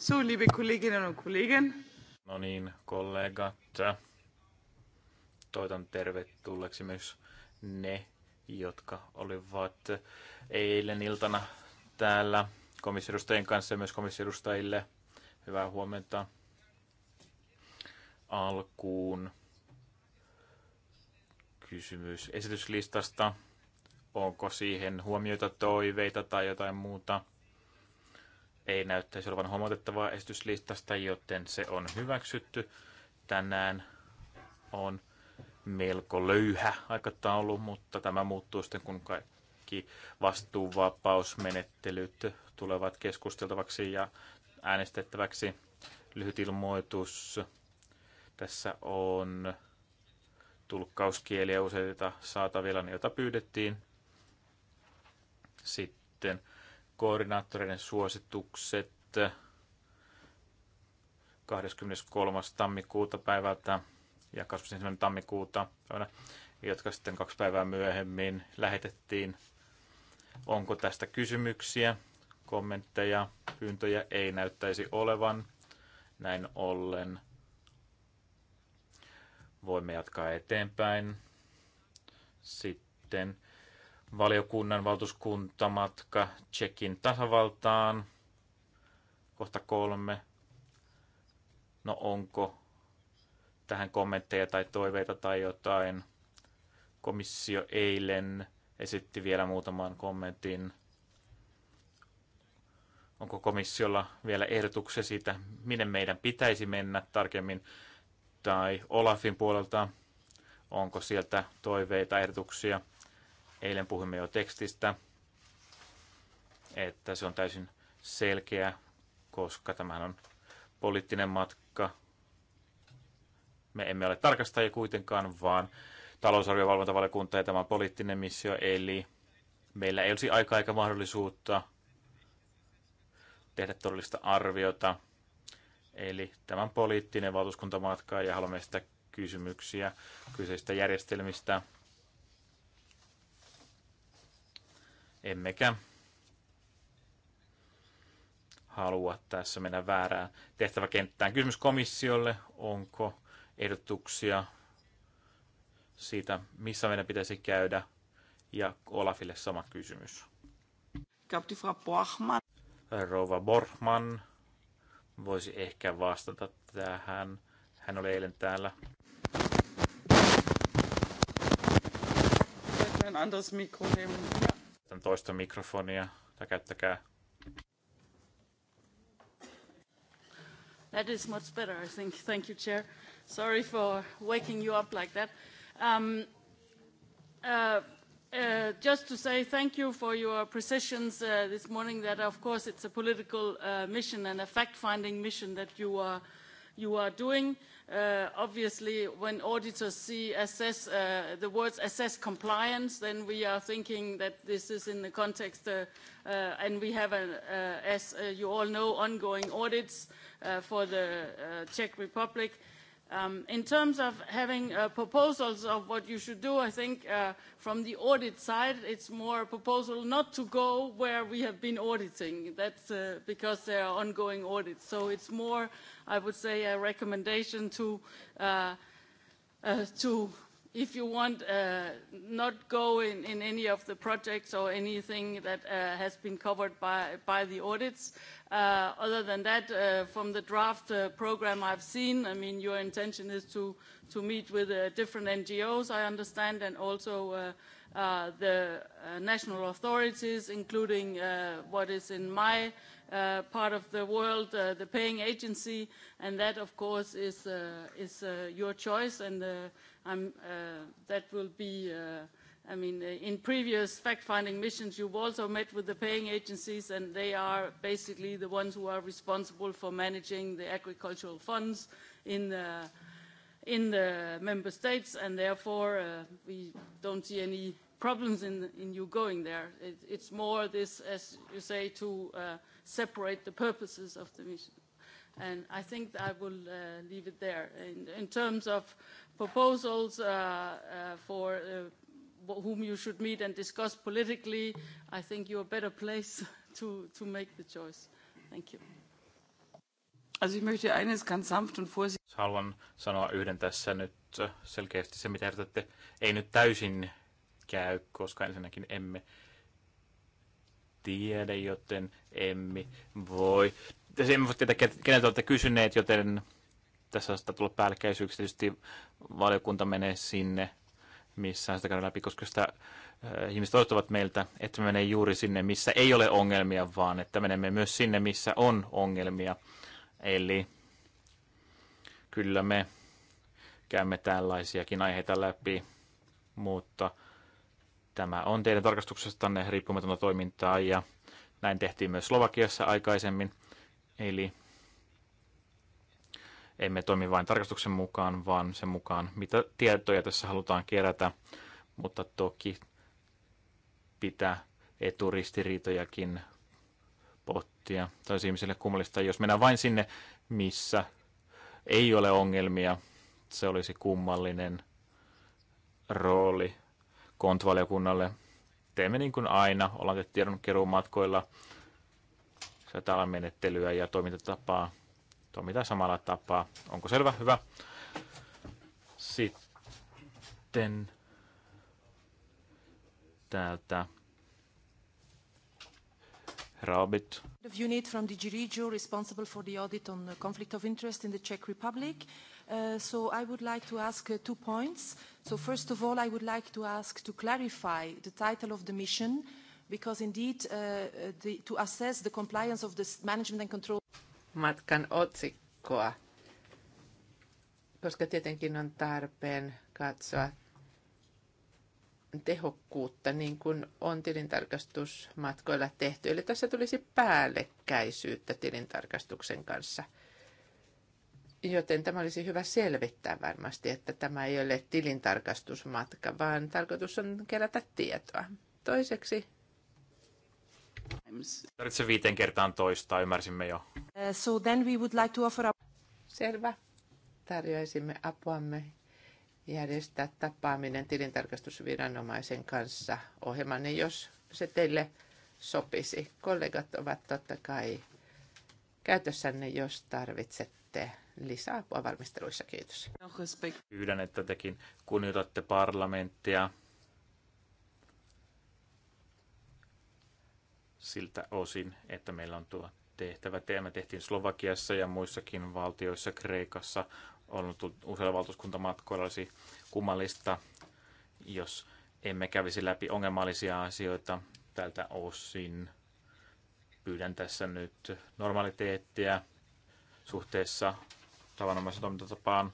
So, liebe Kolleginnen und Kollegen. No niin, kollegat. Toitan tervetulleeksi myös ne, jotka olivat eilen iltana täällä komissiedustajien kanssa ja myös komissiedustajille. Hyvää huomenta alkuun. Kysymys esityslistasta. Onko siihen huomioita, toiveita tai jotain muuta? ei näyttäisi olevan huomautettavaa esityslistasta, joten se on hyväksytty. Tänään on melko löyhä aikataulu, mutta tämä muuttuu sitten, kun kaikki vastuuvapausmenettelyt tulevat keskusteltavaksi ja äänestettäväksi. Lyhyt ilmoitus. Tässä on tulkkauskieliä useita saatavilla, joita pyydettiin. Sitten koordinaattoreiden suositukset 23. tammikuuta päivältä ja 21. tammikuuta päivänä, jotka sitten kaksi päivää myöhemmin lähetettiin. Onko tästä kysymyksiä, kommentteja, pyyntöjä ei näyttäisi olevan. Näin ollen voimme jatkaa eteenpäin. Sitten valiokunnan valtuuskuntamatka Tsekin tasavaltaan. Kohta kolme. No onko tähän kommentteja tai toiveita tai jotain? Komissio eilen esitti vielä muutaman kommentin. Onko komissiolla vielä ehdotuksia siitä, minne meidän pitäisi mennä tarkemmin? Tai Olafin puolelta, onko sieltä toiveita, ehdotuksia? Eilen puhuimme jo tekstistä, että se on täysin selkeä, koska tämähän on poliittinen matka. Me emme ole tarkastajia kuitenkaan, vaan talousarviovalvontavaliokunta ja tämä on poliittinen missio, eli meillä ei olisi aika eikä mahdollisuutta tehdä todellista arviota. Eli tämän poliittinen valtuuskuntamatka ja haluamme sitä kysymyksiä kyseistä järjestelmistä. Emmekä halua tässä mennä väärään tehtäväkenttään. Kysymys komissiolle, onko ehdotuksia siitä, missä meidän pitäisi käydä, ja Olafille sama kysymys. Rouva Borman voisi ehkä vastata tähän. Hän oli eilen täällä. Ein anderes Mikro nehmen. Ja. Tämän toista mikrofonia, tai käyttäkää. That is much better, I think. Thank you, Chair. Sorry for waking you up like that. Um, uh, Uh, just to say thank you for your precisions uh, this morning that of course it's a political uh, mission and a fact-finding mission that you are you are doing. Uh, obviously, when auditors see assess, uh, the words assess compliance, then we are thinking that this is in the context, uh, and we have, as you all know, ongoing audits for the Czech Republic. Um, in terms of having uh, proposals of what you should do, I think uh, from the audit side, it's more a proposal not to go where we have been auditing. That's uh, because there are ongoing audits. So it's more, I would say, a recommendation to, uh, uh, to if you want, uh, not go in, in any of the projects or anything that has been covered by, by the audits. Uh, other than that, uh, from the draft uh, program I've seen, I mean, your intention is to, meet with different NGOs, I understand, and also the national authorities, including what is in my part of the world, the paying agency, and that, of course, is, your choice, and that will be I mean, uh, in previous fact-finding missions, you've also met with the paying agencies, and they are basically the ones who are responsible for managing the agricultural funds in the, in the member states, and therefore uh, we don't see any problems in, in you going there. It, it's more this, as you say, to uh, separate the purposes of the mission. And I think I will uh, leave it there. In, in terms of proposals uh, uh, for uh, whom you should meet and discuss politically, I think you're a better place to, to make the choice. Thank you. Also ich möchte eines ganz sanft und vorsichtig. Siis haluan sanoa yhden tässä nyt äh, selkeästi. Se, mitä ehdotatte, ei nyt täysin käy, koska ensinnäkin emme tiedä, joten emme voi. Tässä siis emme voi tietää, keneltä olette kysyneet, joten tässä on tullut päällekkäisyyksiä. Tietysti valiokunta menee sinne missään sitä käydä läpi, koska sitä eh, ihmiset odottavat meiltä, että me menemme juuri sinne, missä ei ole ongelmia, vaan että menemme myös sinne, missä on ongelmia. Eli kyllä me käymme tällaisiakin aiheita läpi, mutta tämä on teidän tarkastuksestanne riippumatonta toimintaa ja näin tehtiin myös Slovakiassa aikaisemmin. Eli emme toimi vain tarkastuksen mukaan, vaan sen mukaan, mitä tietoja tässä halutaan kerätä, mutta toki pitää eturistiriitojakin pottia. Taisi ihmisille kummallista, jos mennään vain sinne, missä ei ole ongelmia, se olisi kummallinen rooli kontvaliokunnalle. Teemme niin kuin aina, ollaan tiedonkeruun matkoilla, säätäällä menettelyä ja toimintatapaa, toimitaan samalla tapaa. Onko selvä? Hyvä. Sitten täältä Robert. Of unit from the Regio responsible for the audit on the conflict of interest in the Czech Republic. Uh, so I would like to ask uh, two points. So first of all, I would like to ask to clarify the title of the mission because indeed uh, uh the, to assess the compliance of the management and control matkan otsikkoa, koska tietenkin on tarpeen katsoa tehokkuutta, niin kuin on tilintarkastusmatkoilla tehty. Eli tässä tulisi päällekkäisyyttä tilintarkastuksen kanssa. Joten tämä olisi hyvä selvittää varmasti, että tämä ei ole tilintarkastusmatka, vaan tarkoitus on kerätä tietoa. Toiseksi Tarvitse viiteen kertaan ymmärsimme jo. Eh, so then we would like to offer up... Selvä. Tarjoaisimme apuamme järjestää tapaaminen tilintarkastusviranomaisen kanssa ohjelmanne, niin jos se teille sopisi. Kollegat ovat totta kai käytössänne, jos tarvitsette lisäapua valmisteluissa. Kiitos. Pyydän, että tekin kunnioitatte parlamenttia siltä osin, että meillä on tuo tehtävä. Teemme tehtiin Slovakiassa ja muissakin valtioissa, Kreikassa, on ollut useilla valtuuskuntamatkoilla olisi kummallista, jos emme kävisi läpi ongelmallisia asioita tältä osin. Pyydän tässä nyt normaliteettia suhteessa tavanomaisen toimintatapaan.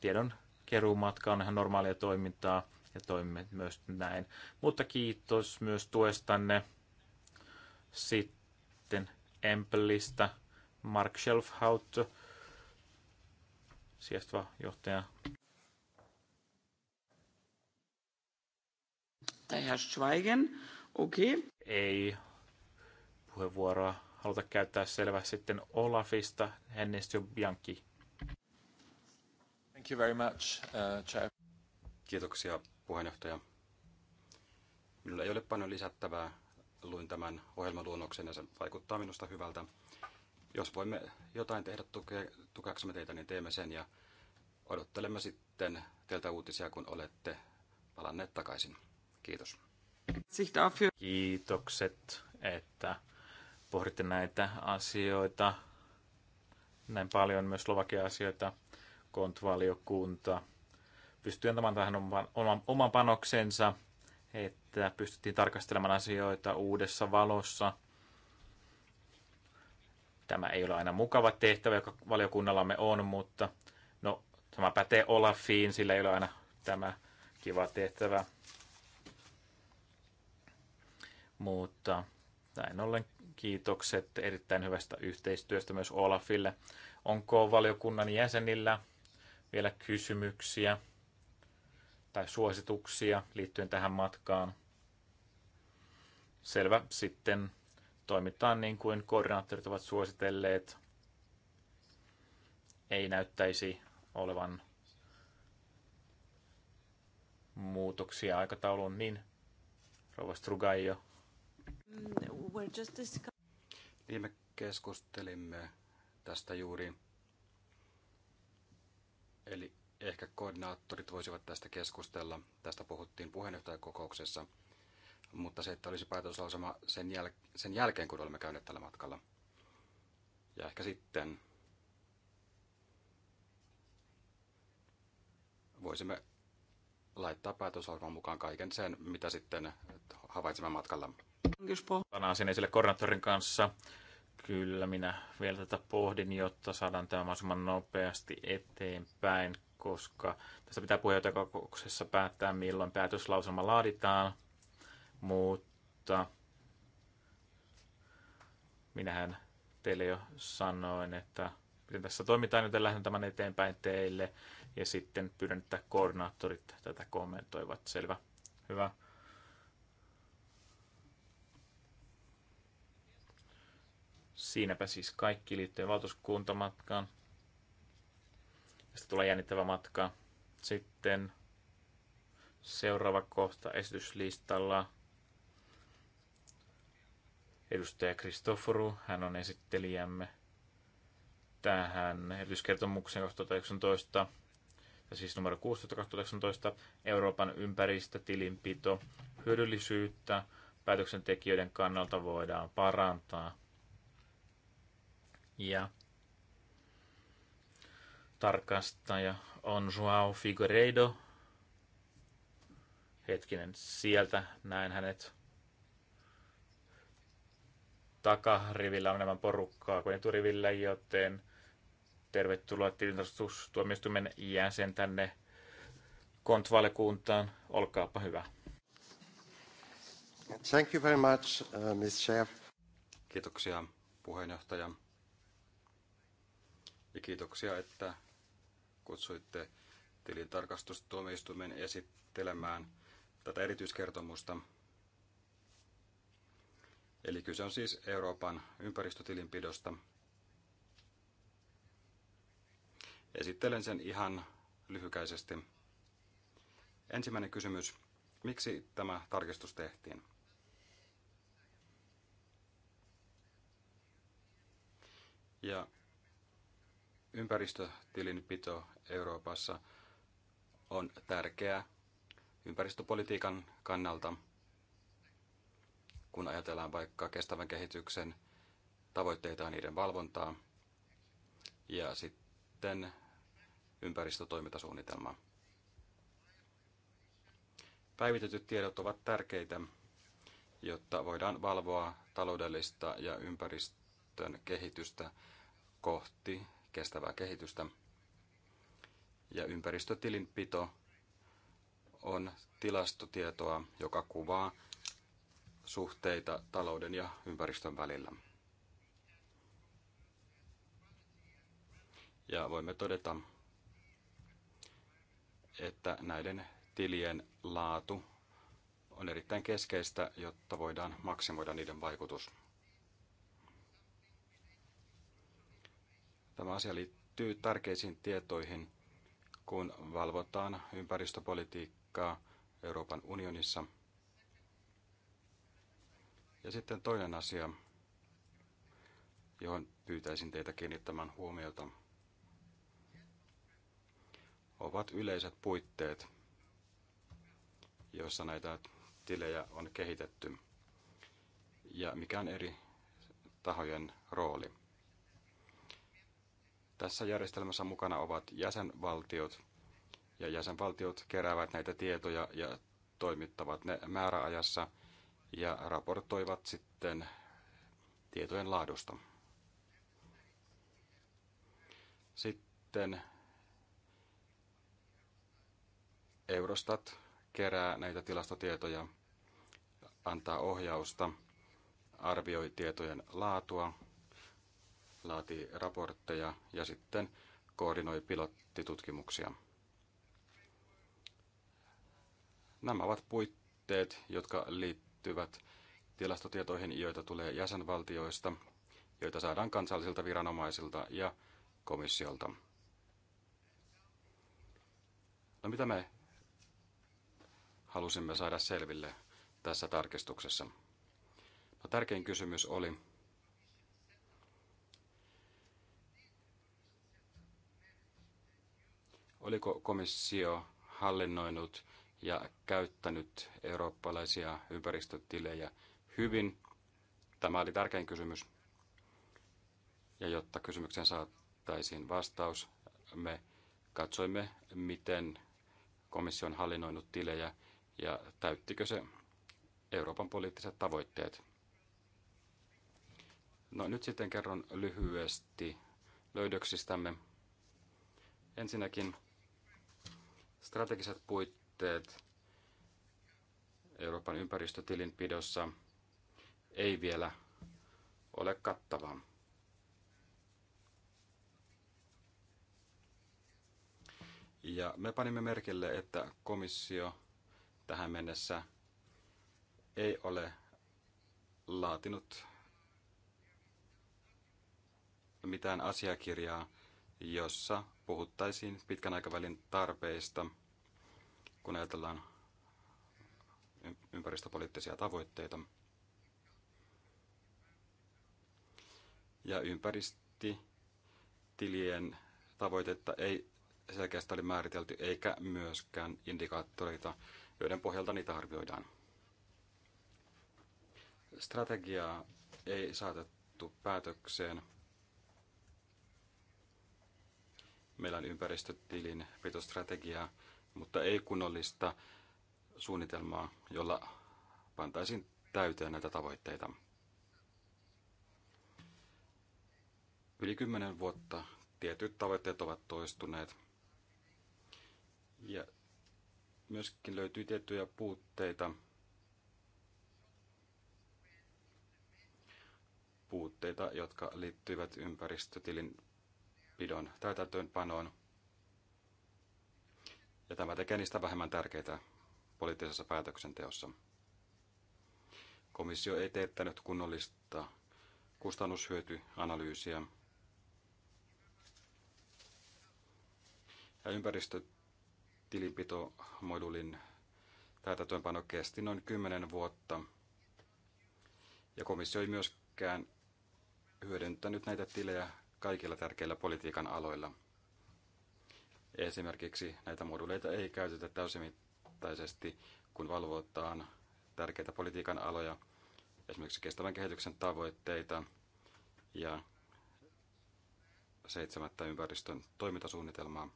Tiedon keruumatka on ihan normaalia toimintaa ja toimimme myös näin. Mutta kiitos myös tuestanne sitten Empelistä Mark Schelfhaut, sijastava johtaja. Tai Herr Schweigen, okei. Okay. Ei puheenvuoroa haluta käyttää selvä sitten Olafista, Hennistö Bianchi. Thank you very much, uh, Chair. Kiitoksia puheenjohtaja. Minulla ei ole paljon lisättävää luin tämän ohjelmaluonnoksen ja se vaikuttaa minusta hyvältä. Jos voimme jotain tehdä tuke, tukeaksemme teitä, niin teemme sen ja odottelemme sitten teiltä uutisia, kun olette palanneet takaisin. Kiitos. Kiitokset, että pohditte näitä asioita. Näin paljon myös Slovakia-asioita. Kontvaliokunta pystyy antamaan tähän oman, oman, oman panoksensa että pystyttiin tarkastelemaan asioita uudessa valossa. Tämä ei ole aina mukava tehtävä, joka valiokunnallamme on, mutta no, tämä pätee Olafiin, sillä ei ole aina tämä kiva tehtävä. Mutta näin ollen kiitokset erittäin hyvästä yhteistyöstä myös Olafille. Onko valiokunnan jäsenillä vielä kysymyksiä? tai suosituksia liittyen tähän matkaan. Selvä, sitten toimitaan niin kuin koordinaattorit ovat suositelleet. Ei näyttäisi olevan muutoksia aikatauluun, niin rouva Strugaio. Niin me keskustelimme tästä juuri. Eli Ehkä koordinaattorit voisivat tästä keskustella. Tästä puhuttiin puheenjohtajakokouksessa. Mutta se, että olisi päätöslausema sen, jäl- sen jälkeen, kun olemme käyneet tällä matkalla. Ja ehkä sitten voisimme laittaa päätöslauselman mukaan kaiken sen, mitä sitten havaitsemme matkalla. Tänään sen esille koordinaattorin kanssa. Kyllä, minä vielä tätä pohdin, jotta saadaan tämä mahdollisimman nopeasti eteenpäin, koska tästä pitää puheenjohtajakokouksessa päättää, milloin päätöslausuma laaditaan, mutta minähän teille jo sanoin, että miten tässä toimitaan, joten lähden tämän eteenpäin teille. Ja sitten pyydän, että koordinaattorit tätä kommentoivat. Selvä. Hyvä. Siinäpä siis kaikki liittyen valtuuskuntamatkaan. Sitten tulee jännittävä matka. Sitten seuraava kohta esityslistalla. Edustaja Kristoforu, hän on esittelijämme tähän erityiskertomukseen 2019, tai siis numero 16 2019, Euroopan ympäristötilinpito hyödyllisyyttä päätöksentekijöiden kannalta voidaan parantaa. Ja tarkastaja on Joao Figueiredo. Hetkinen, sieltä näin hänet. Takarivillä on enemmän porukkaa kuin eturivillä, joten tervetuloa tilintarkastustuomioistuimen jäsen tänne kontvalekuntaan. Olkaapa hyvä. Thank you very much, uh, Ms. Chair. Kiitoksia puheenjohtaja. Ja kiitoksia, että kutsuitte tilintarkastustuomioistuimen esittelemään tätä erityiskertomusta. Eli kyse on siis Euroopan ympäristötilinpidosta. Esittelen sen ihan lyhykäisesti. Ensimmäinen kysymys. Miksi tämä tarkistus tehtiin? Ja Ympäristötilinpito Euroopassa on tärkeää ympäristöpolitiikan kannalta, kun ajatellaan vaikka kestävän kehityksen tavoitteita ja niiden valvontaa ja sitten ympäristötoimintasuunnitelma. Päivitetyt tiedot ovat tärkeitä, jotta voidaan valvoa taloudellista ja ympäristön kehitystä kohti kestävää kehitystä. Ja ympäristötilinpito on tilastotietoa, joka kuvaa suhteita talouden ja ympäristön välillä. Ja voimme todeta, että näiden tilien laatu on erittäin keskeistä, jotta voidaan maksimoida niiden vaikutus. Tämä asia liittyy tärkeisiin tietoihin, kun valvotaan ympäristöpolitiikkaa Euroopan unionissa. Ja sitten toinen asia, johon pyytäisin teitä kiinnittämään huomiota, ovat yleiset puitteet, joissa näitä tilejä on kehitetty ja mikä on eri tahojen rooli. Tässä järjestelmässä mukana ovat jäsenvaltiot, ja jäsenvaltiot keräävät näitä tietoja ja toimittavat ne määräajassa ja raportoivat sitten tietojen laadusta. Sitten Eurostat kerää näitä tilastotietoja, antaa ohjausta, arvioi tietojen laatua laatii raportteja ja sitten koordinoi pilottitutkimuksia. Nämä ovat puitteet, jotka liittyvät tilastotietoihin, joita tulee jäsenvaltioista, joita saadaan kansallisilta viranomaisilta ja komissiolta. No mitä me halusimme saada selville tässä tarkistuksessa? No, tärkein kysymys oli, Oliko komissio hallinnoinut ja käyttänyt eurooppalaisia ympäristötilejä hyvin? Tämä oli tärkein kysymys. Ja jotta kysymykseen saataisiin vastaus, me katsoimme, miten komissio on hallinnoinut tilejä ja täyttikö se Euroopan poliittiset tavoitteet. No nyt sitten kerron lyhyesti löydöksistämme. Ensinnäkin strategiset puitteet Euroopan ympäristötilinpidossa ei vielä ole kattava. Ja me panimme merkille, että komissio tähän mennessä ei ole laatinut mitään asiakirjaa jossa puhuttaisiin pitkän aikavälin tarpeista, kun ajatellaan ympäristöpoliittisia tavoitteita. Ja ympäristötilien tavoitetta ei selkeästi ole määritelty, eikä myöskään indikaattoreita, joiden pohjalta niitä arvioidaan. Strategiaa ei saatettu päätökseen – Meillä on ympäristötilin pitostrategiaa, mutta ei kunnollista suunnitelmaa, jolla pantaisiin täyteen näitä tavoitteita. Yli kymmenen vuotta tietyt tavoitteet ovat toistuneet. Ja myöskin löytyy tiettyjä puutteita. Puutteita, jotka liittyvät ympäristötilin kirjanpidon täytäntöönpanoon. Ja tämä tekee niistä vähemmän tärkeitä poliittisessa päätöksenteossa. Komissio ei teettänyt kunnollista kustannushyötyanalyysiä. Ja ympäristötilinpitomodulin täytäntöönpano kesti noin 10 vuotta. Ja komissio ei myöskään hyödyntänyt näitä tilejä kaikilla tärkeillä politiikan aloilla. Esimerkiksi näitä moduleita ei käytetä täysimittaisesti, kun valvotaan tärkeitä politiikan aloja, esimerkiksi kestävän kehityksen tavoitteita ja seitsemättä ympäristön toimintasuunnitelmaa.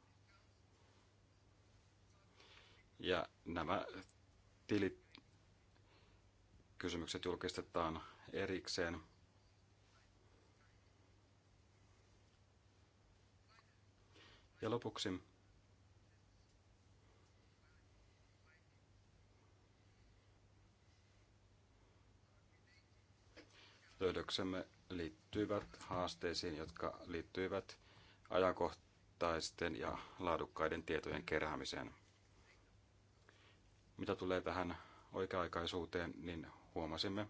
Ja nämä tilit kysymykset julkistetaan erikseen Ja lopuksi löydöksemme liittyvät haasteisiin, jotka liittyvät ajankohtaisten ja laadukkaiden tietojen keräämiseen. Mitä tulee tähän oikea-aikaisuuteen, niin huomasimme,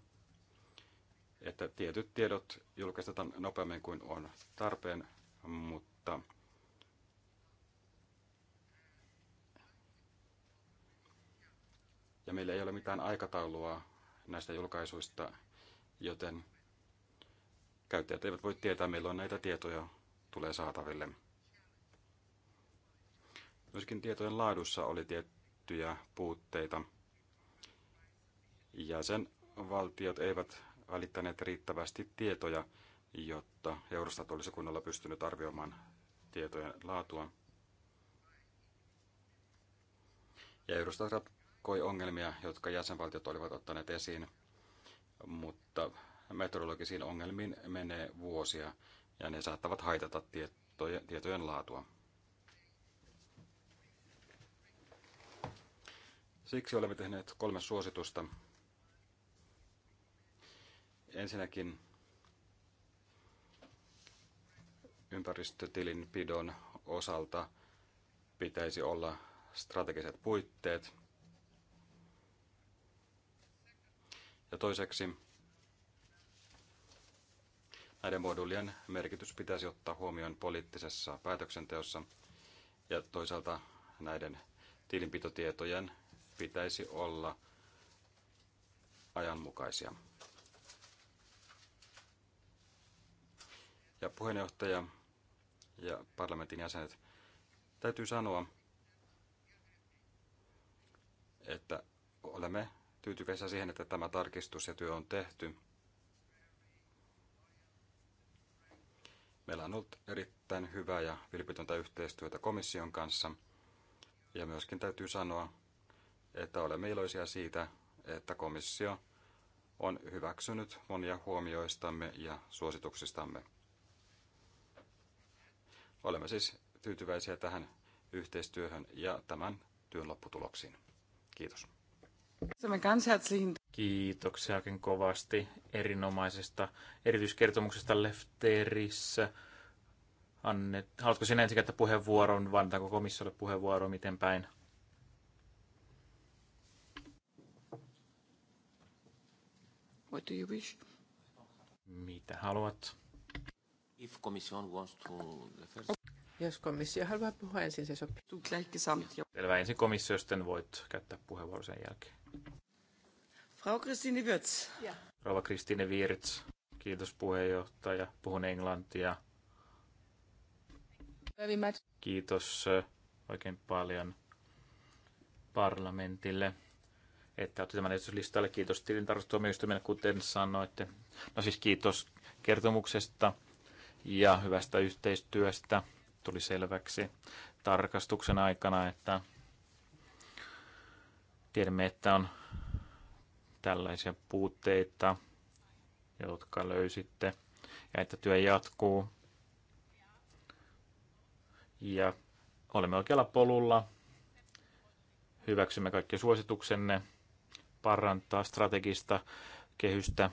että tietyt tiedot julkistetaan nopeammin kuin on tarpeen, mutta ja meillä ei ole mitään aikataulua näistä julkaisuista, joten käyttäjät eivät voi tietää, milloin näitä tietoja tulee saataville. Myöskin tietojen laadussa oli tiettyjä puutteita. Jäsenvaltiot eivät välittäneet riittävästi tietoja, jotta Eurostat olisi kunnolla pystynyt arvioimaan tietojen laatua. Ja Eurostat Koi ongelmia, jotka jäsenvaltiot olivat ottaneet esiin, mutta meteorologisiin ongelmiin menee vuosia ja ne saattavat haitata tietojen, tietojen laatua. Siksi olemme tehneet kolme suositusta. Ensinnäkin ympäristötilinpidon osalta pitäisi olla strategiset puitteet – Ja toiseksi näiden moduulien merkitys pitäisi ottaa huomioon poliittisessa päätöksenteossa ja toisaalta näiden tilinpitotietojen pitäisi olla ajanmukaisia. Ja puheenjohtaja ja parlamentin jäsenet, täytyy sanoa, että olemme tyytyväisiä siihen, että tämä tarkistus ja työ on tehty. Meillä on ollut erittäin hyvää ja vilpitöntä yhteistyötä komission kanssa. Ja myöskin täytyy sanoa, että olemme iloisia siitä, että komissio on hyväksynyt monia huomioistamme ja suosituksistamme. Olemme siis tyytyväisiä tähän yhteistyöhön ja tämän työn lopputuloksiin. Kiitos. Kiitoksia oikein kovasti erinomaisesta erityiskertomuksesta Lefterissä. Anne, haluatko sinä ensin käyttää puheenvuoron, vai komissiolle puheenvuoro, miten päin? What do you wish? Mitä haluat? If commission wants to the first... Jos komissio haluaa puhua ensin, se sopii. Selvä, ensin komissio, sitten voit käyttää puheenvuoron sen jälkeen. Frau Christine Wirtz. Ja. Rova Christine Wirtz. Kiitos puheenjohtaja. Puhun englantia. Kiitos oikein paljon parlamentille, että otti tämän esityslistalle. Kiitos tilintarkastustuomioistuimelle, kuten sanoitte. No siis kiitos kertomuksesta ja hyvästä yhteistyöstä tuli selväksi tarkastuksen aikana, että tiedämme, että on tällaisia puutteita, jotka löysitte, ja että työ jatkuu. Ja olemme oikealla polulla. Hyväksymme kaikki suosituksenne parantaa strategista kehystä,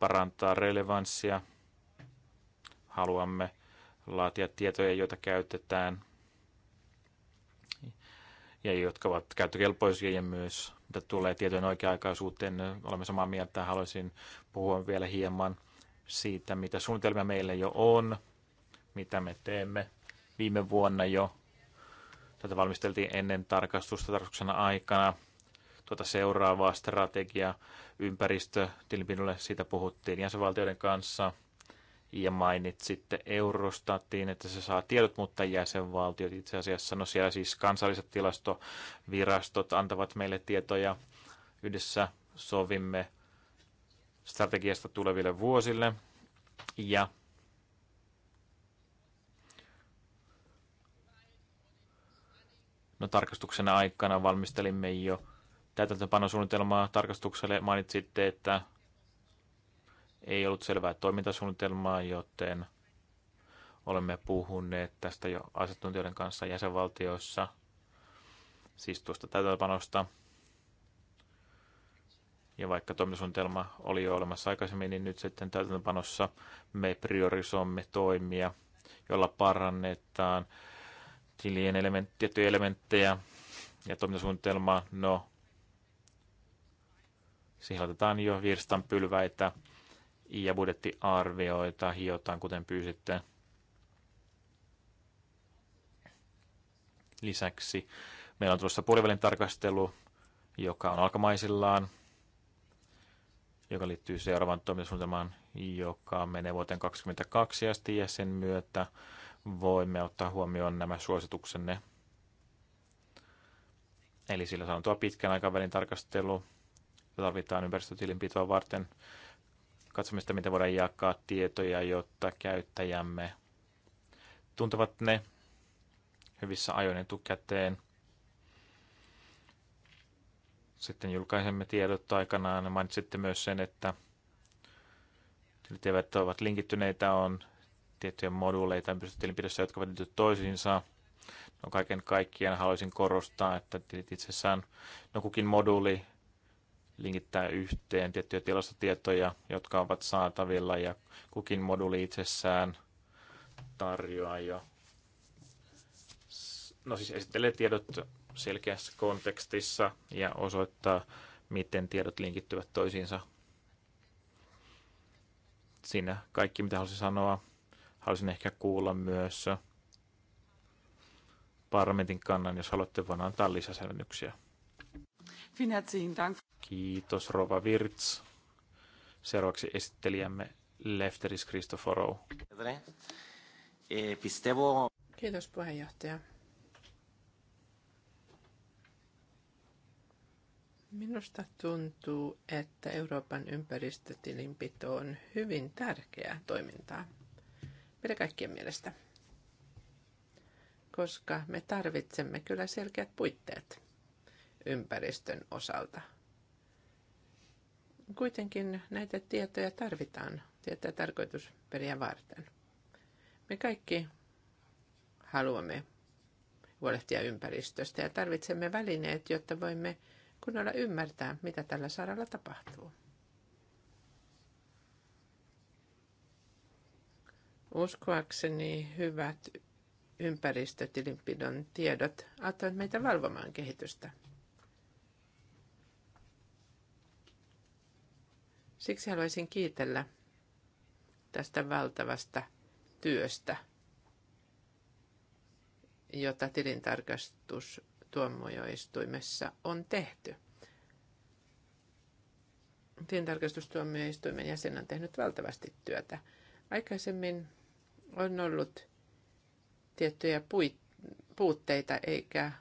parantaa relevanssia. Haluamme laatia tietoja, joita käytetään ja jotka ovat käyttökelpoisia ja myös mitä tulee tietojen oikea-aikaisuuteen, olemme samaa mieltä. Haluaisin puhua vielä hieman siitä, mitä suunnitelmia meillä jo on, mitä me teemme. Viime vuonna jo tätä valmisteltiin ennen tarkastusta tarkastuksena aikana. Tuota seuraavaa strategiaa ympäristötilinpidolle siitä puhuttiin jäsenvaltioiden kanssa – ja mainitsitte Eurostatiin, että se saa tiedot, mutta jäsenvaltiot itse asiassa, no siellä siis kansalliset tilastovirastot antavat meille tietoja. Yhdessä sovimme strategiasta tuleville vuosille ja No tarkastuksen aikana valmistelimme jo täytäntöpanosuunnitelmaa tarkastukselle. Mainitsitte, että ei ollut selvää toimintasuunnitelmaa, joten olemme puhuneet tästä jo asiantuntijoiden kanssa jäsenvaltioissa, siis tuosta täytäntöpanosta. Ja vaikka toimintasuunnitelma oli jo olemassa aikaisemmin, niin nyt sitten täytäntöpanossa me priorisoimme toimia, jolla parannetaan tilien element, tiettyjä elementtejä ja toimintasuunnitelmaa. No, siihen otetaan jo virstan pylväitä ja budjettiarvioita hiotaan, kuten pyysitte. Lisäksi meillä on tulossa puolivälin tarkastelu, joka on alkamaisillaan, joka liittyy seuraavaan toimintasuunnitelmaan, joka menee vuoteen 2022 asti ja sen myötä voimme ottaa huomioon nämä suosituksenne. Eli sillä sanotua pitkän aikavälin tarkastelu, jota tarvitaan ympäristötilinpitoa varten – Katsomme sitä, miten voidaan jakaa tietoja, jotta käyttäjämme tuntevat ne hyvissä ajoin etukäteen. Sitten julkaisemme tiedot aikanaan. Mainitsitte myös sen, että tiedot ovat linkittyneitä, on tiettyjä moduuleita ympäristötilinpidossa, jotka ovat liittyneet toisiinsa. No kaiken kaikkiaan haluaisin korostaa, että tilit itsessään, no kukin moduuli linkittää yhteen tiettyjä tilastotietoja, jotka ovat saatavilla ja kukin moduli itsessään tarjoaa jo. No siis esittelee tiedot selkeässä kontekstissa ja osoittaa, miten tiedot linkittyvät toisiinsa. Siinä kaikki, mitä halusin sanoa. Halusin ehkä kuulla myös parlamentin kannan, jos haluatte, voin antaa lisäselvennyksiä. Kiitos Rova Virts. Seuraavaksi esittelijämme Lefteris Kristoforou. Kiitos puheenjohtaja. Minusta tuntuu, että Euroopan ympäristötilinpito on hyvin tärkeää toimintaa. Meidän kaikkien mielestä. Koska me tarvitsemme kyllä selkeät puitteet ympäristön osalta. Kuitenkin näitä tietoja tarvitaan tietää tarkoitusperiä varten. Me kaikki haluamme huolehtia ympäristöstä ja tarvitsemme välineet, jotta voimme kunnolla ymmärtää, mitä tällä saralla tapahtuu. Uskoakseni hyvät ympäristötilinpidon tiedot auttavat meitä valvomaan kehitystä Siksi haluaisin kiitellä tästä valtavasta työstä, jota tilintarkastus tuomioistuimessa on tehty. Tilintarkastustuomioistuimen jäsen on tehnyt valtavasti työtä. Aikaisemmin on ollut tiettyjä puitteita eikä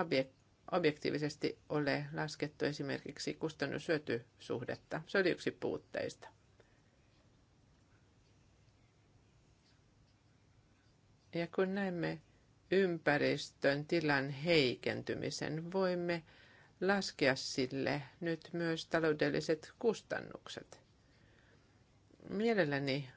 objektiivisia objektiivisesti ole laskettu esimerkiksi kustannushyötysuhdetta. Se oli yksi puutteista. Ja kun näemme ympäristön tilan heikentymisen, voimme laskea sille nyt myös taloudelliset kustannukset. Mielelläni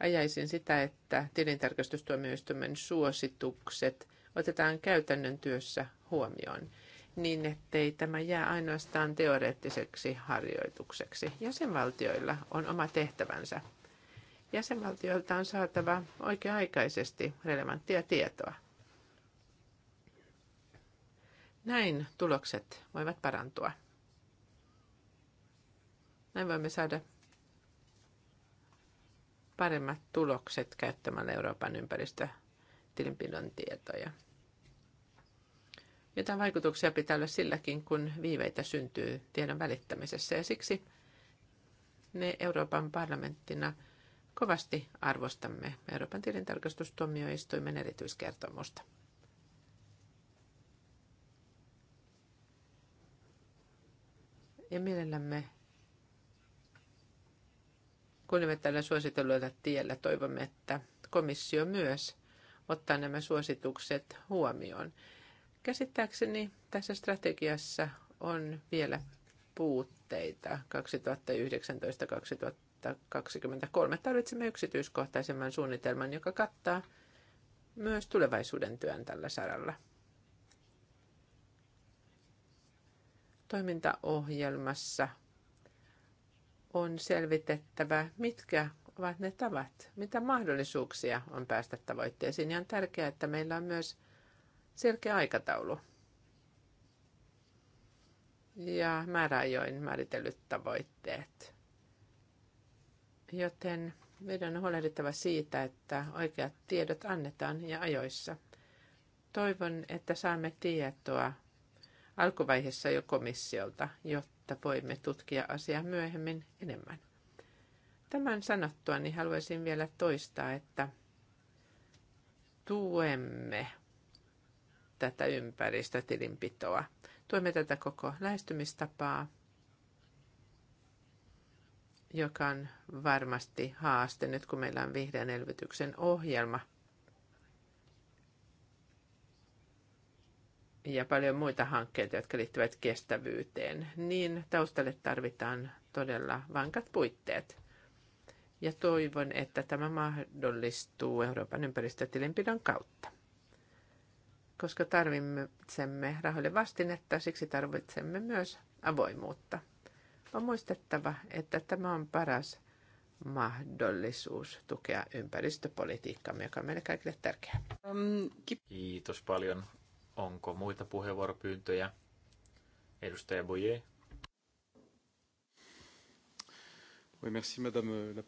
ajaisin sitä, että tilintarkastustuomioistuimen suositukset – otetaan käytännön työssä huomioon niin, ettei tämä jää ainoastaan teoreettiseksi harjoitukseksi. Jäsenvaltioilla on oma tehtävänsä. Jäsenvaltioilta on saatava oikea-aikaisesti relevanttia tietoa. Näin tulokset voivat parantua. Näin voimme saada paremmat tulokset käyttämällä Euroopan ympäristötilinpidon tietoja. Jotain vaikutuksia pitää olla silläkin, kun viiveitä syntyy tiedon välittämisessä. Ja siksi me Euroopan parlamenttina kovasti arvostamme Euroopan tilintarkastustuomioistuimen erityiskertomusta. Ja mielellämme kuulimme tällä suositelluilla tiellä. Toivomme, että komissio myös ottaa nämä suositukset huomioon Käsittääkseni tässä strategiassa on vielä puutteita 2019-2023. Tarvitsemme yksityiskohtaisemman suunnitelman, joka kattaa myös tulevaisuuden työn tällä saralla. Toimintaohjelmassa on selvitettävä, mitkä ovat ne tavat, mitä mahdollisuuksia on päästä tavoitteisiin. Ja on tärkeää, että meillä on myös – selkeä aikataulu ja rajoin määritellyt tavoitteet. Joten meidän on huolehdittava siitä, että oikeat tiedot annetaan ja ajoissa. Toivon, että saamme tietoa alkuvaiheessa jo komissiolta, jotta voimme tutkia asiaa myöhemmin enemmän. Tämän sanottua niin haluaisin vielä toistaa, että tuemme tätä ympäristötilinpitoa. Tuemme tätä koko lähestymistapaa, joka on varmasti haaste nyt, kun meillä on vihreän elvytyksen ohjelma. ja paljon muita hankkeita, jotka liittyvät kestävyyteen, niin taustalle tarvitaan todella vankat puitteet. Ja toivon, että tämä mahdollistuu Euroopan ympäristötilinpidon kautta koska tarvitsemme rahoille vastinetta, siksi tarvitsemme myös avoimuutta. On muistettava, että tämä on paras mahdollisuus tukea ympäristöpolitiikkaa, joka on meille kaikille tärkeää. Um, Kiitos paljon. Onko muita puheenvuoropyyntöjä? Edustaja Boyer. Oui, merci, madame la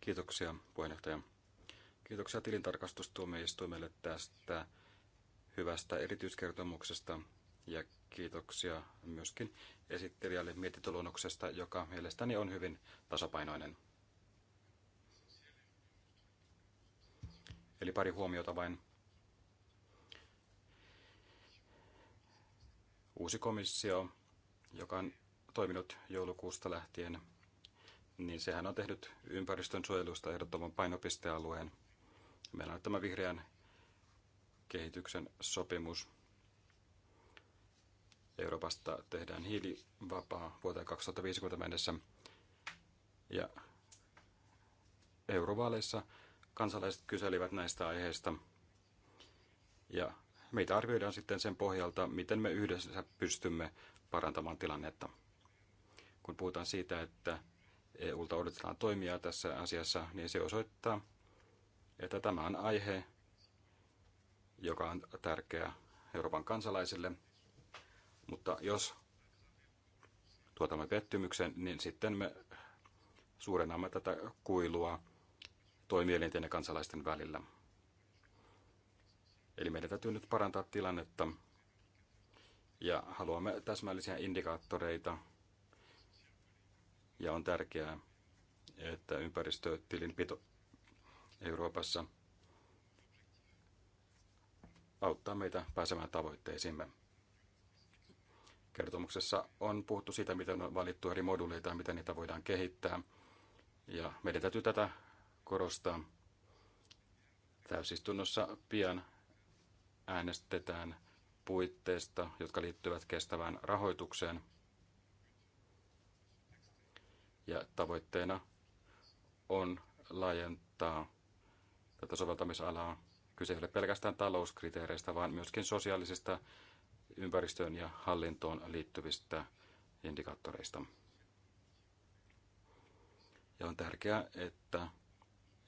Kiitoksia, puheenjohtaja. Kiitoksia tilintarkastustuomioistuimelle tästä hyvästä erityiskertomuksesta ja kiitoksia myöskin esittelijälle mietintöluonnoksesta, joka mielestäni on hyvin tasapainoinen. Eli pari huomiota vain. Uusi komissio, joka on toiminut joulukuusta lähtien, niin sehän on tehnyt ympäristön suojelusta ehdottoman painopistealueen. Meillä on tämä vihreän kehityksen sopimus. Euroopasta tehdään hiilivapaa vuoteen 2050 mennessä. Ja eurovaaleissa kansalaiset kyselivät näistä aiheista. Ja meitä arvioidaan sitten sen pohjalta, miten me yhdessä pystymme parantamaan tilannetta. Kun puhutaan siitä, että EUlta odotetaan toimia tässä asiassa, niin se osoittaa, että tämä on aihe, joka on tärkeä Euroopan kansalaisille. Mutta jos tuotamme pettymyksen, niin sitten me suurennamme tätä kuilua toimielinten ja kansalaisten välillä. Eli meidän täytyy nyt parantaa tilannetta ja haluamme täsmällisiä indikaattoreita. Ja on tärkeää, että ympäristötilinpito Euroopassa – auttaa meitä pääsemään tavoitteisiimme. Kertomuksessa on puhuttu siitä, miten on valittu eri moduuleita ja miten niitä voidaan kehittää. Ja meidän täytyy tätä korostaa. Täysistunnossa pian äänestetään puitteista, jotka liittyvät kestävään rahoitukseen. Ja tavoitteena on laajentaa tätä soveltamisalaa Kyse ei ole pelkästään talouskriteereistä, vaan myöskin sosiaalisista ympäristöön ja hallintoon liittyvistä indikaattoreista. Ja on tärkeää, että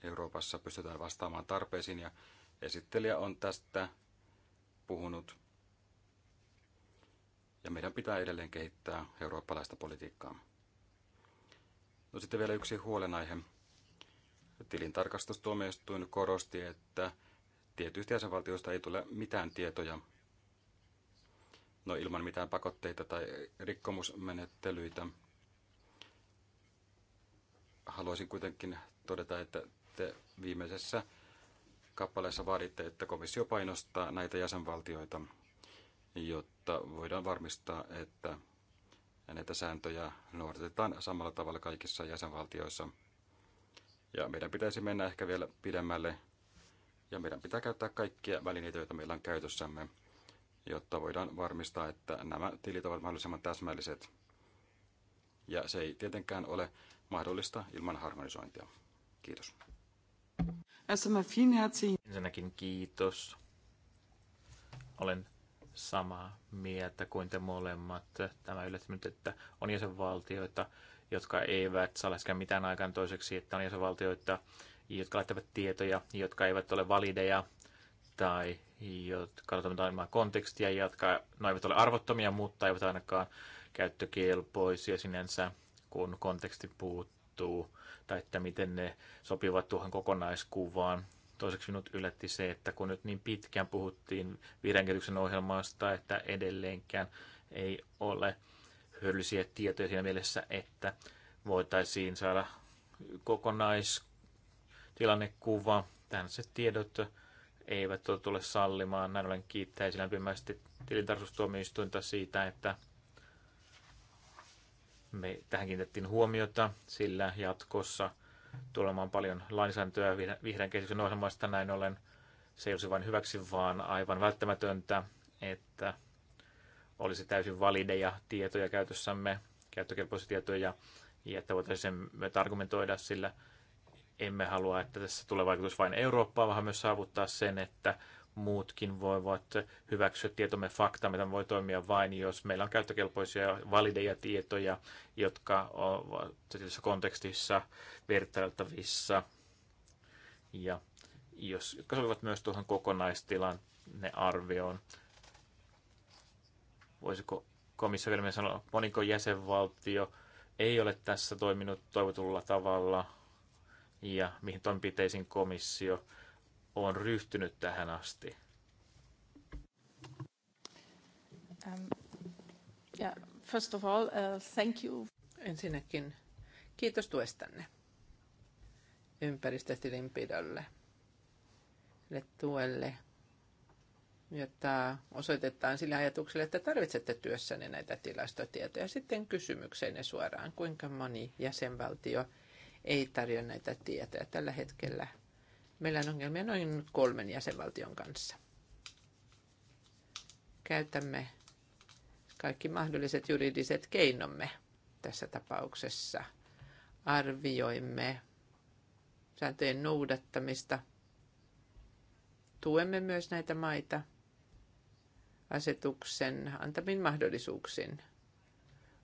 Euroopassa pystytään vastaamaan tarpeisiin ja esittelijä on tästä puhunut. Ja meidän pitää edelleen kehittää eurooppalaista politiikkaa. No sitten vielä yksi huolenaihe. Tilintarkastustuomioistuin korosti, että tietyistä jäsenvaltioista ei tule mitään tietoja. No ilman mitään pakotteita tai rikkomusmenettelyitä. Haluaisin kuitenkin todeta, että te viimeisessä kappaleessa vaaditte, että komissio painostaa näitä jäsenvaltioita, jotta voidaan varmistaa, että näitä sääntöjä noudatetaan samalla tavalla kaikissa jäsenvaltioissa. Ja meidän pitäisi mennä ehkä vielä pidemmälle ja meidän pitää käyttää kaikkia välineitä, joita meillä on käytössämme, jotta voidaan varmistaa, että nämä tilit ovat mahdollisimman täsmälliset. Ja se ei tietenkään ole mahdollista ilman harmonisointia. Kiitos. Ensinnäkin kiitos. Olen samaa mieltä kuin te molemmat. Tämä yllättynyt, että on jäsenvaltioita, jotka eivät saa läskään mitään aikaan toiseksi, että on jäsenvaltioita, jotka laittavat tietoja, jotka eivät ole valideja tai jotka ovat aina kontekstia, jotka no eivät ole arvottomia, mutta eivät ainakaan käyttökelpoisia sinänsä, kun konteksti puuttuu, tai että miten ne sopivat tuohon kokonaiskuvaan. Toiseksi minut yllätti se, että kun nyt niin pitkään puhuttiin viidenkehityksen ohjelmasta, että edelleenkään ei ole hyödyllisiä tietoja siinä mielessä, että voitaisiin saada kokonais tilannekuva. Tällaiset tiedot eivät tule sallimaan. Näin ollen kiittäisi lämpimästi tilintarkastustuomioistuinta siitä, että me tähän kiinnitettiin huomiota, sillä jatkossa tulemaan paljon lainsäädäntöä vihreän kehityksen ohjelmasta. Näin ollen se ei olisi vain hyväksi, vaan aivan välttämätöntä, että olisi täysin valideja tietoja käytössämme, käyttökelpoisia tietoja, ja että voitaisiin argumentoida sillä emme halua, että tässä tulee vaikutus vain Eurooppaan, vaan myös saavuttaa sen, että muutkin voivat hyväksyä tietomme fakta, mitä voi toimia vain, jos meillä on käyttökelpoisia valideja tietoja, jotka ovat tietyssä kontekstissa vertailtavissa ja jos, jotka sopivat myös tuohon kokonaistilannearvioon. Voisiko komissio vielä sanoa, moniko jäsenvaltio ei ole tässä toiminut toivotulla tavalla – ja mihin toimenpiteisiin komissio on ryhtynyt tähän asti? Um, yeah, first of all, uh, thank you. Ensinnäkin kiitos tuestanne ympäristötilinpidolle, tuelle, jotta osoitetaan sille ajatukselle, että tarvitsette työssäni näitä tilastotietoja. Sitten kysymykseen suoraan, kuinka moni jäsenvaltio – ei tarjoa näitä tietoja. Tällä hetkellä meillä on ongelmia noin kolmen jäsenvaltion kanssa. Käytämme kaikki mahdolliset juridiset keinomme tässä tapauksessa. Arvioimme sääntöjen noudattamista. Tuemme myös näitä maita asetuksen antamin mahdollisuuksiin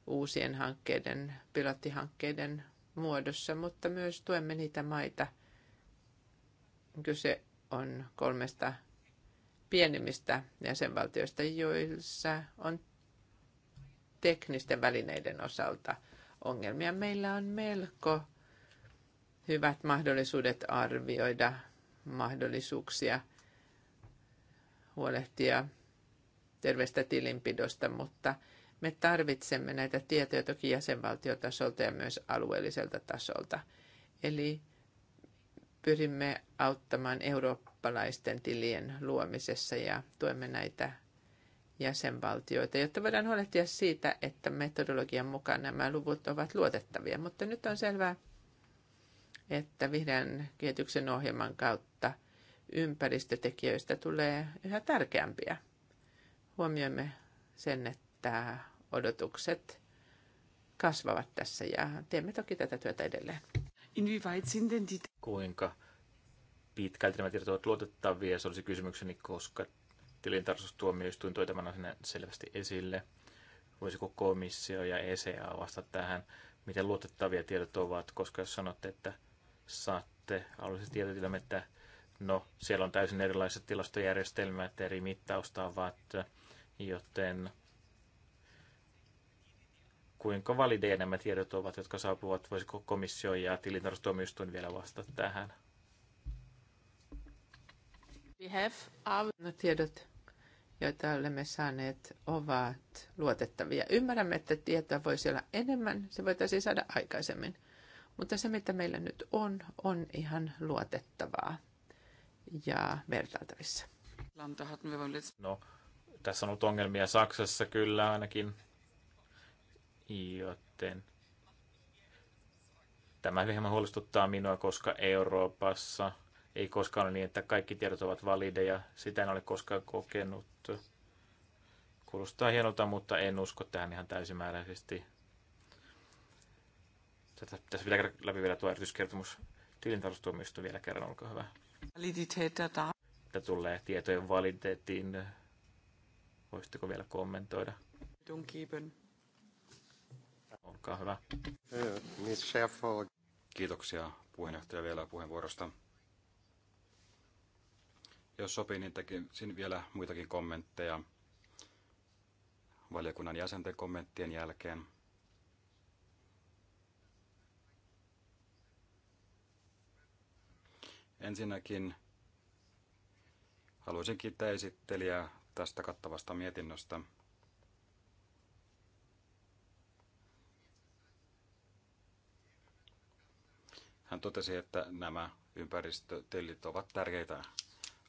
uusien hankkeiden, pilottihankkeiden muodossa, mutta myös tuemme niitä maita. Kyse on kolmesta pienimmistä jäsenvaltioista, joissa on teknisten välineiden osalta ongelmia. Meillä on melko hyvät mahdollisuudet arvioida mahdollisuuksia huolehtia terveestä tilinpidosta, mutta – me tarvitsemme näitä tietoja toki jäsenvaltiotasolta ja myös alueelliselta tasolta. Eli pyrimme auttamaan eurooppalaisten tilien luomisessa ja tuemme näitä jäsenvaltioita, jotta voidaan huolehtia siitä, että metodologian mukaan nämä luvut ovat luotettavia. Mutta nyt on selvää, että vihreän kehityksen ohjelman kautta ympäristötekijöistä tulee yhä tärkeämpiä. Huomioimme sen, että odotukset kasvavat tässä ja teemme toki tätä työtä edelleen. Kuinka pitkälti nämä tiedot ovat luotettavia, se olisi kysymykseni, koska tilintarkastustuomioistuin toi tämän asian selvästi esille. Voisiko komissio ja ECA vastata tähän, miten luotettavia tiedot ovat, koska jos sanotte, että saatte alueelliset tiedot että no, siellä on täysin erilaiset tilastojärjestelmät, eri mittaustavat, joten kuinka valideja nämä tiedot ovat, jotka saapuvat. Voisiko komissio ja tilintarkastustuomioistuin vielä vastata tähän? We have our... tiedot, joita olemme saaneet, ovat luotettavia. Ymmärrämme, että tietoa voisi olla enemmän, se voitaisiin saada aikaisemmin. Mutta se, mitä meillä nyt on, on ihan luotettavaa ja vertailtavissa. No, tässä on ollut ongelmia Saksassa kyllä ainakin Joten tämä hieman huolestuttaa minua, koska Euroopassa ei koskaan ole niin, että kaikki tiedot ovat valideja. Sitä en ole koskaan kokenut. Kuulostaa hienolta, mutta en usko tähän ihan täysimääräisesti. Tätä, tässä pitää läpi vielä tuo erityiskertomus tilintarkastustuomioistuin vielä kerran, olkaa hyvä. Mitä tulee tietojen valiteettiin, voisitteko vielä kommentoida? Don't keep olkaa hyvä. Kiitoksia puheenjohtaja vielä puheenvuorosta. Jos sopii, niin tekisin vielä muitakin kommentteja valiokunnan jäsenten kommenttien jälkeen. Ensinnäkin haluaisin kiittää esittelijää tästä kattavasta mietinnöstä – Hän totesi, että nämä ympäristötellit ovat tärkeitä,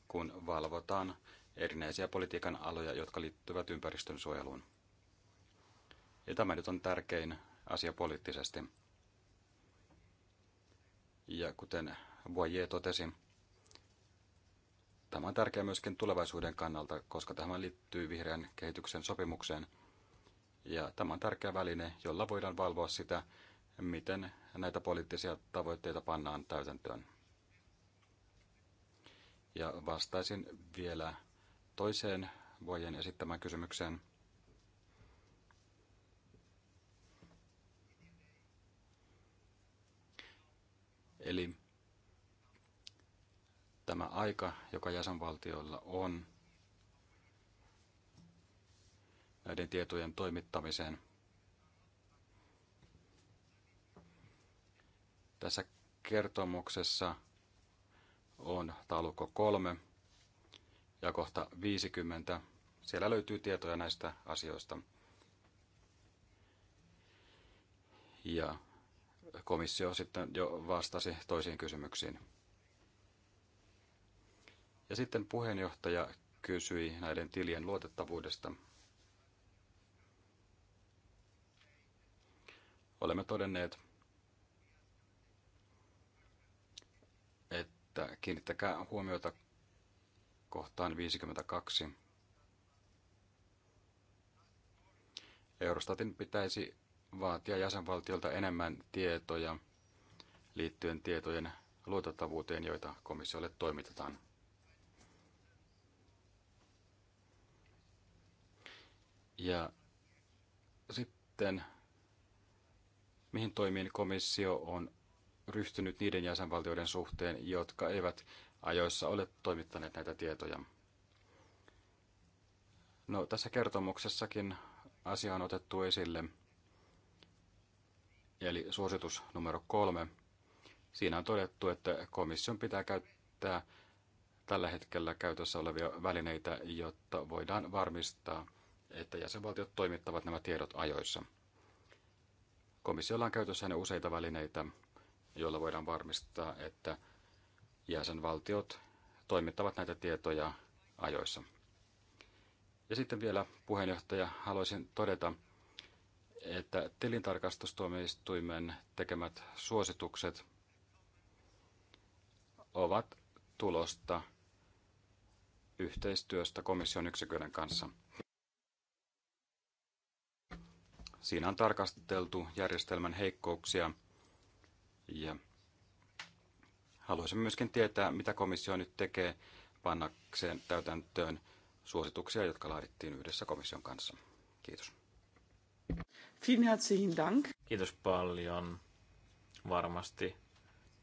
kun valvotaan erinäisiä politiikan aloja, jotka liittyvät ympäristön suojeluun. Ja tämä nyt on tärkein asia poliittisesti. Ja kuten Boyer totesi, tämä on tärkeää myöskin tulevaisuuden kannalta, koska tämä liittyy vihreän kehityksen sopimukseen. Ja tämä on tärkeä väline, jolla voidaan valvoa sitä, miten näitä poliittisia tavoitteita pannaan täytäntöön. Ja vastaisin vielä toiseen voijen esittämään kysymykseen. Eli tämä aika, joka jäsenvaltioilla on näiden tietojen toimittamiseen – Tässä kertomuksessa on taulukko 3 ja kohta 50. Siellä löytyy tietoja näistä asioista. Ja komissio sitten jo vastasi toisiin kysymyksiin. Ja sitten puheenjohtaja kysyi näiden tilien luotettavuudesta. Olemme todenneet, että kiinnittäkää huomiota kohtaan 52. Eurostatin pitäisi vaatia jäsenvaltiolta enemmän tietoja liittyen tietojen luotettavuuteen, joita komissiolle toimitetaan. Ja sitten, mihin toimiin komissio on ryhtynyt niiden jäsenvaltioiden suhteen, jotka eivät ajoissa ole toimittaneet näitä tietoja. No, tässä kertomuksessakin asia on otettu esille, eli suositus numero kolme. Siinä on todettu, että komission pitää käyttää tällä hetkellä käytössä olevia välineitä, jotta voidaan varmistaa, että jäsenvaltiot toimittavat nämä tiedot ajoissa. Komissiolla on käytössään useita välineitä, joilla voidaan varmistaa, että jäsenvaltiot toimittavat näitä tietoja ajoissa. Ja sitten vielä puheenjohtaja, haluaisin todeta, että tilintarkastustuomioistuimen tekemät suositukset ovat tulosta yhteistyöstä komission yksiköiden kanssa. Siinä on tarkasteltu järjestelmän heikkouksia – ja haluaisin myöskin tietää, mitä komissio nyt tekee pannakseen täytäntöön suosituksia, jotka laadittiin yhdessä komission kanssa. Kiitos. Vielen herzlichen Dank. Kiitos paljon. Varmasti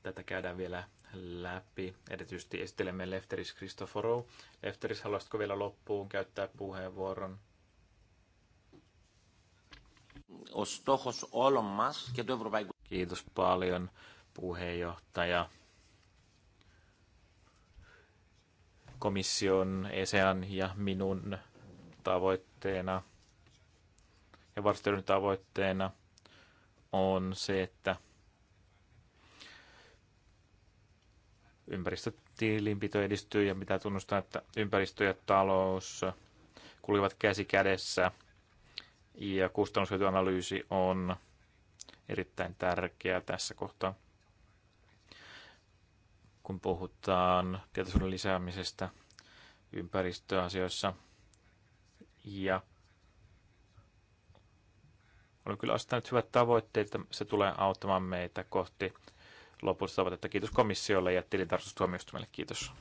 tätä käydään vielä läpi. Erityisesti esittelemme Lefteris Kristoforou. Lefteris, haluaisitko vielä loppuun käyttää puheenvuoron? Ο στόχος όλων μας και του Ευρωπαϊκού Kiitos paljon, puheenjohtaja. Komission, ESEAN ja minun tavoitteena ja varsityön tavoitteena on se, että ympäristötilinpito edistyy ja pitää tunnustaa, että ympäristö ja talous kulivat käsi kädessä ja kustannushyötyanalyysi on erittäin tärkeää tässä kohtaa. Kun puhutaan tietoisuuden lisäämisestä ympäristöasioissa ja olen kyllä asettanut hyvät tavoitteet, että se tulee auttamaan meitä kohti lopullista tavoitetta. Kiitos komissiolle ja tilintarkastustuomioistuimelle. Kiitos.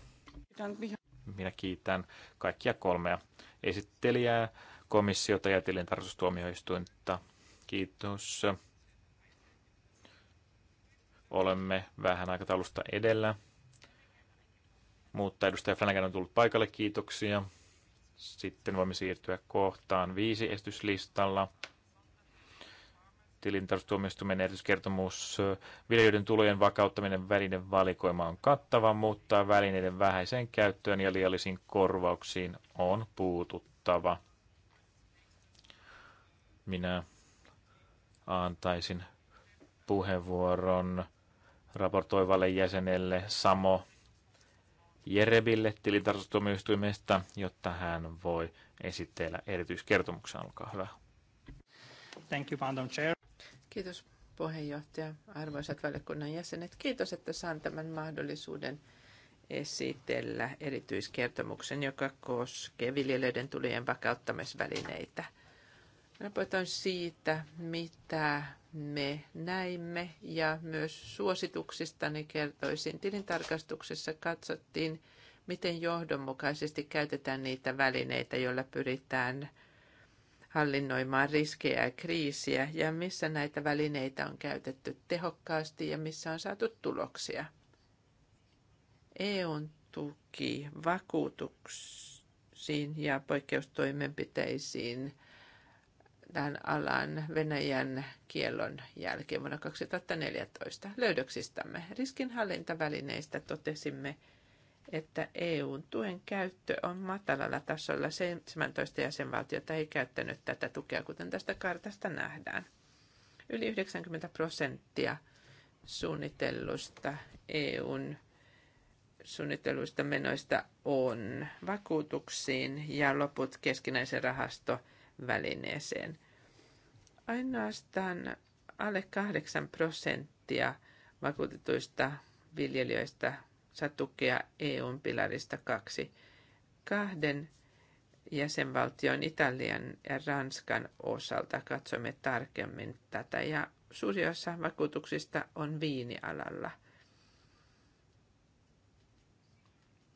Minä kiitän kaikkia kolmea esittelijää, komissiota ja tilintarkastustuomioistuinta. Kiitos olemme vähän aikataulusta edellä. Mutta edustaja Flanagan on tullut paikalle, kiitoksia. Sitten voimme siirtyä kohtaan viisi esityslistalla. Tilintarkastustuomioistuimen erityiskertomus viljelijöiden tulojen vakauttaminen välinen valikoima on kattava, mutta välineiden vähäiseen käyttöön ja liiallisiin korvauksiin on puututtava. Minä antaisin puheenvuoron raportoivalle jäsenelle Samo Jerebille tilintarkastustuomioistuimesta, jotta hän voi esitellä erityiskertomuksen. Olkaa hyvä. Thank you, Madam Chair. Kiitos puheenjohtaja, arvoisat valiokunnan jäsenet. Kiitos, että saan tämän mahdollisuuden esitellä erityiskertomuksen, joka koskee viljelijöiden tulien vakauttamisvälineitä – raportoin siitä, mitä me näimme ja myös suosituksistani niin kertoisin. Tilintarkastuksessa katsottiin, miten johdonmukaisesti käytetään niitä välineitä, joilla pyritään hallinnoimaan riskejä ja kriisiä ja missä näitä välineitä on käytetty tehokkaasti ja missä on saatu tuloksia. EUn tuki vakuutuksiin ja poikkeustoimenpiteisiin – tämän alaan Venäjän kiellon jälkeen vuonna 2014. Löydöksistämme riskinhallintavälineistä totesimme, että EUn tuen käyttö on matalalla tasolla. 17 jäsenvaltiota ei käyttänyt tätä tukea, kuten tästä kartasta nähdään. Yli 90 prosenttia suunnitellusta EUn suunnitelluista menoista on vakuutuksiin ja loput keskinäisen rahastovälineeseen. Ainoastaan alle 8 prosenttia vakuutetuista viljelijöistä saa tukea EUn pilarista kaksi. Kahden jäsenvaltion Italian ja Ranskan osalta katsomme tarkemmin tätä ja suuri osa vakuutuksista on viinialalla.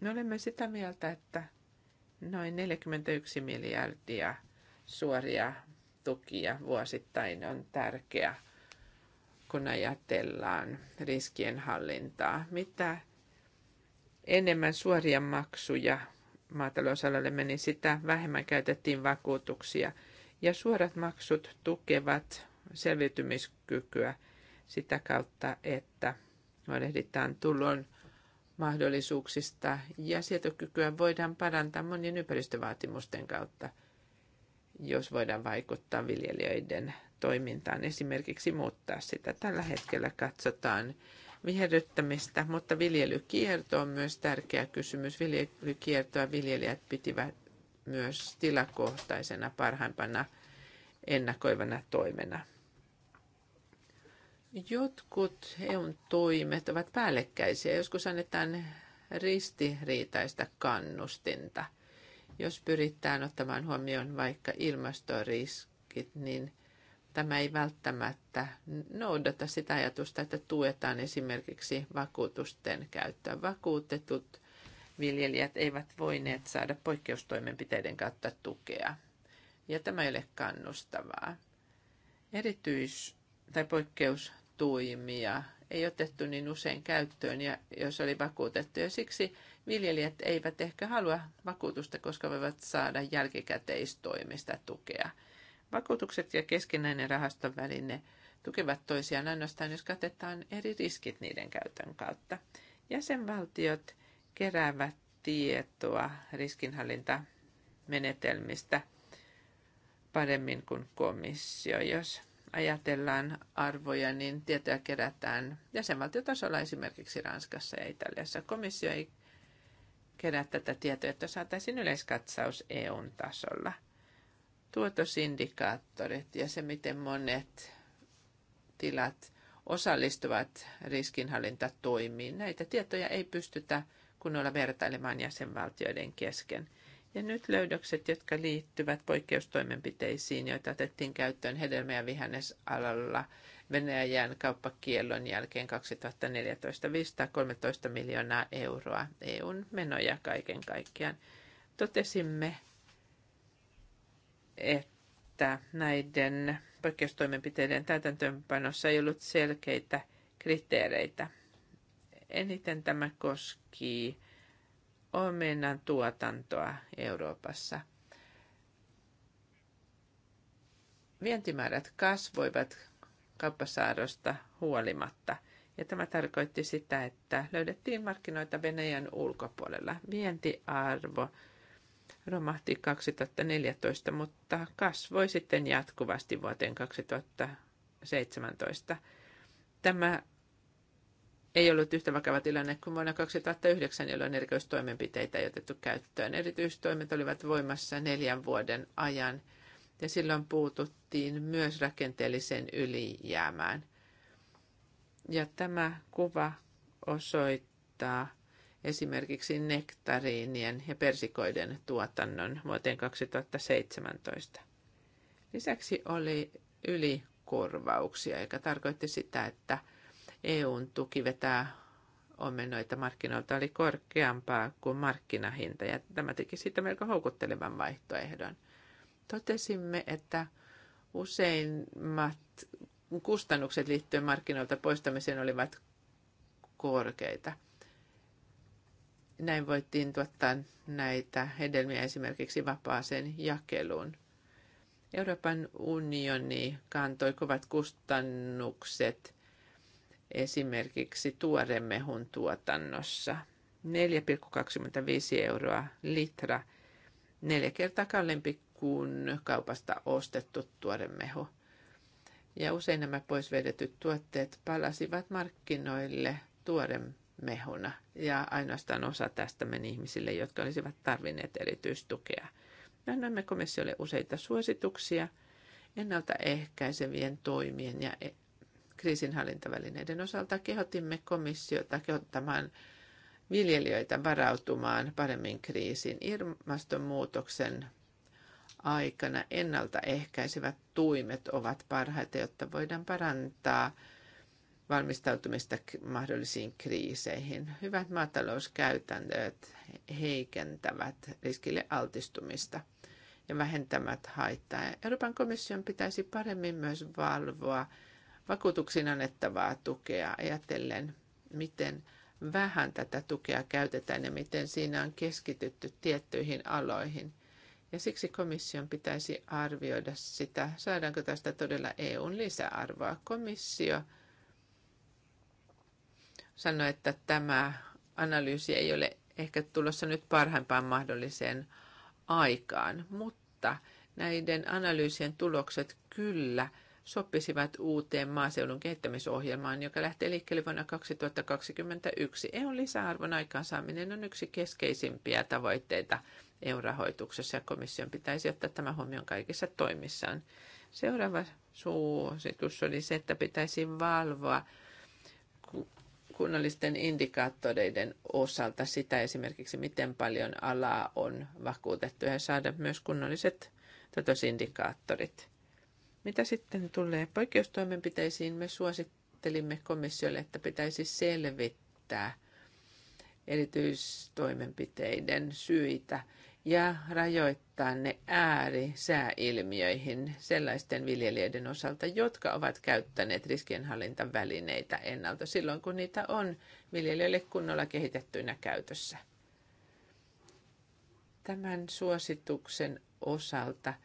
Me olemme sitä mieltä, että noin 41 miljardia suoria tukia vuosittain on tärkeä, kun ajatellaan riskienhallintaa. Mitä enemmän suoria maksuja maatalousalalle meni, sitä vähemmän käytettiin vakuutuksia. Ja suorat maksut tukevat selviytymiskykyä sitä kautta, että huolehditaan tulon mahdollisuuksista ja sietokykyä voidaan parantaa monien ympäristövaatimusten kautta – jos voidaan vaikuttaa viljelijöiden toimintaan, esimerkiksi muuttaa sitä. Tällä hetkellä katsotaan viherryttämistä, mutta viljelykierto on myös tärkeä kysymys. Viljelykiertoa viljelijät pitivät myös tilakohtaisena parhaimpana ennakoivana toimena. Jotkut EUn toimet ovat päällekkäisiä. Joskus annetaan ristiriitaista kannustinta – jos pyritään ottamaan huomioon vaikka ilmastoriskit, niin tämä ei välttämättä noudata sitä ajatusta, että tuetaan esimerkiksi vakuutusten käyttöä. Vakuutetut viljelijät eivät voineet saada poikkeustoimenpiteiden kautta tukea. Ja tämä ei ole kannustavaa. Erityis- tai poikkeustuimia ei otettu niin usein käyttöön, ja jos oli vakuutettu. Ja siksi viljelijät eivät ehkä halua vakuutusta, koska voivat saada jälkikäteistoimista tukea. Vakuutukset ja keskinäinen rahaston väline tukevat toisiaan ainoastaan, jos katetaan eri riskit niiden käytön kautta. Jäsenvaltiot keräävät tietoa riskinhallintamenetelmistä paremmin kuin komissio. Jos ajatellaan arvoja, niin tietoja kerätään jäsenvaltiotasolla esimerkiksi Ranskassa ja Italiassa. Komissio ei kerää tätä tietoa, että saataisiin yleiskatsaus EUn tasolla. Tuotosindikaattorit ja se, miten monet tilat osallistuvat riskinhallintatoimiin, näitä tietoja ei pystytä kunnolla vertailemaan jäsenvaltioiden kesken – ja nyt löydökset, jotka liittyvät poikkeustoimenpiteisiin, joita otettiin käyttöön hedelmä- ja vihannesalalla Venäjän kauppakiellon jälkeen 2014 513 miljoonaa euroa EUn menoja kaiken kaikkiaan. Totesimme, että näiden poikkeustoimenpiteiden täytäntöönpanossa ei ollut selkeitä kriteereitä. Eniten tämä koski omenan tuotantoa Euroopassa. Vientimäärät kasvoivat kauppasaarosta huolimatta, ja tämä tarkoitti sitä, että löydettiin markkinoita Venäjän ulkopuolella. Vientiarvo romahti 2014, mutta kasvoi sitten jatkuvasti vuoteen 2017. Tämä ei ollut yhtä vakava tilanne kuin vuonna 2009, jolloin erikoistoimenpiteitä ei otettu käyttöön. Erityistoimet olivat voimassa neljän vuoden ajan ja silloin puututtiin myös rakenteelliseen ylijäämään. Ja tämä kuva osoittaa esimerkiksi nektariinien ja persikoiden tuotannon vuoteen 2017. Lisäksi oli ylikorvauksia, joka tarkoitti sitä, että – EUn tuki vetää omenoita markkinoilta oli korkeampaa kuin markkinahinta ja tämä teki siitä melko houkuttelevan vaihtoehdon. Totesimme, että useimmat kustannukset liittyen markkinoilta poistamiseen olivat korkeita. Näin voitiin tuottaa näitä hedelmiä esimerkiksi vapaaseen jakeluun. Euroopan unioni kantoi kovat kustannukset – esimerkiksi tuoremehun tuotannossa. 4,25 euroa litra, neljä kertaa kalliimpi kuin kaupasta ostettu tuoremehu. Ja usein nämä pois vedetyt tuotteet palasivat markkinoille tuoren mehuna ja ainoastaan osa tästä meni ihmisille, jotka olisivat tarvinneet erityistukea. Annamme komissiolle useita suosituksia ennaltaehkäisevien toimien ja kriisinhallintavälineiden osalta kehotimme komissiota kehottamaan viljelijöitä varautumaan paremmin kriisin ilmastonmuutoksen aikana ennaltaehkäisevät tuimet ovat parhaita, jotta voidaan parantaa valmistautumista mahdollisiin kriiseihin. Hyvät maatalouskäytännöt heikentävät riskille altistumista ja vähentävät haittaa. Euroopan komission pitäisi paremmin myös valvoa vakuutuksiin annettavaa tukea ajatellen, miten vähän tätä tukea käytetään ja miten siinä on keskitytty tiettyihin aloihin. Ja siksi komission pitäisi arvioida sitä, saadaanko tästä todella EUn lisäarvoa. Komissio sanoi, että tämä analyysi ei ole ehkä tulossa nyt parhaimpaan mahdolliseen aikaan, mutta näiden analyysien tulokset kyllä – sopisivat uuteen maaseudun kehittämisohjelmaan, joka lähtee liikkeelle vuonna 2021. EUn lisäarvon aikaansaaminen on yksi keskeisimpiä tavoitteita EU-rahoituksessa ja komission pitäisi ottaa tämä huomioon kaikissa toimissaan. Seuraava suositus oli se, että pitäisi valvoa kunnallisten indikaattoreiden osalta sitä esimerkiksi, miten paljon alaa on vakuutettu ja saada myös kunnolliset indikaattorit. Mitä sitten tulee poikkeustoimenpiteisiin, me suosittelimme komissiolle, että pitäisi selvittää erityistoimenpiteiden syitä ja rajoittaa ne äärisääilmiöihin sellaisten viljelijöiden osalta, jotka ovat käyttäneet riskienhallintavälineitä ennalta silloin, kun niitä on viljelijöille kunnolla kehitettyinä käytössä. Tämän suosituksen osalta –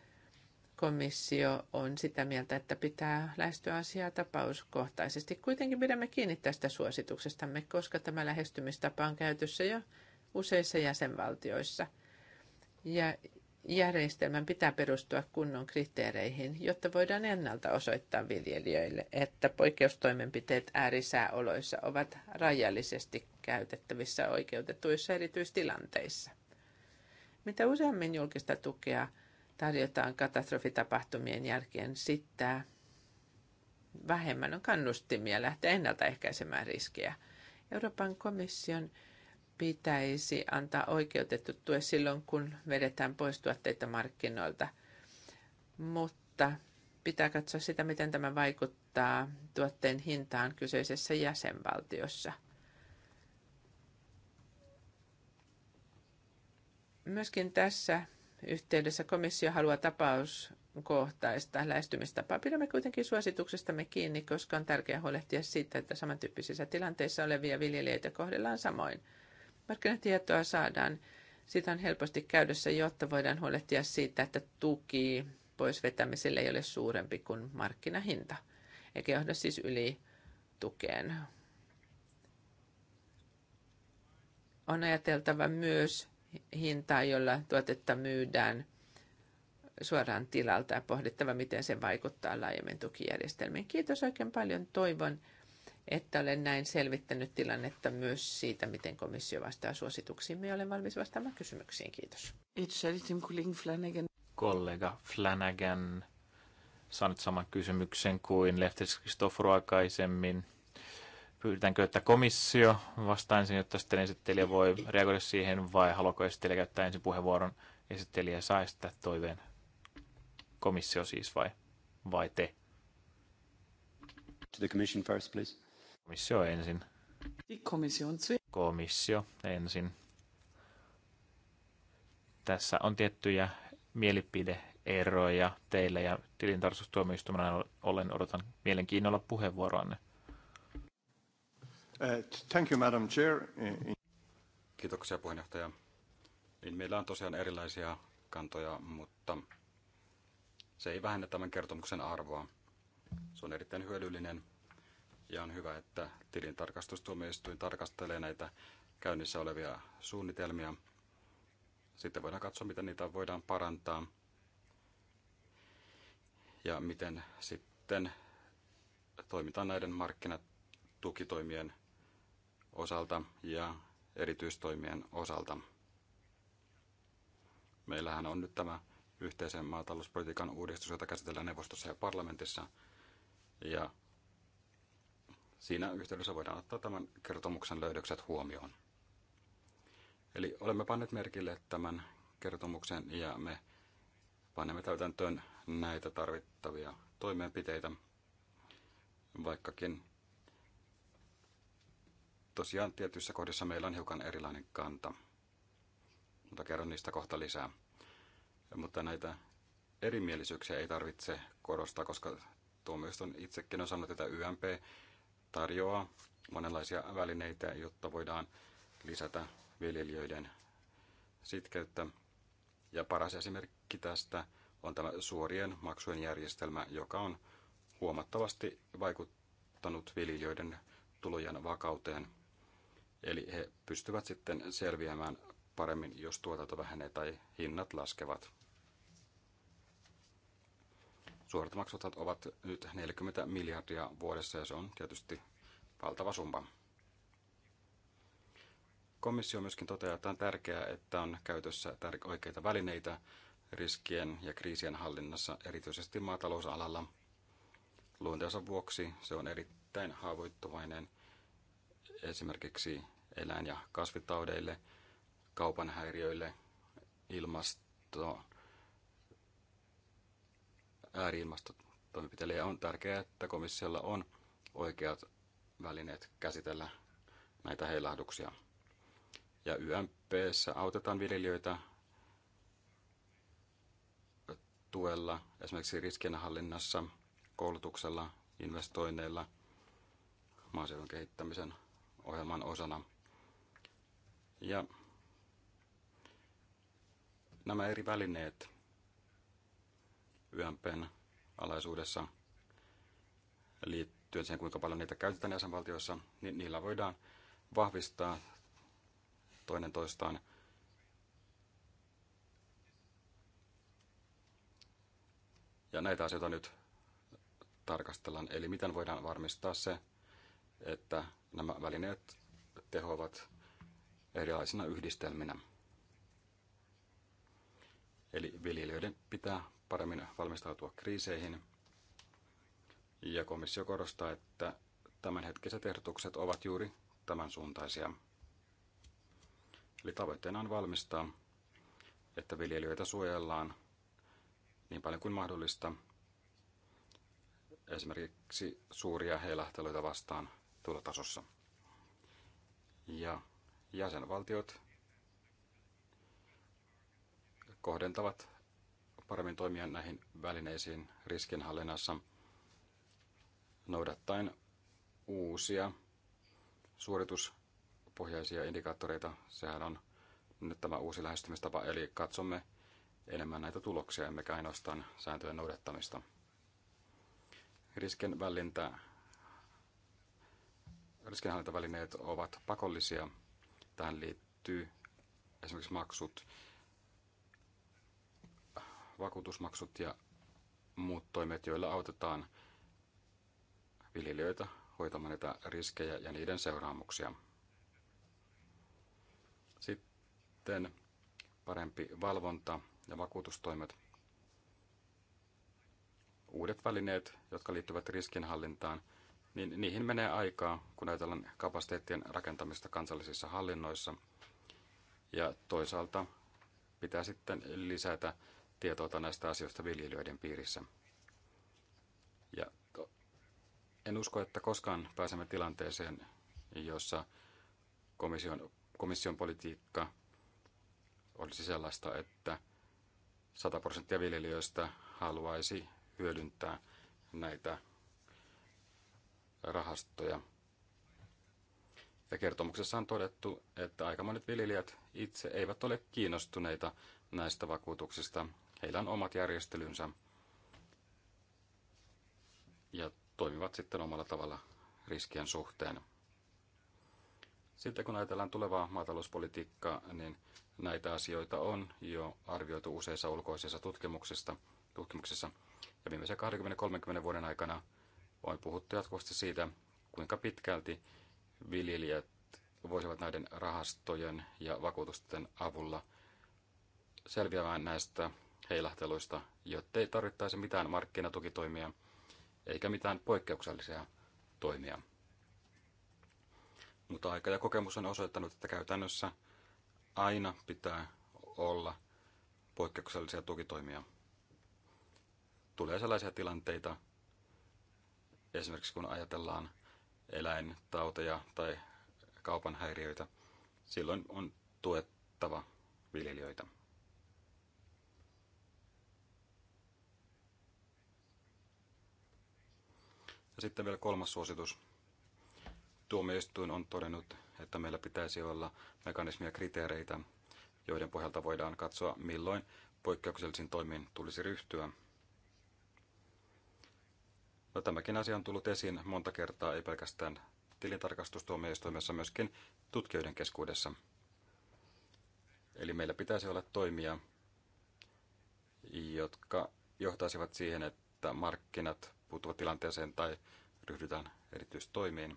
komissio on sitä mieltä, että pitää lähestyä asiaa tapauskohtaisesti. Kuitenkin pidämme kiinni tästä suosituksestamme, koska tämä lähestymistapa on käytössä jo useissa jäsenvaltioissa. Ja järjestelmän pitää perustua kunnon kriteereihin, jotta voidaan ennalta osoittaa viljelijöille, että poikkeustoimenpiteet äärisääoloissa ovat rajallisesti käytettävissä oikeutetuissa erityistilanteissa. Mitä useammin julkista tukea – tarjotaan katastrofitapahtumien jälkeen sitä vähemmän on kannustimia lähteä ennaltaehkäisemään riskejä. Euroopan komission pitäisi antaa oikeutettu tue silloin, kun vedetään pois tuotteita markkinoilta. Mutta pitää katsoa sitä, miten tämä vaikuttaa tuotteen hintaan kyseisessä jäsenvaltiossa. Myöskin tässä yhteydessä komissio haluaa tapauskohtaista lähestymistapaa. Pidämme kuitenkin suosituksestamme kiinni, koska on tärkeää huolehtia siitä, että samantyyppisissä tilanteissa olevia viljelijöitä kohdellaan samoin. Markkinatietoa saadaan. Sitä on helposti käydessä, jotta voidaan huolehtia siitä, että tuki pois vetämiselle ei ole suurempi kuin markkinahinta, eikä johda siis yli tukeen. On ajateltava myös hintaa, jolla tuotetta myydään suoraan tilalta ja pohdittava, miten se vaikuttaa laajemmin tukijärjestelmiin. Kiitos oikein paljon. Toivon, että olen näin selvittänyt tilannetta myös siitä, miten komissio vastaa suosituksiin. Me olen valmis vastaamaan kysymyksiin. Kiitos. Kollega Flanagan saanut saman kysymyksen kuin Leftis Kristoffer aikaisemmin pyydetäänkö, että komissio vastaa ensin, jotta sitten esittelijä voi reagoida siihen, vai haluaako esittelijä käyttää ensin puheenvuoron, esittelijä saa sitä toiveen. Komissio siis vai, vai te? To the commission first, please. Komissio ensin. Komissio ensin. Tässä on tiettyjä mielipideeroja teille ja tilintarkastustuomioistuminen olen odotan mielenkiinnolla puheenvuoroanne. Uh, thank you, Madam Chair. Kiitoksia puheenjohtaja. Niin meillä on tosiaan erilaisia kantoja, mutta se ei vähennä tämän kertomuksen arvoa. Se on erittäin hyödyllinen ja on hyvä, että tilintarkastustuomioistuin tarkastelee näitä käynnissä olevia suunnitelmia. Sitten voidaan katsoa, miten niitä voidaan parantaa ja miten sitten toimitaan näiden markkinatukitoimien osalta ja erityistoimien osalta. Meillähän on nyt tämä yhteisen maatalouspolitiikan uudistus, jota käsitellään neuvostossa ja parlamentissa. Ja siinä yhteydessä voidaan ottaa tämän kertomuksen löydökset huomioon. Eli olemme panneet merkille tämän kertomuksen ja me panemme täytäntöön näitä tarvittavia toimenpiteitä, vaikkakin tosiaan tietyissä kohdissa meillä on hiukan erilainen kanta, mutta kerron niistä kohta lisää. Mutta näitä erimielisyyksiä ei tarvitse korostaa, koska tuomioistuin itsekin on sanonut, että YMP tarjoaa monenlaisia välineitä, jotta voidaan lisätä viljelijöiden sitkeyttä. Ja paras esimerkki tästä on tämä suorien maksujen järjestelmä, joka on huomattavasti vaikuttanut viljelijöiden tulojen vakauteen – Eli he pystyvät sitten selviämään paremmin, jos tuotanto vähenee tai hinnat laskevat. Suorat ovat nyt 40 miljardia vuodessa ja se on tietysti valtava summa. Komissio myöskin toteaa, että on tärkeää, että on käytössä oikeita välineitä riskien ja kriisien hallinnassa, erityisesti maatalousalalla. Luonteensa vuoksi se on erittäin haavoittuvainen – esimerkiksi eläin- ja kasvitaudeille, kaupan häiriöille, ilmasto, ääriilmastotoimenpiteille. Ja on tärkeää, että komissiolla on oikeat välineet käsitellä näitä heilahduksia. Ja YMPssä autetaan viljelijöitä tuella, esimerkiksi riskienhallinnassa, koulutuksella, investoinneilla, maaseudun kehittämisen ohjelman osana. Ja nämä eri välineet YMPn alaisuudessa liittyen siihen, kuinka paljon niitä käytetään jäsenvaltioissa, niin niillä voidaan vahvistaa toinen toistaan Ja näitä asioita nyt tarkastellaan, eli miten voidaan varmistaa se, että nämä välineet tehoavat erilaisina yhdistelminä. Eli viljelijöiden pitää paremmin valmistautua kriiseihin. Ja komissio korostaa, että tämänhetkiset ehdotukset ovat juuri tämän suuntaisia. Eli tavoitteena on valmistaa, että viljelijöitä suojellaan niin paljon kuin mahdollista esimerkiksi suuria heilahteluita vastaan tasossa Ja jäsenvaltiot kohdentavat paremmin toimia näihin välineisiin riskinhallinnassa noudattaen uusia suorituspohjaisia indikaattoreita. Sehän on nyt tämä uusi lähestymistapa, eli katsomme enemmän näitä tuloksia, emmekä ainoastaan sääntöjen noudattamista. Riskin välintä riskinhallintavälineet ovat pakollisia. Tähän liittyy esimerkiksi maksut, vakuutusmaksut ja muut toimet, joilla autetaan viljelijöitä hoitamaan niitä riskejä ja niiden seuraamuksia. Sitten parempi valvonta ja vakuutustoimet. Uudet välineet, jotka liittyvät riskinhallintaan, niin niihin menee aikaa, kun ajatellaan kapasiteettien rakentamista kansallisissa hallinnoissa. Ja toisaalta pitää sitten lisätä tietoa näistä asioista viljelijöiden piirissä. Ja en usko, että koskaan pääsemme tilanteeseen, jossa komission, komission politiikka olisi sellaista, että 100 prosenttia viljelijöistä haluaisi hyödyntää näitä rahastoja. Ja kertomuksessa on todettu, että aika monet viljelijät itse eivät ole kiinnostuneita näistä vakuutuksista. Heillä on omat järjestelynsä ja toimivat sitten omalla tavalla riskien suhteen. Sitten kun ajatellaan tulevaa maatalouspolitiikkaa, niin näitä asioita on jo arvioitu useissa ulkoisissa tutkimuksissa, Ja viimeisen 20-30 vuoden aikana on puhuttu jatkuvasti siitä, kuinka pitkälti viljelijät voisivat näiden rahastojen ja vakuutusten avulla selviämään näistä heilahteluista, jotta ei tarvittaisi mitään markkinatukitoimia eikä mitään poikkeuksellisia toimia. Mutta aika ja kokemus on osoittanut, että käytännössä aina pitää olla poikkeuksellisia tukitoimia. Tulee sellaisia tilanteita, esimerkiksi kun ajatellaan eläintauteja tai kaupan häiriöitä, silloin on tuettava viljelijöitä. Ja sitten vielä kolmas suositus. Tuomioistuin on todennut, että meillä pitäisi olla mekanismia kriteereitä, joiden pohjalta voidaan katsoa, milloin poikkeuksellisiin toimiin tulisi ryhtyä No, tämäkin asia on tullut esiin monta kertaa, ei pelkästään tilintarkastustuomioistuimessa, myöskin tutkijoiden keskuudessa. Eli meillä pitäisi olla toimia, jotka johtaisivat siihen, että markkinat puuttuvat tilanteeseen tai ryhdytään erityistoimiin.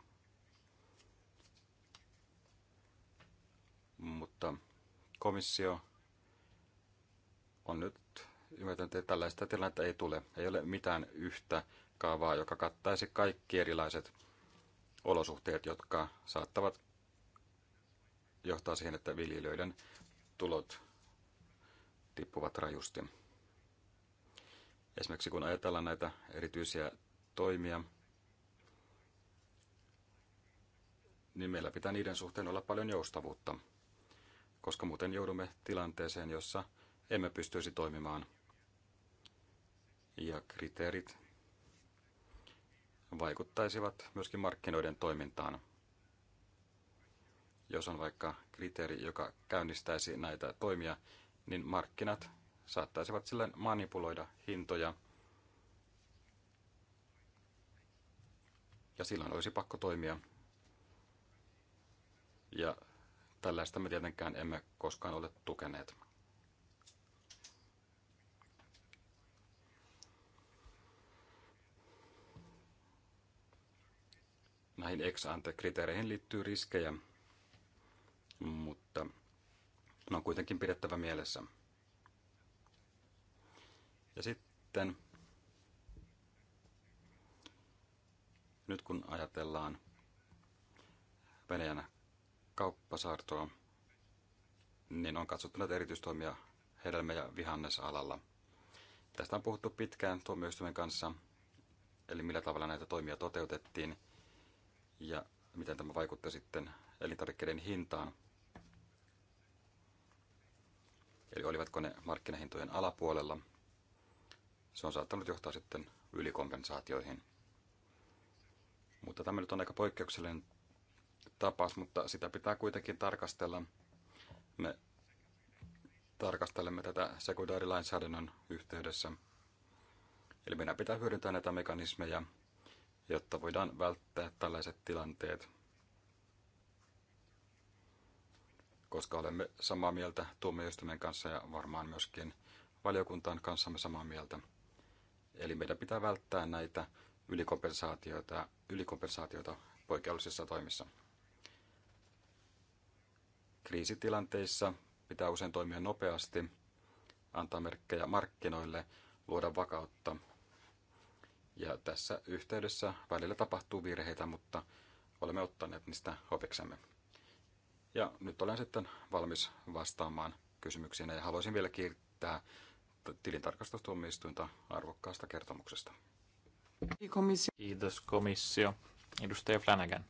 Mutta komissio on nyt ymmärtänyt, että tällaista tilannetta ei tule. Ei ole mitään yhtä kaavaa, joka kattaisi kaikki erilaiset olosuhteet, jotka saattavat johtaa siihen, että viljelijöiden tulot tippuvat rajusti. Esimerkiksi kun ajatellaan näitä erityisiä toimia, niin meillä pitää niiden suhteen olla paljon joustavuutta, koska muuten joudumme tilanteeseen, jossa emme pystyisi toimimaan. Ja kriteerit vaikuttaisivat myöskin markkinoiden toimintaan. Jos on vaikka kriteeri, joka käynnistäisi näitä toimia, niin markkinat saattaisivat silloin manipuloida hintoja. Ja silloin olisi pakko toimia. Ja tällaista me tietenkään emme koskaan ole tukeneet. näihin ex ante kriteereihin liittyy riskejä, mutta ne on kuitenkin pidettävä mielessä. Ja sitten nyt kun ajatellaan Venäjän kauppasaartoa, niin on katsottu näitä erityistoimia hedelmä- ja vihannesalalla. Tästä on puhuttu pitkään tuomioistuimen kanssa, eli millä tavalla näitä toimia toteutettiin ja miten tämä vaikuttaa sitten elintarvikkeiden hintaan. Eli olivatko ne markkinahintojen alapuolella. Se on saattanut johtaa sitten ylikompensaatioihin. Mutta tämä nyt on aika poikkeuksellinen tapaus, mutta sitä pitää kuitenkin tarkastella. Me tarkastelemme tätä sekundaarilainsäädännön yhteydessä. Eli meidän pitää hyödyntää näitä mekanismeja, jotta voidaan välttää tällaiset tilanteet. Koska olemme samaa mieltä tuomioistuimen kanssa ja varmaan myöskin valiokuntaan kanssamme samaa mieltä. Eli meidän pitää välttää näitä ylikompensaatioita, ylikompensaatioita poikkeuksellisissa toimissa. Kriisitilanteissa pitää usein toimia nopeasti, antaa merkkejä markkinoille, luoda vakautta ja tässä yhteydessä välillä tapahtuu virheitä, mutta olemme ottaneet niistä opiksemme. Ja nyt olen sitten valmis vastaamaan kysymyksiin ja haluaisin vielä kiittää tilintarkastustuomioistuinta arvokkaasta kertomuksesta. Kiitos komissio. Edustaja Flanagan.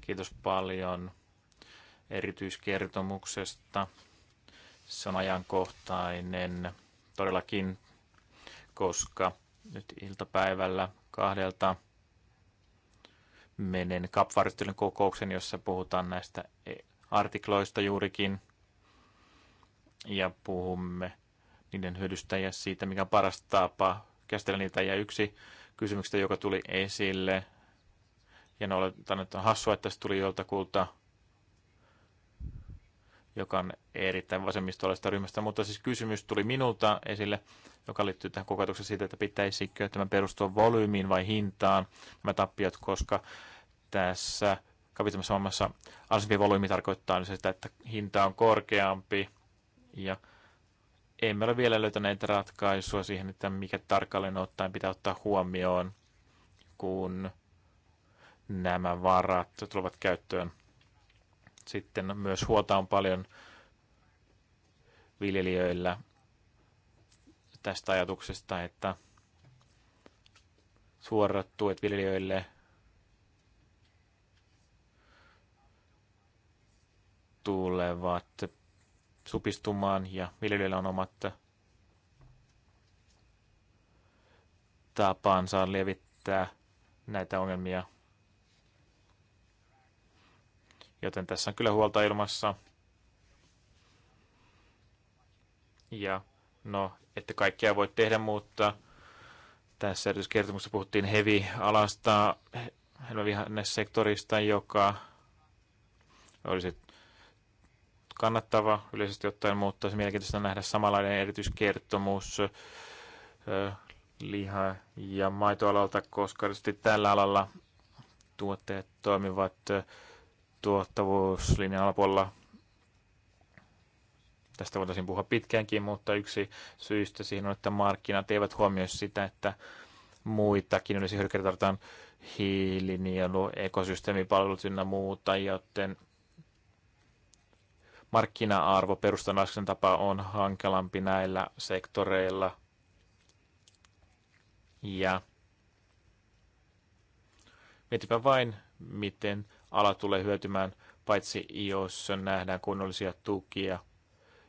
Kiitos paljon erityiskertomuksesta. Se on ajankohtainen todellakin, koska nyt iltapäivällä kahdelta menen kapvaristelun kokouksen, jossa puhutaan näistä artikloista juurikin ja puhumme niiden hyödystä ja siitä, mikä on paras tapa käsitellä niitä. Ja yksi kysymyksistä, joka tuli esille, ja no, oletan, että on hassua, että se tuli joltakulta joka on erittäin vasemmistolaisesta ryhmästä, mutta siis kysymys tuli minulta esille, joka liittyy tähän kokatukseen siitä, että pitäisikö tämä perustua volyymiin vai hintaan nämä tappiot, koska tässä kapitalismissa maailmassa alhaisempi volyymi tarkoittaa niin sitä, että hinta on korkeampi ja emme ole vielä löytäneet ratkaisua siihen, että mikä tarkalleen ottaen pitää ottaa huomioon, kun nämä varat tulevat käyttöön sitten myös huolta on paljon viljelijöillä tästä ajatuksesta, että suorat tuet viljelijöille tulevat supistumaan ja viljelijöillä on omat tapansa lievittää näitä ongelmia. Joten tässä on kyllä huolta ilmassa. Ja no, että kaikkea voi tehdä, mutta tässä erityiskertomuksessa puhuttiin hevi alasta sektorista, joka olisi kannattava yleisesti ottaen, mutta se mielenkiintoista nähdä samanlainen erityiskertomus liha- ja maitoalalta, koska tällä alalla tuotteet toimivat tuottavuuslinjan alapuolella. Tästä voitaisiin puhua pitkäänkin, mutta yksi syystä siihen on, että markkinat eivät huomioi sitä, että muitakin olisi hyödykkeitä tarvitaan hiilinielu, ekosysteemipalvelut ynnä muuta, joten markkina-arvo perustan tapa on hankalampi näillä sektoreilla. Ja mietipä vain, miten ala tulee hyötymään, paitsi jos nähdään kunnollisia tukia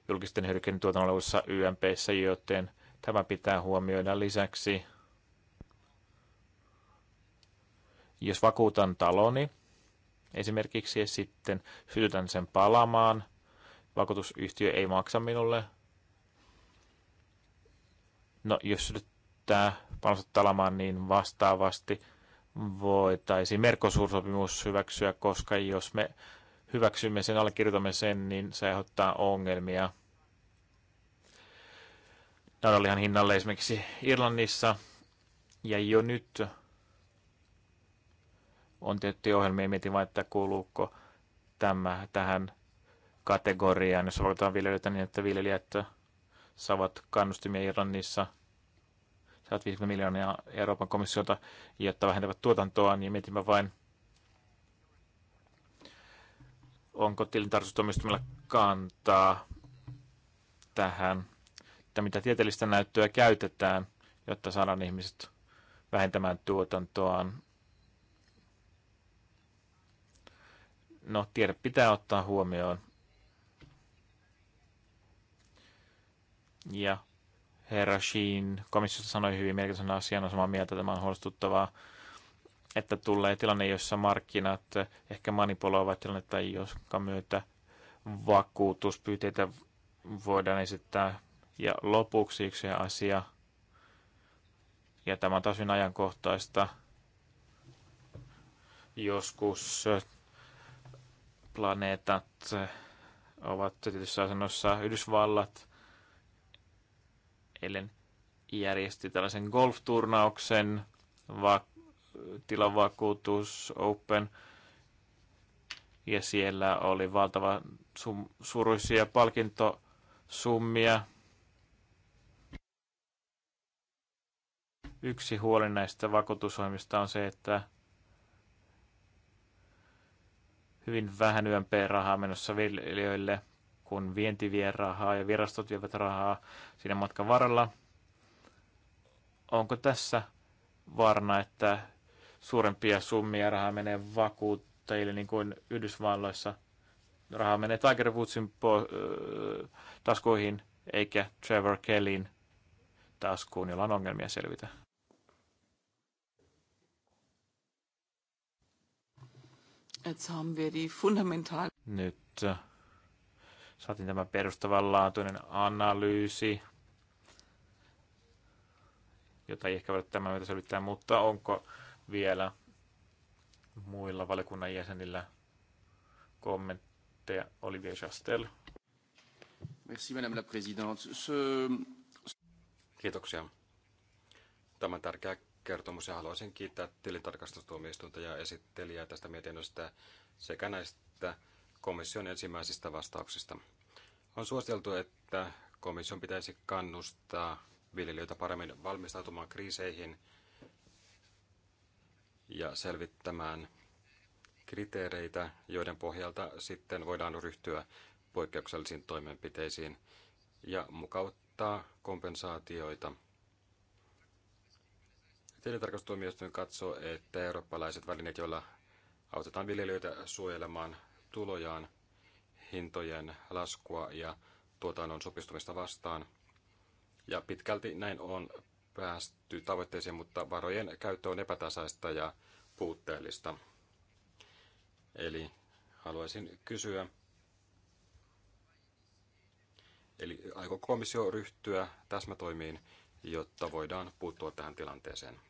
julkisten hyödykkeiden tuotannolla olevassa YMPssä, joten tämä pitää huomioida lisäksi. Jos vakuutan taloni, esimerkiksi, ja sitten sytytän sen palamaan, vakuutusyhtiö ei maksa minulle. No, jos sytyttää palamaan, niin vastaavasti – voitaisiin Mercosur-sopimus hyväksyä, koska jos me hyväksymme sen, allekirjoitamme sen, niin se aiheuttaa ongelmia. Naudanlihan hinnalle esimerkiksi Irlannissa. Ja jo nyt on tietty ohjelmia, mietin vain, että kuuluuko tämä tähän kategoriaan, jos valitaan viljelijöitä niin, että viljelijät saavat kannustimia Irlannissa – 150 miljoonaa Euroopan komissiota, jotta vähentävät tuotantoa, niin mietimme vain, onko tilintarkastustoimistumilla kantaa tähän, että mitä tieteellistä näyttöä käytetään, jotta saadaan ihmiset vähentämään tuotantoaan. No, tiede pitää ottaa huomioon. Ja herra Sheen komissiosta sanoi hyvin merkityksen asian, on samaa mieltä, tämä on huolestuttavaa, että tulee tilanne, jossa markkinat ehkä manipuloivat tilannetta, joska myötä vakuutuspyyteitä voidaan esittää. Ja lopuksi yksi asia, ja tämä on taas hyvin ajankohtaista, joskus planeetat ovat tietyssä asennossa Yhdysvallat – eilen järjesti tällaisen golfturnauksen, va- tilavakuutus Open, ja siellä oli valtava sum- suruisia palkintosummia. Yksi huoli näistä vakuutusohjelmista on se, että hyvin vähän YMP-rahaa menossa viljelijöille – kun vienti vie rahaa ja virastot vievät rahaa siinä matkan varrella. Onko tässä varna, että suurempia summia rahaa menee vakuuttajille, niin kuin Yhdysvalloissa rahaa menee Tiger Woodsin po- taskuihin, eikä Trevor Kellyn taskuun, jolla on ongelmia selvitä? Jetzt haben wir die fundamental Nyt saatiin tämä perustavanlaatuinen analyysi, jota ei ehkä voida tämän myötä selvittää, mutta onko vielä muilla valiokunnan jäsenillä kommentteja? Olivier Chastel. Merci, madame la présidente. Ce... Kiitoksia. Tämä on tärkeä kertomus ja haluaisin kiittää tilintarkastustuomioistuinta ja esittelijää tästä mietinnöstä sekä näistä komission ensimmäisistä vastauksista. On suositeltu, että komission pitäisi kannustaa viljelijöitä paremmin valmistautumaan kriiseihin ja selvittämään kriteereitä, joiden pohjalta sitten voidaan ryhtyä poikkeuksellisiin toimenpiteisiin ja mukauttaa kompensaatioita. Tilintarkastustuomioistuin katsoo, että eurooppalaiset välineet, joilla autetaan viljelijöitä suojelemaan tulojaan hintojen laskua ja tuotannon supistumista vastaan. Ja pitkälti näin on päästy tavoitteisiin, mutta varojen käyttö on epätasaista ja puutteellista. Eli haluaisin kysyä, eli aiko komissio ryhtyä täsmätoimiin, jotta voidaan puuttua tähän tilanteeseen?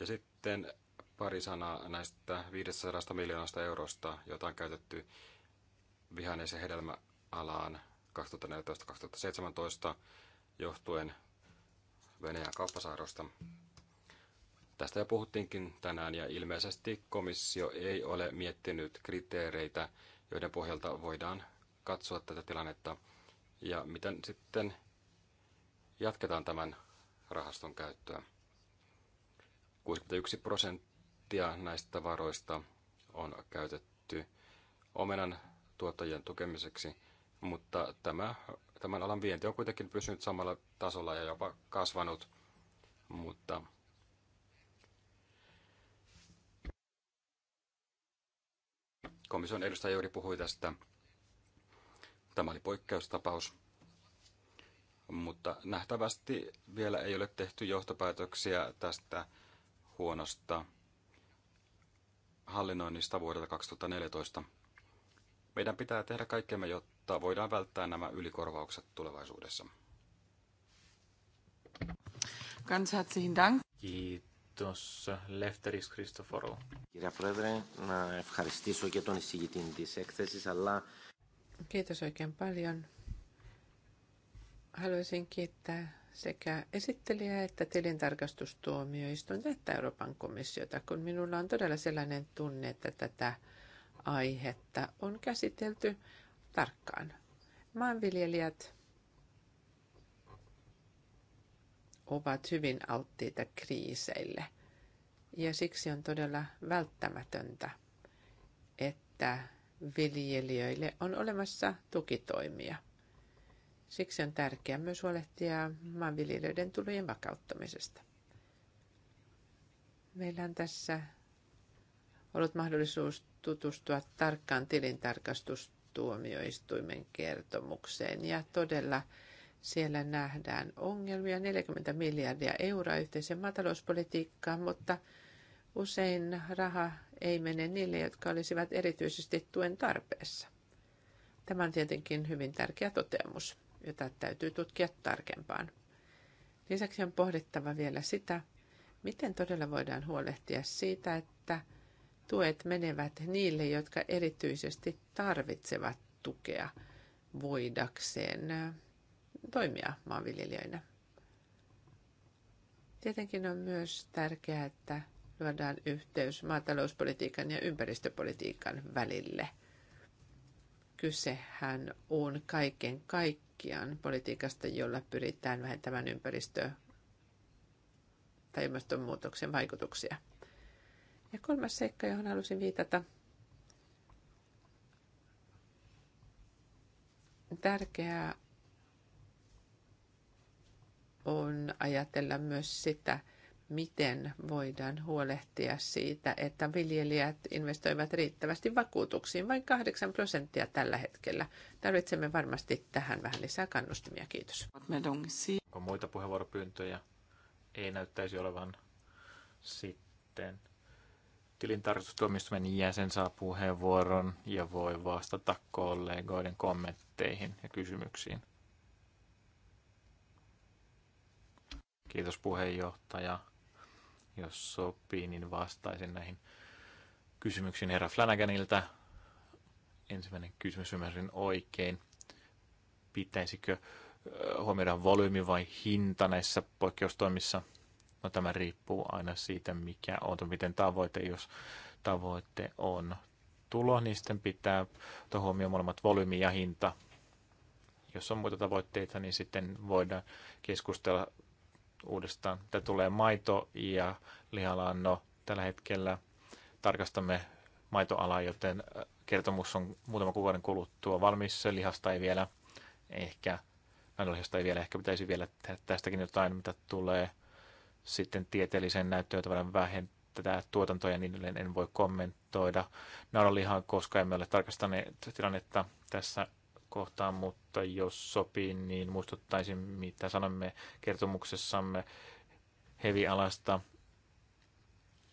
Ja sitten pari sanaa näistä 500 miljoonasta eurosta, jota on käytetty vihannes- hedelmäalaan 2014-2017 johtuen Venäjän kauppasaarosta. Tästä jo puhuttiinkin tänään ja ilmeisesti komissio ei ole miettinyt kriteereitä, joiden pohjalta voidaan katsoa tätä tilannetta ja miten sitten jatketaan tämän rahaston käyttöä. 61 prosenttia prosenttia näistä varoista on käytetty omenan tuottajien tukemiseksi, mutta tämä, tämän alan vienti on kuitenkin pysynyt samalla tasolla ja jopa kasvanut, mutta komission edustaja juuri puhui tästä. Tämä oli poikkeustapaus, mutta nähtävästi vielä ei ole tehty johtopäätöksiä tästä huonosta hallinnoinnista vuodelta 2014. Meidän pitää tehdä kaikkemme, jotta voidaan välttää nämä ylikorvaukset tulevaisuudessa. Ganz herzlichen Dank. Kiitos. Lefteris Χριστοφορού. Κύριε Πρόεδρε, να ευχαριστήσω και τον εισηγητή της έκθεσης, αλλά... Kiitos oikein paljon. Haluaisin kiittää sekä esittelijä että tilintarkastustuomioistuinta että Euroopan komissiota, kun minulla on todella sellainen tunne, että tätä aihetta on käsitelty tarkkaan. Maanviljelijät ovat hyvin alttiita kriiseille ja siksi on todella välttämätöntä, että viljelijöille on olemassa tukitoimia – Siksi on tärkeää myös huolehtia maanviljelijöiden tulojen vakauttamisesta. Meillä on tässä ollut mahdollisuus tutustua tarkkaan tilintarkastustuomioistuimen kertomukseen ja todella siellä nähdään ongelmia, 40 miljardia euroa yhteiseen maatalouspolitiikkaan, mutta usein raha ei mene niille, jotka olisivat erityisesti tuen tarpeessa. Tämä on tietenkin hyvin tärkeä toteamus jota täytyy tutkia tarkempaan. Lisäksi on pohdittava vielä sitä, miten todella voidaan huolehtia siitä, että tuet menevät niille, jotka erityisesti tarvitsevat tukea voidakseen toimia maanviljelijöinä. Tietenkin on myös tärkeää, että luodaan yhteys maatalouspolitiikan ja ympäristöpolitiikan välille – Kysehän on kaiken kaikkiaan politiikasta, jolla pyritään vähentämään ympäristö tai ilmastonmuutoksen vaikutuksia. Ja kolmas seikka, johon halusin viitata, tärkeää on ajatella myös sitä, miten voidaan huolehtia siitä, että viljelijät investoivat riittävästi vakuutuksiin, vain 8 prosenttia tällä hetkellä. Tarvitsemme varmasti tähän vähän lisää kannustimia. Kiitos. Onko muita puheenvuoropyyntöjä? Ei näyttäisi olevan sitten. Tilintarkastustuomioistuimen jäsen saa puheenvuoron ja voi vastata kollegoiden kommentteihin ja kysymyksiin. Kiitos puheenjohtaja. Jos sopii, niin vastaisin näihin kysymyksiin herra Flanaganilta. Ensimmäinen kysymys ymmärsin oikein. Pitäisikö huomioida volyymi vai hinta näissä poikkeustoimissa? No tämä riippuu aina siitä, mikä on, miten tavoite, jos tavoite on tulo, niin sitten pitää ottaa huomioon molemmat volyymi ja hinta. Jos on muita tavoitteita, niin sitten voidaan keskustella uudestaan. Tämä tulee maito- ja lihalaanno tällä hetkellä tarkastamme maitoalaa, joten kertomus on muutama kuukauden kuluttua valmis. Lihasta ei vielä ehkä, lihasta ei vielä, ehkä pitäisi vielä tehdä tästäkin jotain, mitä tulee sitten tieteelliseen näyttöön tavallaan vähentää tuotantoa ja niin edelleen en voi kommentoida naudanlihaa, koska emme ole tarkastaneet tilannetta tässä kohtaan, mutta jos sopii, niin muistuttaisin, mitä sanomme kertomuksessamme hevialasta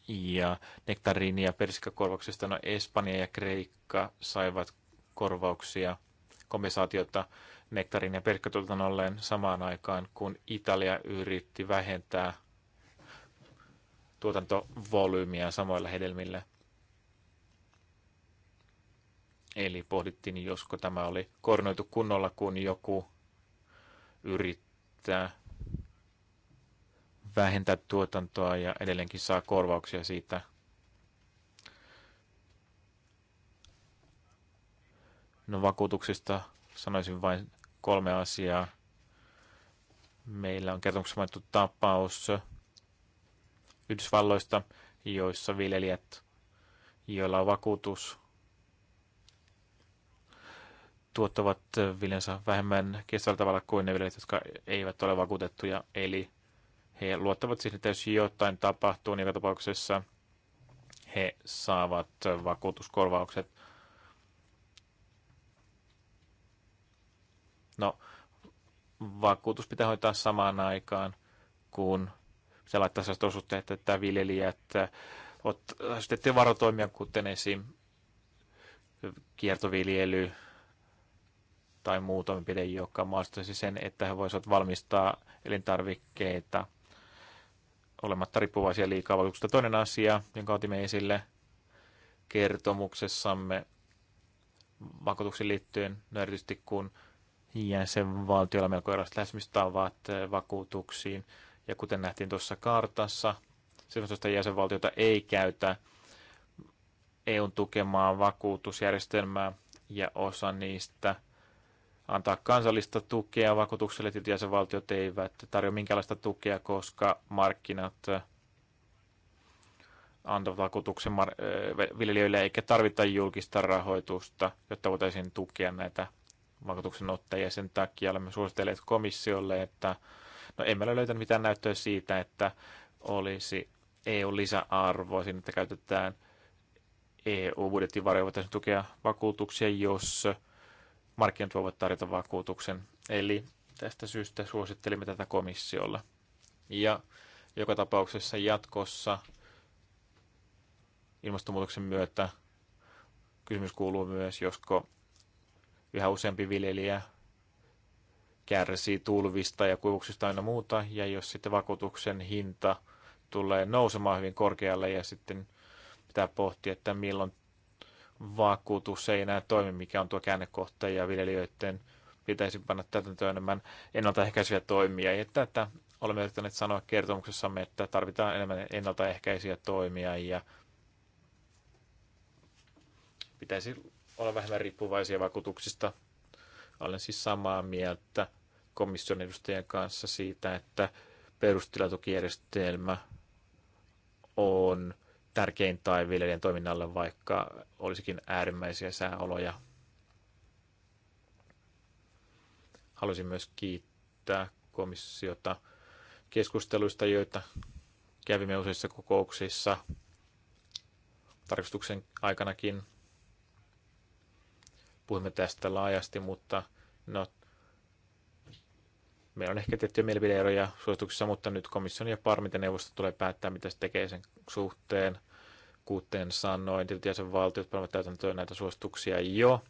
ja nektariini- ja persikkakorvauksesta. No Espanja ja Kreikka saivat korvauksia, kompensaatiota nektarin ja perkkatuotannolleen samaan aikaan, kun Italia yritti vähentää tuotantovolyymiä samoilla hedelmillä – Eli pohdittiin, josko tämä oli koordinoitu kunnolla, kun joku yrittää vähentää tuotantoa ja edelleenkin saa korvauksia siitä. No vakuutuksista sanoisin vain kolme asiaa. Meillä on kertomuksessa mainittu tapaus Yhdysvalloista, joissa viljelijät, joilla on vakuutus, tuottavat viljansa vähemmän kestävällä tavalla kuin ne viljelijät, jotka eivät ole vakuutettuja. Eli he luottavat siihen, että jos jotain tapahtuu, niin joka tapauksessa he saavat vakuutuskorvaukset. No, vakuutus pitää hoitaa samaan aikaan, kun se laittaa sellaista osuutta, että viljelijät sitten varotoimia, kuten esim. kiertoviljely, tai muu toimenpide, joka mahdollistaisi sen, että he voisivat valmistaa elintarvikkeita olematta riippuvaisia liikaa vaikutuksesta. Toinen asia, jonka otimme esille kertomuksessamme vakuutuksiin liittyen, no erityisesti kun jäsenvaltioilla melko erilaiset lähestymistavat eh, vakuutuksiin, ja kuten nähtiin tuossa kartassa, 17 jäsenvaltiota ei käytä EUn tukemaa vakuutusjärjestelmää ja osa niistä antaa kansallista tukea vakuutukselle, että jäsenvaltiot eivät tarjoa minkäänlaista tukea, koska markkinat eh, antavat vakuutuksen eh, viljelijöille eikä tarvita julkista rahoitusta, jotta voitaisiin tukea näitä vakuutuksen ottajia. Sen takia olemme suositelleet komissiolle, että no emme ole löytänyt mitään näyttöä siitä, että olisi EU-lisäarvoa siinä, että käytetään eu budjettivarjoa voitaisiin tukea vakuutuksia, jos markkinat voivat tarjota vakuutuksen. Eli tästä syystä suosittelimme tätä komissiolle. Ja joka tapauksessa jatkossa ilmastonmuutoksen myötä kysymys kuuluu myös, josko yhä useampi viljelijä kärsii tulvista ja kuivuksista aina muuta, ja jos sitten vakuutuksen hinta tulee nousemaan hyvin korkealle ja sitten pitää pohtia, että milloin vakuutus ei enää toimi, mikä on tuo käännekohta ja viljelijöiden pitäisi panna täytäntöön enemmän ennaltaehkäisyjä toimia. Ja että olemme yrittäneet sanoa kertomuksessamme, että tarvitaan enemmän ennaltaehkäisiä toimia ja pitäisi olla vähemmän riippuvaisia vakuutuksista. Olen siis samaa mieltä komission edustajien kanssa siitä, että perustilatukijärjestelmä on tärkein tai viljelijän toiminnalle, vaikka olisikin äärimmäisiä sääoloja. Haluaisin myös kiittää komissiota keskusteluista, joita kävimme useissa kokouksissa tarkastuksen aikanakin. Puhumme tästä laajasti, mutta no, meillä on ehkä tiettyjä mielipideeroja suosituksissa, mutta nyt komission ja parmiten neuvosto tulee päättää, mitä se tekee sen suhteen. Kuten sanoin, tietysti valtiot palvelut täytäntöön näitä suosituksia jo,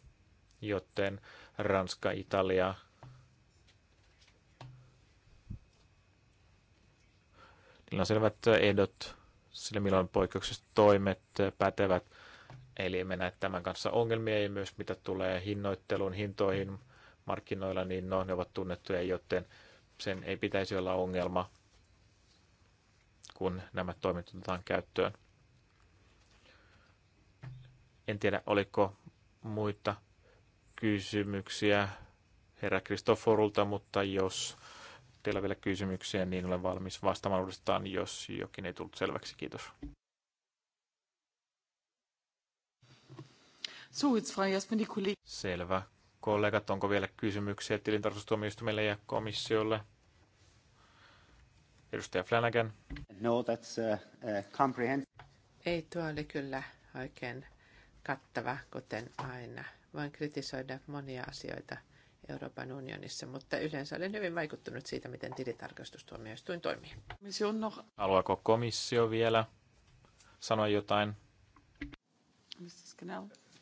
joten Ranska, Italia, niillä on selvät ehdot sillä milloin poikkeukset toimet pätevät. Eli emme näe tämän kanssa ongelmia ja myös mitä tulee hinnoitteluun, hintoihin markkinoilla, niin no, ne ovat tunnettuja, joten sen ei pitäisi olla ongelma, kun nämä toimet otetaan käyttöön. En tiedä, oliko muita kysymyksiä herra Kristoforulta, mutta jos teillä on vielä kysymyksiä, niin olen valmis vastaamaan uudestaan, jos jokin ei tullut selväksi. Kiitos. Selvä. Kollegat, onko vielä kysymyksiä tilintarkastustuomioistumille ja komissiolle? Edustaja Flanagan. No, that's, uh, uh, comprehensive. Ei, tuo oli kyllä oikein kattava, kuten aina. Voin kritisoida monia asioita Euroopan unionissa, mutta yleensä olen hyvin vaikuttunut siitä, miten tilitarkastustuomioistuin toimii. Haluaako komissio vielä sanoa jotain?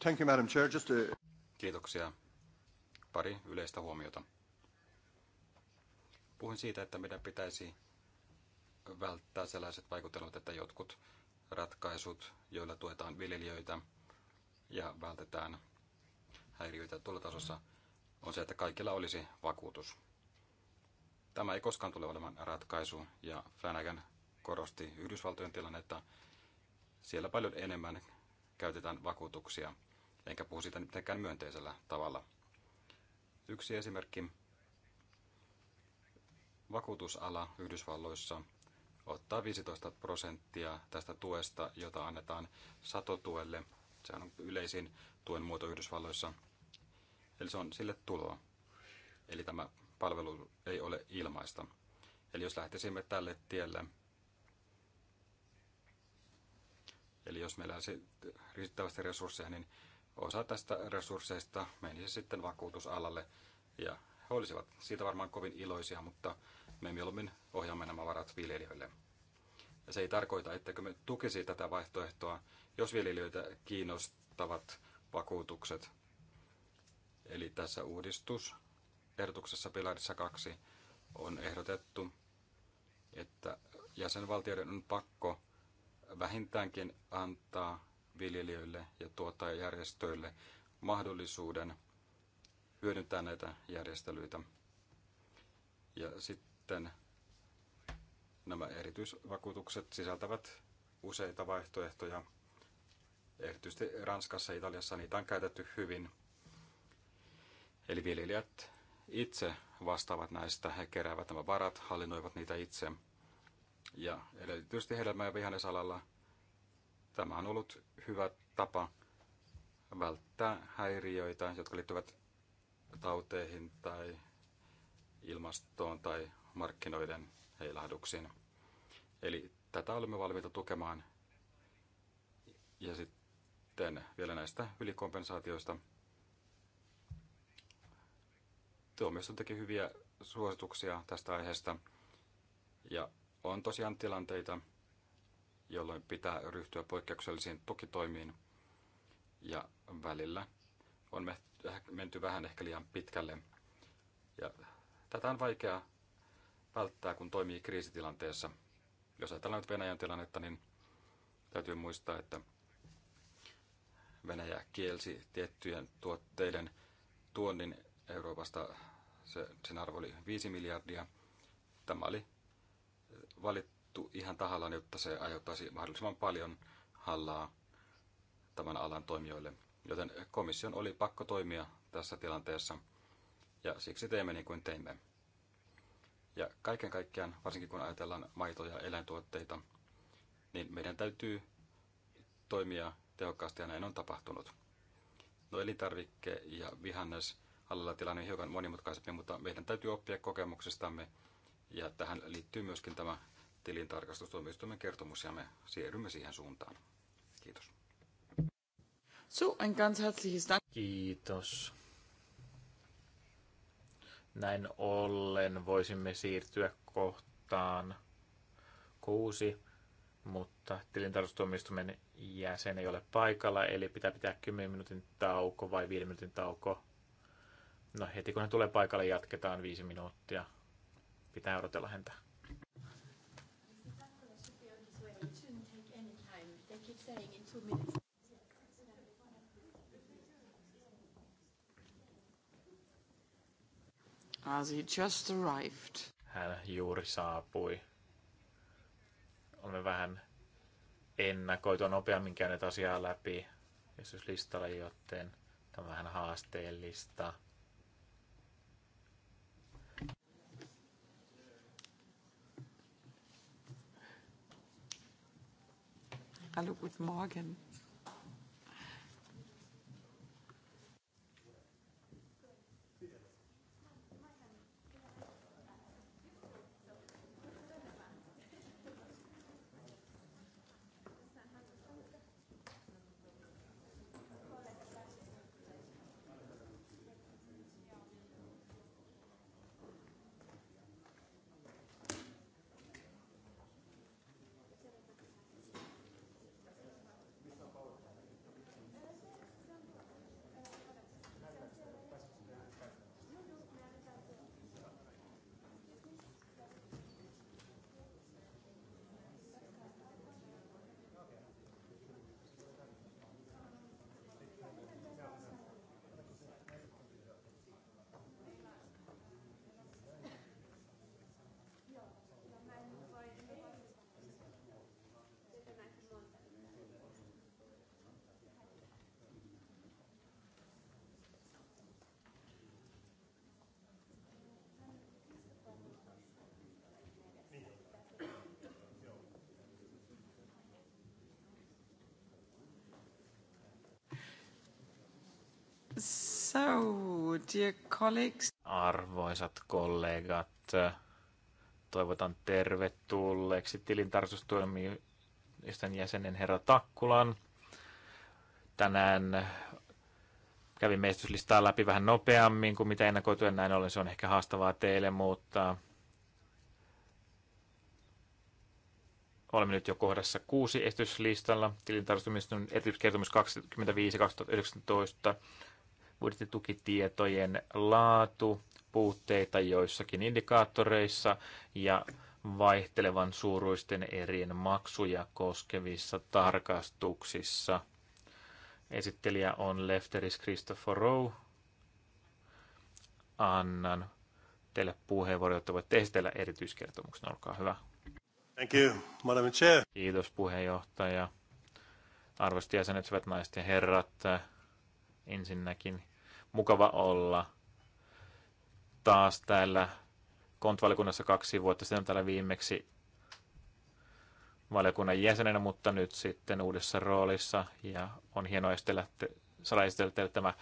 Thank you, Madam Chair. Just a... Kiitoksia. Pari yleistä huomiota. Puhuin siitä, että meidän pitäisi välttää sellaiset vaikutelmat, että jotkut ratkaisut, joilla tuetaan viljelijöitä – ja vältetään häiriöitä tuolla tasossa, on se, että kaikilla olisi vakuutus. Tämä ei koskaan tule olemaan ratkaisu, ja Flanagan korosti Yhdysvaltojen tilannetta. Siellä paljon enemmän käytetään vakuutuksia, enkä puhu siitä mitenkään myönteisellä tavalla. Yksi esimerkki. Vakuutusala Yhdysvalloissa ottaa 15 prosenttia tästä tuesta, jota annetaan satotuelle Sehän on yleisin tuen muoto Yhdysvalloissa. Eli se on sille tuloa. Eli tämä palvelu ei ole ilmaista. Eli jos lähtisimme tälle tielle, eli jos meillä olisi riittävästi resursseja, niin osa tästä resursseista menisi sitten vakuutusalalle ja he olisivat siitä varmaan kovin iloisia, mutta me mieluummin ohjaamme nämä varat viljelijöille. Ja se ei tarkoita, että me tukisi tätä vaihtoehtoa, jos viljelijöitä kiinnostavat vakuutukset. Eli tässä uudistus ehdotuksessa pilarissa 2 on ehdotettu, että jäsenvaltioiden on pakko vähintäänkin antaa viljelijöille ja tuottajajärjestöille mahdollisuuden hyödyntää näitä järjestelyitä. Ja sitten Nämä erityisvakuutukset sisältävät useita vaihtoehtoja. Erityisesti Ranskassa ja Italiassa niitä on käytetty hyvin. Eli viljelijät itse vastaavat näistä, he keräävät nämä varat, hallinnoivat niitä itse. Ja erityisesti hedelmä- ja vihannesalalla tämä on ollut hyvä tapa välttää häiriöitä, jotka liittyvät tauteihin tai ilmastoon tai markkinoiden heilahduksin. Eli tätä olemme valmiita tukemaan. Ja sitten vielä näistä ylikompensaatioista. Tuomioistuin teki hyviä suosituksia tästä aiheesta. Ja on tosiaan tilanteita, jolloin pitää ryhtyä poikkeuksellisiin tukitoimiin. Ja välillä on menty vähän ehkä liian pitkälle. Ja tätä on vaikea välttää, kun toimii kriisitilanteessa. Jos ajatellaan nyt Venäjän tilannetta, niin täytyy muistaa, että Venäjä kielsi tiettyjen tuotteiden tuonnin Euroopasta. Se, sen arvo oli 5 miljardia. Tämä oli valittu ihan tahallaan, jotta se aiheuttaisi mahdollisimman paljon hallaa tämän alan toimijoille. Joten komission oli pakko toimia tässä tilanteessa ja siksi teimme niin kuin teimme. Ja kaiken kaikkiaan, varsinkin kun ajatellaan maito- ja eläintuotteita, niin meidän täytyy toimia tehokkaasti ja näin on tapahtunut. No elintarvikke- ja vihannes alalla tilanne on hiukan monimutkaisempi, mutta meidän täytyy oppia kokemuksistamme ja tähän liittyy myöskin tämä tilintarkastustuomioistuimen kertomus ja me siirrymme siihen suuntaan. Kiitos. So, ein ganz herzliches Dank. Kiitos. Näin ollen voisimme siirtyä kohtaan kuusi, mutta tilintarkastustuomioistuimen jäsen ei ole paikalla, eli pitää pitää 10 minuutin tauko vai 5 minuutin tauko. No heti kun hän tulee paikalle, jatketaan 5 minuuttia. Pitää odotella häntä. two minutes. As he just arrived. Hän juuri saapui. Olemme vähän ennakoitua nopeammin käyneet asiaa läpi listalla joten tämä on vähän haasteellista. Hallo, guten Morgen. So, dear colleagues. Arvoisat kollegat, toivotan tervetulleeksi tilintarkastustuomioistuimen jäsenen herra Takkulan. Tänään kävin meistyslistaa läpi vähän nopeammin kuin mitä ennakoituen näin ollen. Se on ehkä haastavaa teille, mutta olemme nyt jo kohdassa kuusi esityslistalla. Tilintarkastustuomioistuimen erityiskertomus 25-2019 budjettitukitietojen laatu, puutteita joissakin indikaattoreissa ja vaihtelevan suuruisten erien maksuja koskevissa tarkastuksissa. Esittelijä on Lefteris Christoforou. Annan teille puheenvuoro, jotta voitte esitellä erityiskertomuksen. Olkaa hyvä. Thank you, Madam Chair. Kiitos puheenjohtaja. Arvoisat jäsenet, hyvät naiset ja herrat. Ensinnäkin mukava olla taas täällä kontvalikunnassa kaksi vuotta sitten täällä viimeksi valiokunnan jäsenenä, mutta nyt sitten uudessa roolissa. Ja on hienoa esitellä, saada esitellä teille tämä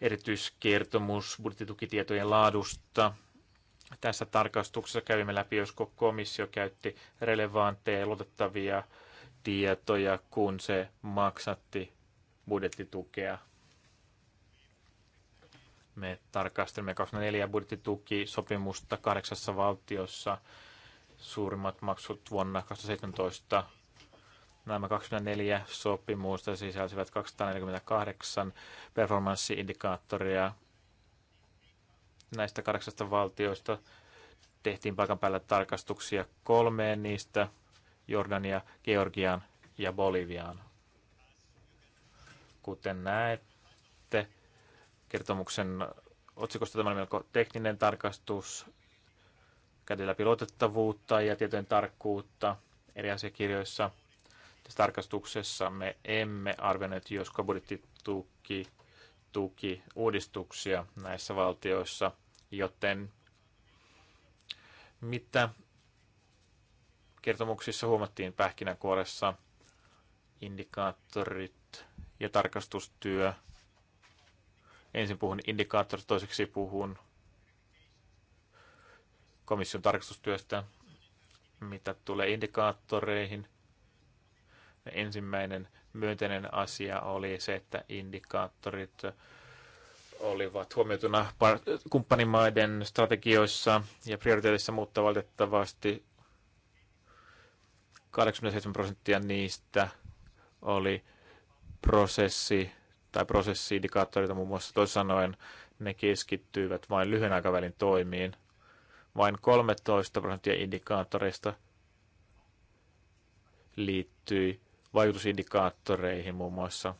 erityiskertomus budjettitukitietojen laadusta. Tässä tarkastuksessa kävimme läpi, josko komissio käytti relevantteja ja luotettavia tietoja, kun se maksatti budjettitukea me tarkastelemme 24 budjettitukisopimusta kahdeksassa valtiossa. Suurimmat maksut vuonna 2017 Nämä 24 sopimusta sisälsivät 248 performanssiindikaattoria. Näistä kahdeksasta valtioista tehtiin paikan päällä tarkastuksia kolmeen niistä, Jordania, Georgiaan ja Boliviaan. Kuten näet, kertomuksen otsikosta tämä melko tekninen tarkastus, käytiin läpi luotettavuutta ja tietojen tarkkuutta eri asiakirjoissa. Tässä tarkastuksessa me emme arvioineet, josko budjetti tuki, tuki uudistuksia näissä valtioissa, joten mitä kertomuksissa huomattiin pähkinänkuoressa, indikaattorit ja tarkastustyö – Ensin puhun indikaattorista, toiseksi puhun komission tarkastustyöstä, mitä tulee indikaattoreihin. Ensimmäinen myönteinen asia oli se, että indikaattorit olivat huomioituna kumppanimaiden strategioissa ja prioriteetissa, mutta valitettavasti 87 prosenttia niistä oli prosessi tai prosessiindikaattoreita muun muassa. Toisin sanoen ne keskittyivät vain lyhyen aikavälin toimiin. Vain 13 prosenttia indikaattoreista liittyi vaikutusindikaattoreihin muun muassa.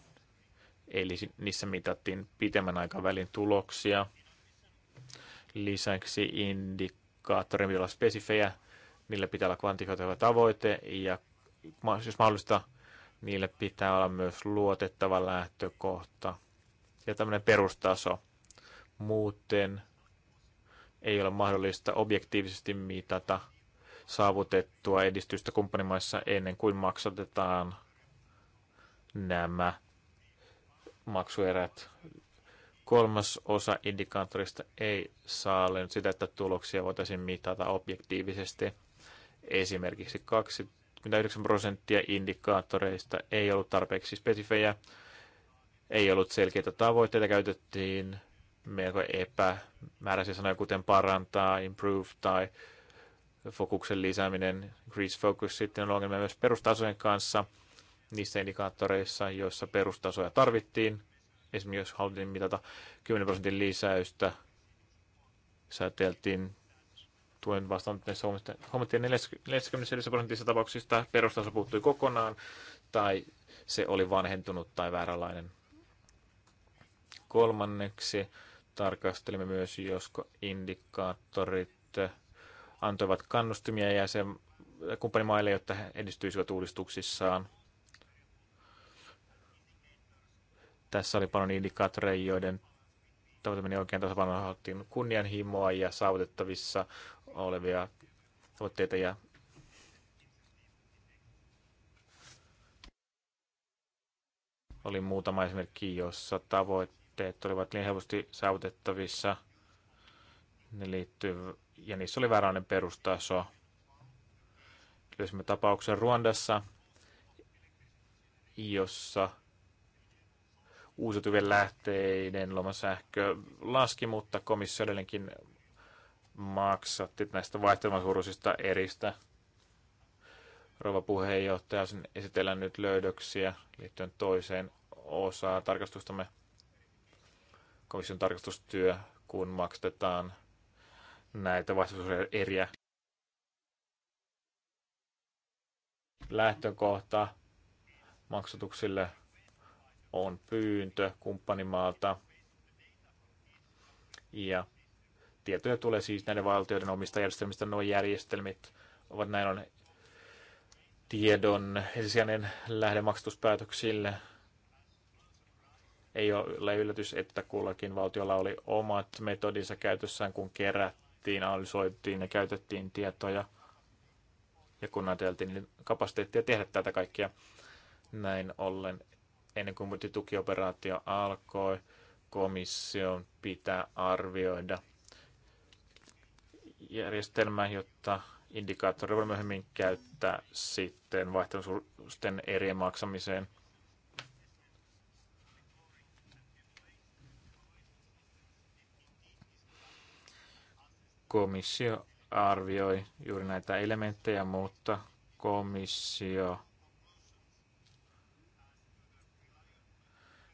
Eli niissä mitattiin pitemmän aikavälin tuloksia. Lisäksi indikaattoreilla pitää olla spesifejä, niillä pitää olla kvantifioitava tavoite ja jos siis mahdollista niillä pitää olla myös luotettava lähtökohta ja tämmöinen perustaso. Muuten ei ole mahdollista objektiivisesti mitata saavutettua edistystä kumppanimaissa ennen kuin maksatetaan nämä maksuerät. Kolmas osa indikaattorista ei saa sitä, että tuloksia voitaisiin mitata objektiivisesti. Esimerkiksi kaksi 79 prosenttia indikaattoreista ei ollut tarpeeksi spesifejä, ei ollut selkeitä tavoitteita, käytettiin melko epämääräisiä sanoja, kuten parantaa, improve tai fokuksen lisääminen, increase focus, sitten on ongelmia myös perustasojen kanssa niissä indikaattoreissa, joissa perustasoja tarvittiin. Esimerkiksi jos haluttiin mitata 10 prosentin lisäystä, säteltiin tuen vastaanottaneissa huomattiin 41 prosentissa tapauksista perustaso puuttui kokonaan tai se oli vanhentunut tai vääränlainen. Kolmanneksi tarkastelimme myös, josko indikaattorit antoivat kannustimia jäsen kumppanimaille, jotta he edistyisivät uudistuksissaan. Tässä oli paljon indikaattoreja, joiden tavoite meni oikein tasapainoon, kunnianhimoa ja saavutettavissa olevia tavoitteita ja oli muutama esimerkki, jossa tavoitteet olivat liian helposti saavutettavissa. Ne liittyy, ja niissä oli vääräinen perustaso. Löysimme tapauksen Ruandassa, jossa uusiutuvien lähteiden lomasähkö laski, mutta komissio edelleenkin maksatti näistä vaihtelevansuuruisista eristä. Rova puheenjohtaja, sen esitellään nyt löydöksiä liittyen toiseen osaan tarkastustamme. Komission tarkastustyö, kun maksetaan näitä eriä. Lähtökohta maksatuksille on pyyntö kumppanimaalta ja tietoja tulee siis näiden valtioiden omista järjestelmistä. Nuo järjestelmät ovat näin on tiedon ensisijainen lähde maksatuspäätöksille. Ei ole yllätys, että kullakin valtiolla oli omat metodinsa käytössään, kun kerättiin, analysoitiin ja käytettiin tietoja. Ja kun ajateltiin niin kapasiteettia tehdä tätä kaikkea näin ollen, ennen kuin tukioperaatio alkoi, komission pitää arvioida – järjestelmä, jotta indikaattori voi myöhemmin käyttää sitten vaihtelusuusten erien maksamiseen. Komissio arvioi juuri näitä elementtejä, mutta komissio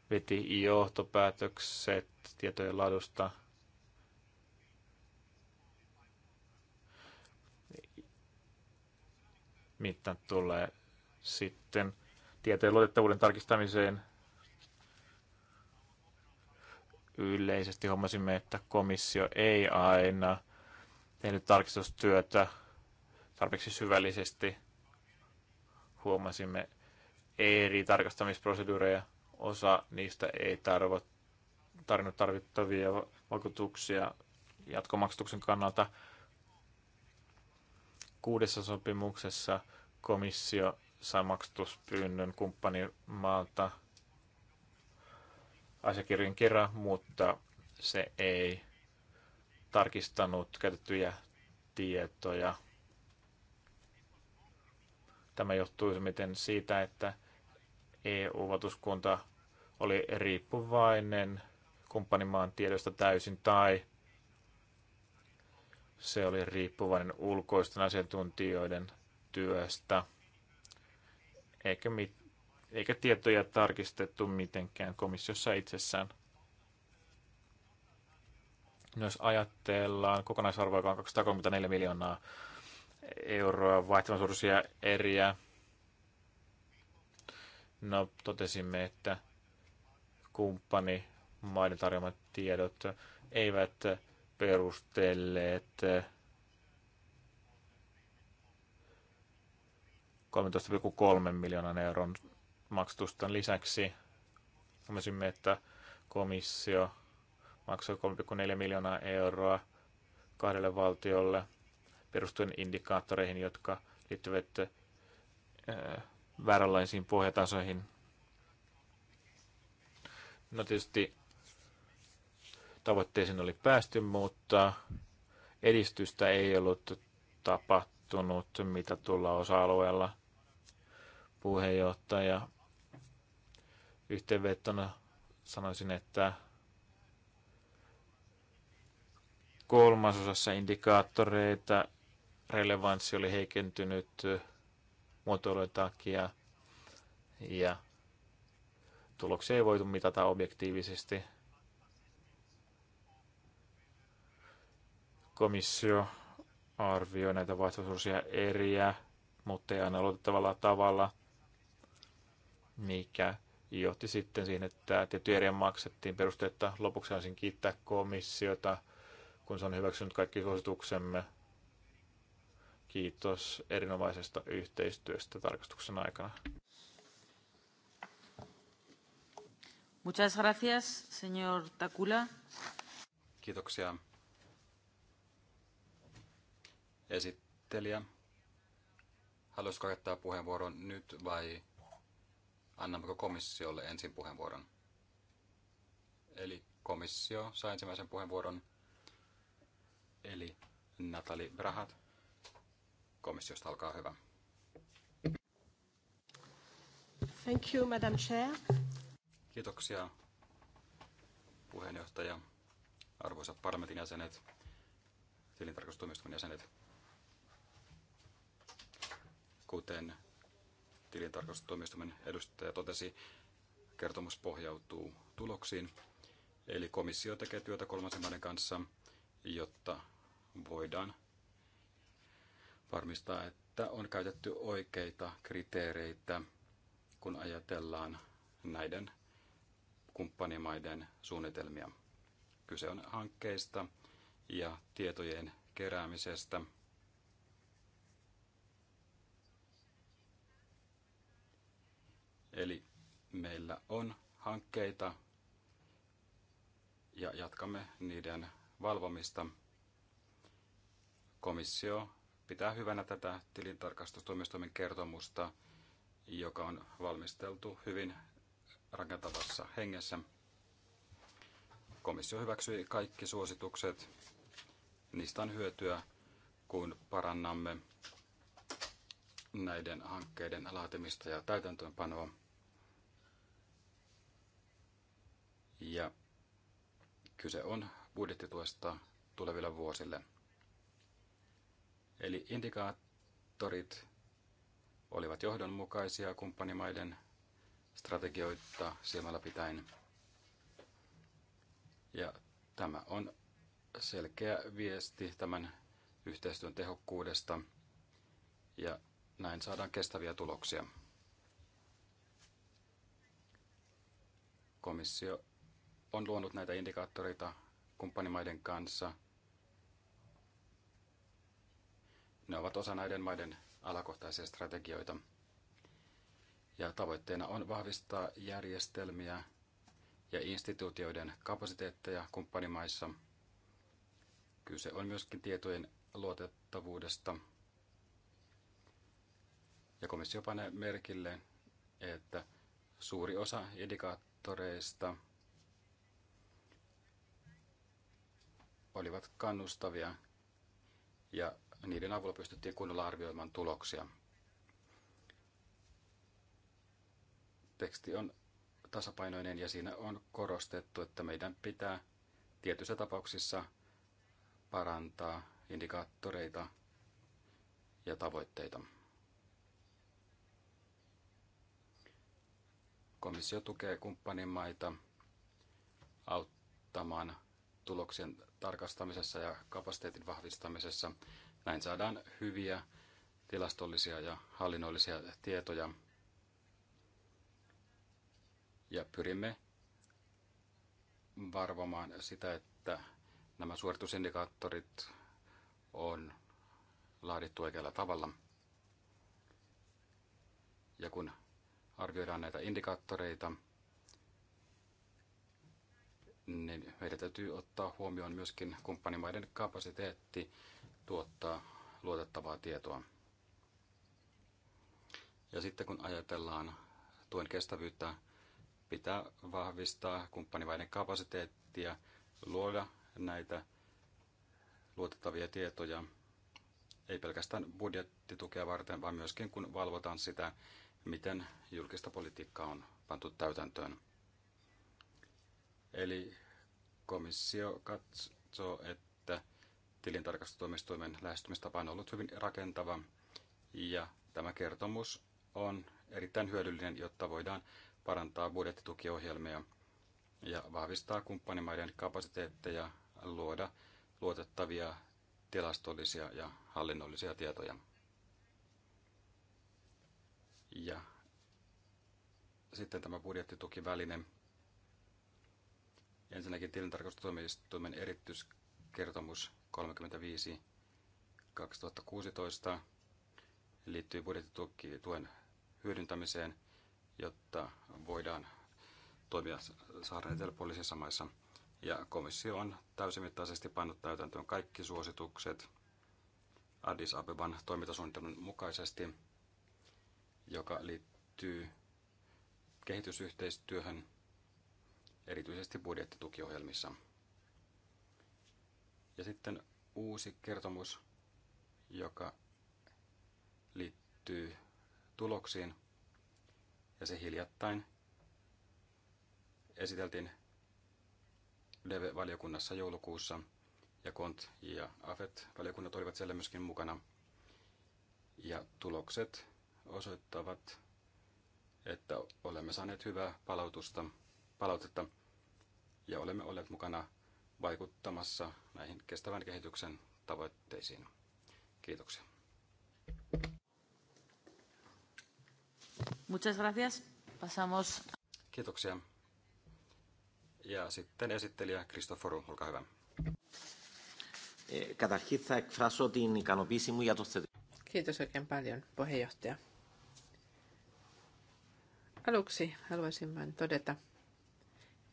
veti johtopäätökset tietojen laadusta – mitä tulee sitten tieteen luotettavuuden tarkistamiseen. Yleisesti hommasimme, että komissio ei aina tehnyt tarkistustyötä tarpeeksi syvällisesti. Huomasimme eri tarkastamisproseduureja. Osa niistä ei tarvo, tarvinnut tarvittavia vakuutuksia jatkomaksatuksen kannalta. Kuudessa sopimuksessa komissio sai maksatuspyynnön kumppanimaalta asiakirjojen kerran, mutta se ei tarkistanut käytettyjä tietoja. Tämä johtuu miten siitä, että eu vatuskunta oli riippuvainen kumppanimaan tiedosta täysin tai se oli riippuvainen ulkoisten asiantuntijoiden työstä, eikä, mit, eikä tietoja tarkistettu mitenkään komissiossa itsessään. Jos ajatellaan kokonaisarvoa, joka on 234 miljoonaa euroa vaihtelmasuuruisia eriä, no totesimme, että kumppani maiden tarjoamat tiedot eivät perustelleet 13,3 eh, miljoonan euron maksatustan lisäksi. Huomasimme, että komissio maksoi 3,4 miljoonaa euroa kahdelle valtiolle perustuen indikaattoreihin, jotka liittyvät eh, vääränlaisiin pohjatasoihin. No tietysti tavoitteisiin oli päästy, mutta edistystä ei ollut tapahtunut, mitä tulla osa-alueella puheenjohtaja yhteenvetona sanoisin, että kolmasosassa indikaattoreita relevanssi oli heikentynyt muotoilun takia ja tuloksia ei voitu mitata objektiivisesti – Komissio arvioi näitä vaihtoehtoisia eriä, mutta ei aina luotettavalla tavalla, mikä johti sitten siihen, että tiettyjä eriä maksettiin perusteetta. Lopuksi haluaisin kiittää komissiota, kun se on hyväksynyt kaikki suosituksemme. Kiitos erinomaisesta yhteistyöstä tarkastuksen aikana. Muchas gracias, señor Takula. Kiitoksia esittelijä. Haluaisitko käyttää puheenvuoron nyt vai annammeko komissiolle ensin puheenvuoron? Eli komissio saa ensimmäisen puheenvuoron. Eli Natali Brahat komissiosta, alkaa hyvä. Thank you, Madam Chair. Kiitoksia puheenjohtaja, arvoisat parlamentin jäsenet, tilintarkastustoimiston jäsenet. Kuten tilintarkastustuomioistuimen edustaja totesi, kertomus pohjautuu tuloksiin. Eli komissio tekee työtä kolmansien maiden kanssa, jotta voidaan varmistaa, että on käytetty oikeita kriteereitä, kun ajatellaan näiden kumppanimaiden suunnitelmia. Kyse on hankkeista ja tietojen keräämisestä – Eli meillä on hankkeita ja jatkamme niiden valvomista. Komissio pitää hyvänä tätä tilintarkastustoimistoimen kertomusta, joka on valmisteltu hyvin rakentavassa hengessä. Komissio hyväksyi kaikki suositukset. Niistä on hyötyä, kun parannamme näiden hankkeiden laatimista ja täytäntöönpanoa. Ja kyse on budjettituesta tuleville vuosille. Eli indikaattorit olivat johdonmukaisia kumppanimaiden strategioita silmällä pitäen. Ja tämä on selkeä viesti tämän yhteistyön tehokkuudesta ja näin saadaan kestäviä tuloksia. Komissio on luonut näitä indikaattoreita kumppanimaiden kanssa. Ne ovat osa näiden maiden alakohtaisia strategioita. Ja tavoitteena on vahvistaa järjestelmiä ja instituutioiden kapasiteetteja kumppanimaissa. Kyse on myöskin tietojen luotettavuudesta. Ja komissio panee merkille, että suuri osa indikaattoreista – olivat kannustavia ja niiden avulla pystyttiin kunnolla arvioimaan tuloksia. Teksti on tasapainoinen ja siinä on korostettu, että meidän pitää tietyissä tapauksissa parantaa indikaattoreita ja tavoitteita. Komissio tukee kumppanimaita auttamaan tuloksien tarkastamisessa ja kapasiteetin vahvistamisessa. Näin saadaan hyviä tilastollisia ja hallinnollisia tietoja. Ja pyrimme varvomaan sitä, että nämä suoritusindikaattorit on laadittu oikealla tavalla. Ja kun arvioidaan näitä indikaattoreita, niin meidän täytyy ottaa huomioon myöskin kumppanimaiden kapasiteetti tuottaa luotettavaa tietoa. Ja sitten kun ajatellaan tuen kestävyyttä, pitää vahvistaa kumppanimaiden kapasiteettia, luoda näitä luotettavia tietoja, ei pelkästään budjettitukea varten, vaan myöskin kun valvotaan sitä, miten julkista politiikkaa on pantu täytäntöön. Eli komissio katsoo, että tilintarkastustoimistoimen lähestymistapa on ollut hyvin rakentava ja tämä kertomus on erittäin hyödyllinen, jotta voidaan parantaa budjettitukiohjelmia ja vahvistaa kumppanimaiden kapasiteetteja luoda luotettavia tilastollisia ja hallinnollisia tietoja. Ja sitten tämä budjettitukiväline – Ensinnäkin tilintarkastustuomioistuimen erityiskertomus 35 2016 liittyy budjettituen hyödyntämiseen, jotta voidaan toimia saaren eteläpuolisissa maissa. Ja komissio on täysimittaisesti pannut täytäntöön kaikki suositukset Addis Abeban toimintasuunnitelman mukaisesti, joka liittyy kehitysyhteistyöhön – erityisesti budjettitukiohjelmissa. Ja sitten uusi kertomus, joka liittyy tuloksiin, ja se hiljattain esiteltiin DEVE-valiokunnassa joulukuussa, ja KONT ja AFET-valiokunnat olivat siellä myöskin mukana. Ja tulokset osoittavat, että olemme saaneet hyvää palautusta, palautetta, ja olemme olleet mukana vaikuttamassa näihin kestävän kehityksen tavoitteisiin. Kiitoksia. Muchas gracias. Pasamos. Kiitoksia. Ja sitten esittelijä Kristoforu, olkaa hyvä. Kiitos oikein paljon, puheenjohtaja. Aluksi haluaisin vain todeta,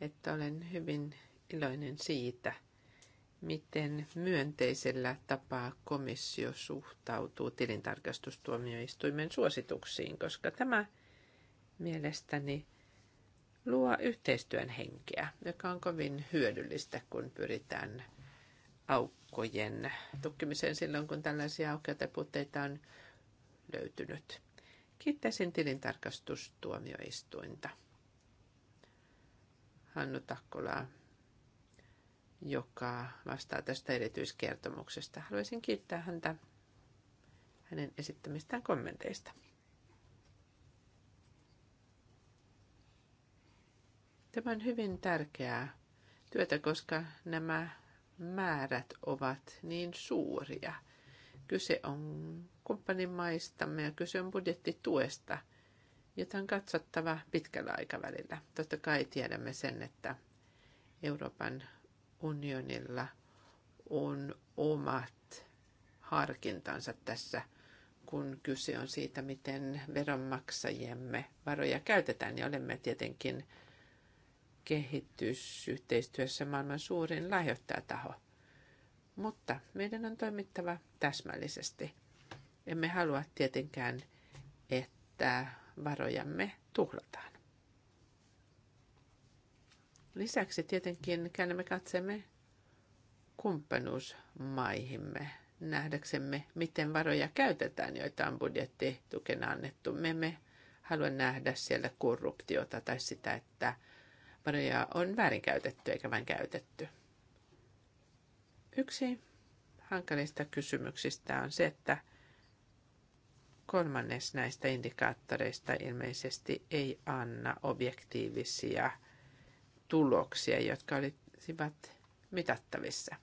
että olen hyvin iloinen siitä, miten myönteisellä tapaa komissio suhtautuu tilintarkastustuomioistuimen suosituksiin, koska tämä mielestäni luo yhteistyön henkeä, joka on kovin hyödyllistä, kun pyritään aukkojen tukkimiseen silloin, kun tällaisia aukeita tai puutteita on löytynyt. Kiittäisin tilintarkastustuomioistuinta. Hannu Takkolaa, joka vastaa tästä erityiskertomuksesta. Haluaisin kiittää häntä hänen esittämistään kommenteista. Tämä on hyvin tärkeää työtä, koska nämä määrät ovat niin suuria. Kyse on kumppanimaistamme ja kyse on budjettituesta – jota on katsottava pitkällä aikavälillä. Totta kai tiedämme sen, että Euroopan unionilla on omat harkintansa tässä, kun kyse on siitä, miten veronmaksajiemme varoja käytetään. Ja olemme tietenkin kehitysyhteistyössä maailman suurin lahjoittajataho. Mutta meidän on toimittava täsmällisesti. Emme halua tietenkään, että varojamme tuhlataan. Lisäksi tietenkin käännämme katsemme kumppanuusmaihimme nähdäksemme, miten varoja käytetään, joita on budjettitukena annettu. Me emme halua nähdä siellä korruptiota tai sitä, että varoja on väärinkäytetty eikä vain käytetty. Yksi hankalista kysymyksistä on se, että kolmannes näistä indikaattoreista ilmeisesti ei anna objektiivisia tuloksia, jotka olisivat mitattavissa.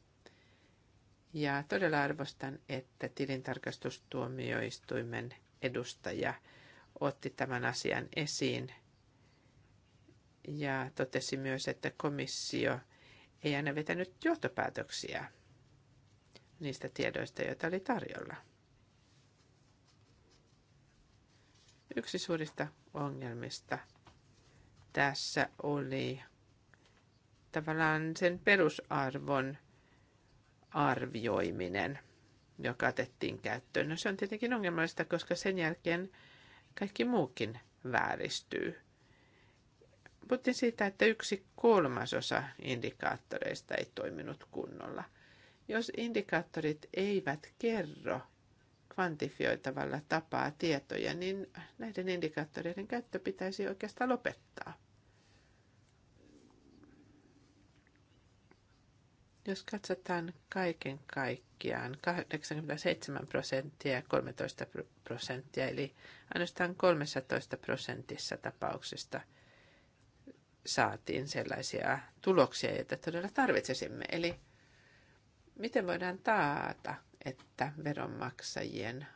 Ja todella arvostan, että tilintarkastustuomioistuimen edustaja otti tämän asian esiin ja totesi myös, että komissio ei aina vetänyt johtopäätöksiä niistä tiedoista, joita oli tarjolla. Yksi suurista ongelmista tässä oli tavallaan sen perusarvon arvioiminen, joka otettiin käyttöön. No se on tietenkin ongelmallista, koska sen jälkeen kaikki muukin vääristyy. Puhuttiin siitä, että yksi kolmasosa indikaattoreista ei toiminut kunnolla. Jos indikaattorit eivät kerro kvantifioitavalla tapaa tietoja, niin näiden indikaattoreiden käyttö pitäisi oikeastaan lopettaa. Jos katsotaan kaiken kaikkiaan, 87 prosenttia ja 13 prosenttia, eli ainoastaan 13 prosentissa tapauksista saatiin sellaisia tuloksia, joita todella tarvitsisimme. Eli miten voidaan taata että veronmaksajien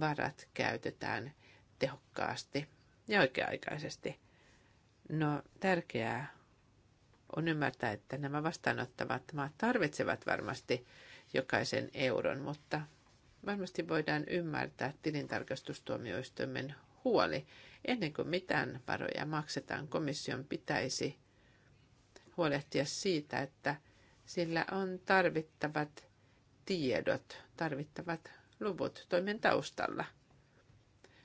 varat käytetään tehokkaasti ja oikea-aikaisesti. No, tärkeää on ymmärtää, että nämä vastaanottavat maat tarvitsevat varmasti jokaisen euron, mutta varmasti voidaan ymmärtää tilintarkastustuomioistuimen huoli. Ennen kuin mitään varoja maksetaan, komission pitäisi huolehtia siitä, että sillä on tarvittavat tiedot, tarvittavat luvut toimen taustalla,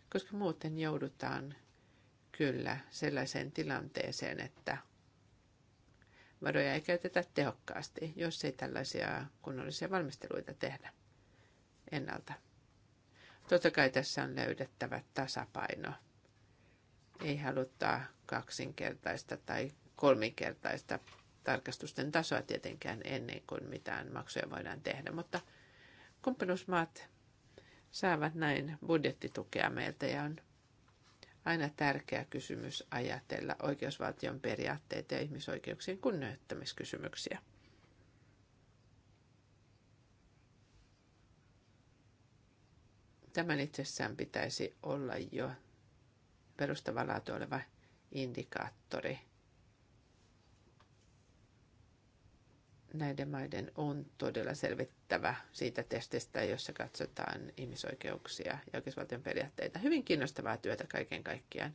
koska muuten joudutaan kyllä sellaiseen tilanteeseen, että varoja ei käytetä tehokkaasti, jos ei tällaisia kunnollisia valmisteluita tehdä ennalta. Totta kai tässä on löydettävä tasapaino. Ei haluta kaksinkertaista tai kolminkertaista tarkastusten tasoa tietenkään ennen kuin mitään maksuja voidaan tehdä, mutta kumppanuusmaat saavat näin budjettitukea meiltä ja on aina tärkeä kysymys ajatella oikeusvaltion periaatteita ja ihmisoikeuksien kunnioittamiskysymyksiä. Tämän itsessään pitäisi olla jo perustavanlaatu oleva indikaattori – näiden maiden on todella selvittävä siitä testistä, jossa katsotaan ihmisoikeuksia ja oikeusvaltion periaatteita. Hyvin kiinnostavaa työtä kaiken kaikkiaan.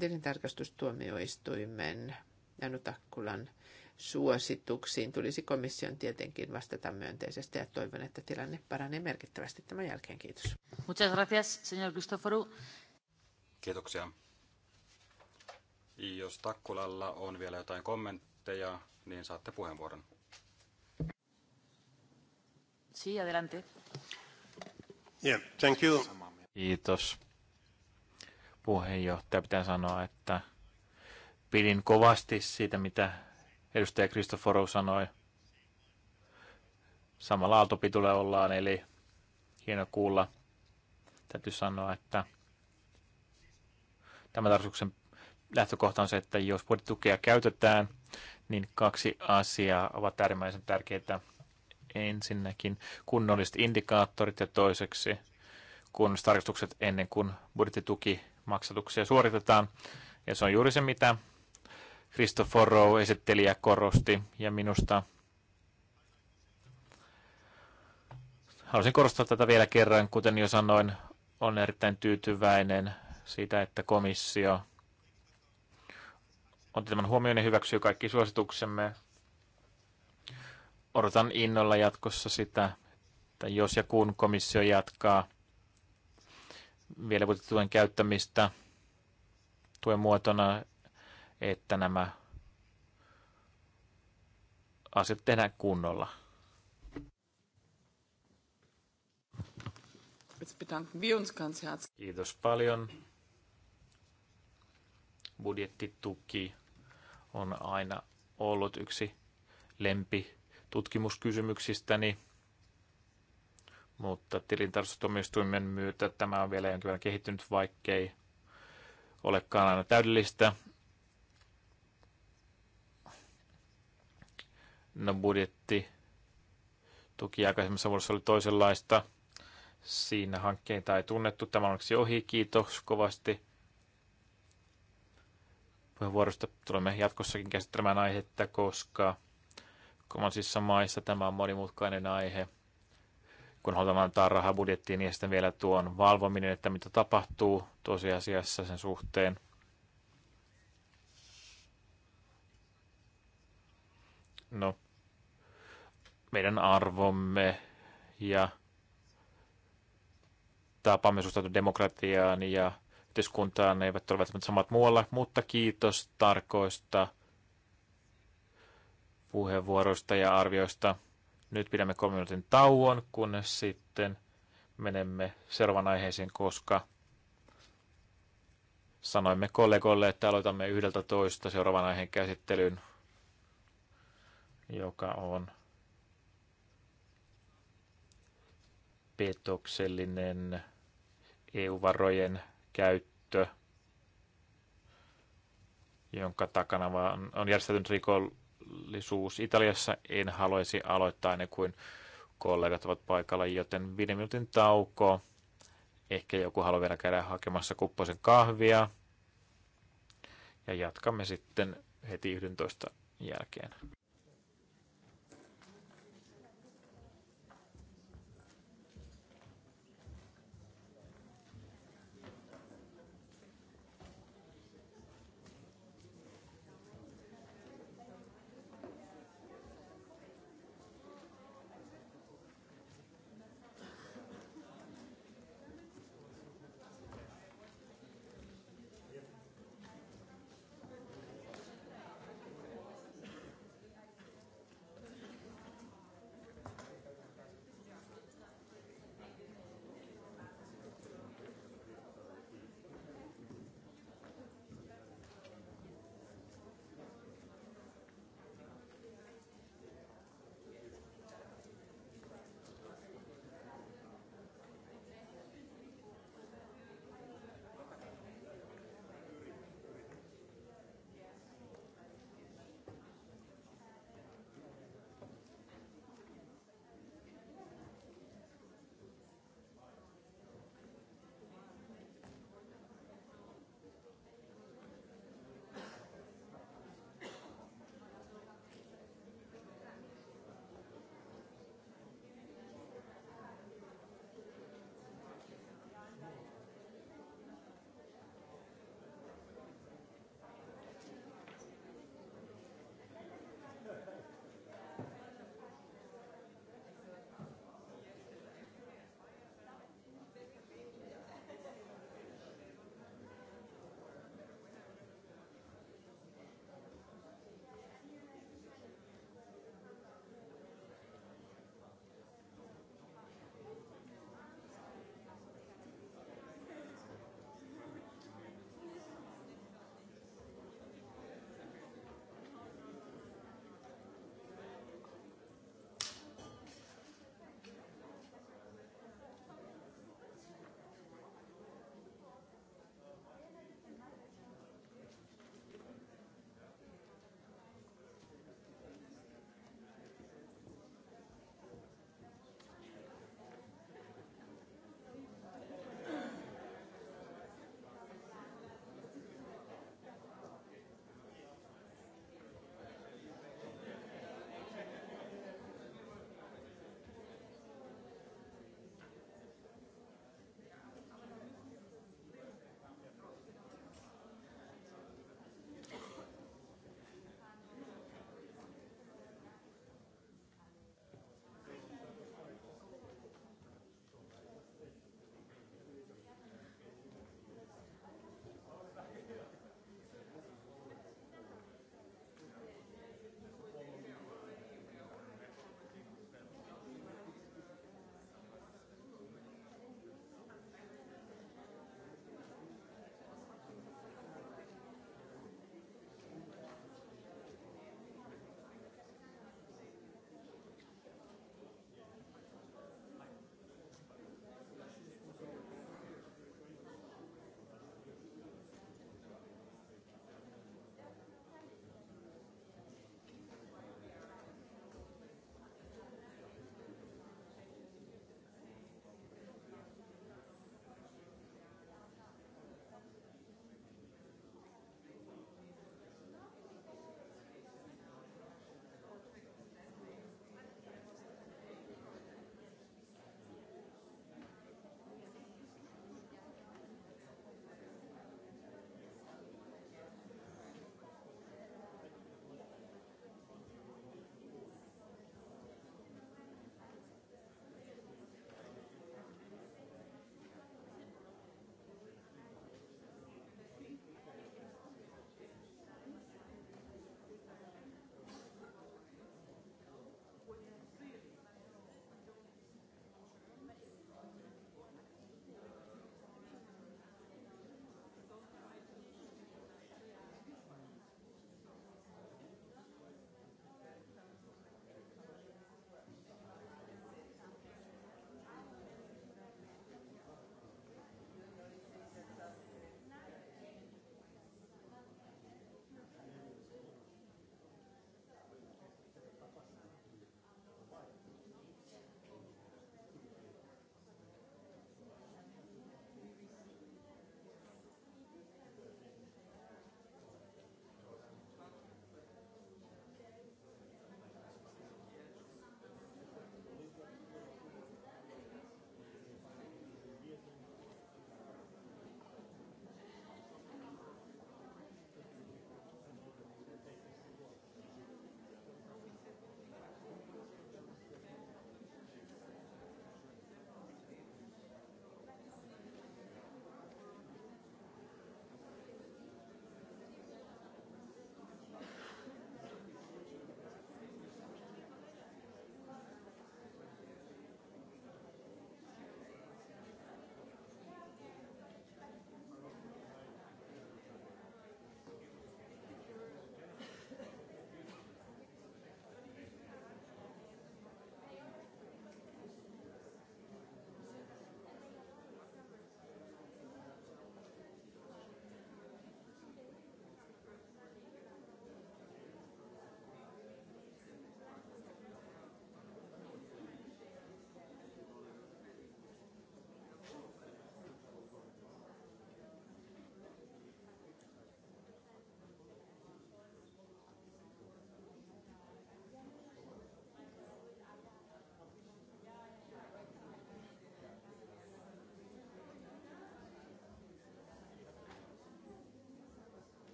Tilintarkastustuomioistuimen ja Nutakkulan suosituksiin tulisi komission tietenkin vastata myönteisesti ja toivon, että tilanne paranee merkittävästi tämän jälkeen. Kiitos. Muchas gracias, señor Kiitoksia. Jos Takkulalla on vielä jotain kommentteja, niin saatte puheenvuoron. Sí, adelante. Yeah, thank you. Kiitos. Puheenjohtaja pitää sanoa, että pidin kovasti siitä, mitä edustaja Kristoforu sanoi. Samalla aaltopitulle ollaan, eli hieno kuulla. Täytyy sanoa, että tämä tarkoituksen lähtökohta on se, että jos budjettitukea käytetään, niin kaksi asiaa ovat äärimmäisen tärkeitä. Ensinnäkin kunnolliset indikaattorit ja toiseksi kunnolliset tarkastukset ennen kuin budjettitukimaksatuksia suoritetaan. Ja se on juuri se, mitä esitteli ja korosti ja minusta haluaisin korostaa tätä vielä kerran, kuten jo sanoin, on erittäin tyytyväinen siitä, että komissio otti tämän huomioon ja hyväksyy kaikki suosituksemme. Odotan innolla jatkossa sitä, että jos ja kun komissio jatkaa vielä tuen käyttämistä tuen muotona, että nämä asiat tehdään kunnolla. Kiitos paljon. Budjettituki on aina ollut yksi lempi tutkimuskysymyksistäni, mutta tilintarkastustuomioistuimen myötä tämä on vielä jonkin verran kehittynyt, vaikkei olekaan aina täydellistä. No budjetti tuki aikaisemmassa vuodessa oli toisenlaista. Siinä hankkeita ei tunnettu. Tämä on ohi. Kiitos kovasti puheenvuorosta. Tulemme jatkossakin käsittelemään aihetta, koska kolmansissa siis maissa tämä on monimutkainen aihe. Kun halutaan antaa rahaa budjettiin, niin sitten vielä tuon valvominen, että mitä tapahtuu tosiasiassa sen suhteen. No, meidän arvomme ja tapamme suhtautua demokratiaan ja yhteiskuntaan, ne eivät ole välttämättä samat muualla, mutta kiitos tarkoista puheenvuoroista ja arvioista. Nyt pidämme kolmen minuutin tauon, kunnes sitten menemme seuraavan aiheeseen, koska sanoimme kollegoille, että aloitamme yhdeltä toista seuraavan aiheen käsittelyn, joka on petoksellinen EU-varojen käyttö, jonka takana on järjestäytynyt rikollisuus. Italiassa en haluaisi aloittaa ennen kuin kollegat ovat paikalla, joten viiden minuutin tauko. Ehkä joku haluaa vielä käydä hakemassa kupposen kahvia. Ja jatkamme sitten heti 11 jälkeen.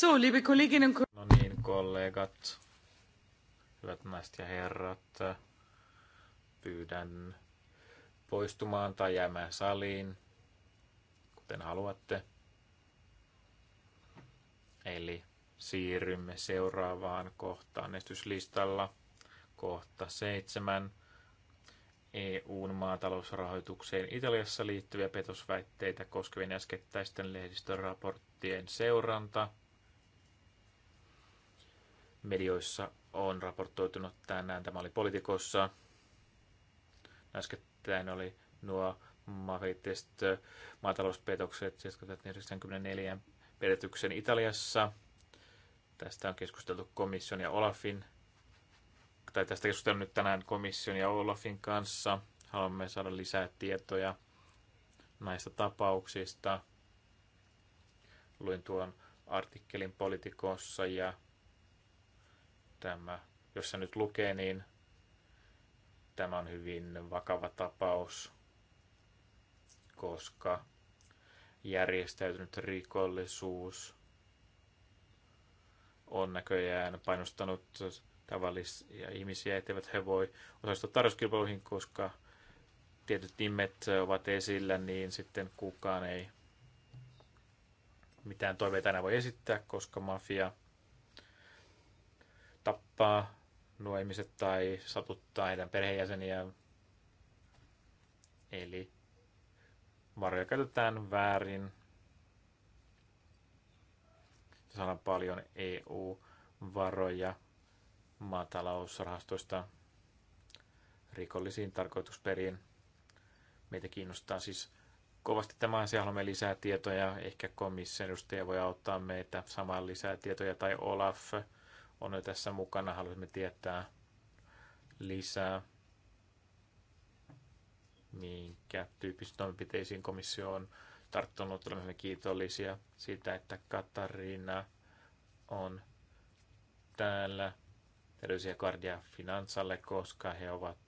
So, liebe Kolleginnen und No niin, kollegat, hyvät naiset ja herrat, pyydän poistumaan tai jäämään saliin, kuten haluatte. Eli siirrymme seuraavaan kohtaan estyslistalla. Kohta seitsemän. EUn maatalousrahoitukseen Italiassa liittyviä petosväitteitä koskevien äskettäisten lehdistöraporttien seuranta – medioissa on raportoitunut tänään. Tämä oli politikossa. Äskettäin oli nuo mafittiset maatalouspetokset, jotka 94 petetyksen Italiassa. Tästä on keskusteltu komission ja Olafin, tai tästä keskustellaan nyt tänään komission ja Olafin kanssa. Haluamme saada lisää tietoja näistä tapauksista. Luin tuon artikkelin politikossa ja tämä, jos se nyt lukee, niin tämä on hyvin vakava tapaus, koska järjestäytynyt rikollisuus on näköjään painostanut tavallisia ihmisiä, etteivät he voi osallistua tarjouskilpailuihin, koska tietyt nimet ovat esillä, niin sitten kukaan ei mitään toiveita enää voi esittää, koska mafia tappaa nuo ihmiset tai satuttaa heidän perheenjäseniä. Eli varjoja käytetään väärin. Sana paljon EU-varoja maatalousrahastoista rikollisiin tarkoitusperiin. Meitä kiinnostaa siis kovasti tämä asia. Haluamme lisää tietoja. Ehkä komissio edustaja voi auttaa meitä saamaan lisää tietoja tai Olaf on jo tässä mukana. Haluaisimme tietää lisää, minkä tyyppisiin toimenpiteisiin komissio on tarttunut. Olemme kiitollisia siitä, että Katariina on täällä. Terveisiä Guardia Finansalle, koska he ovat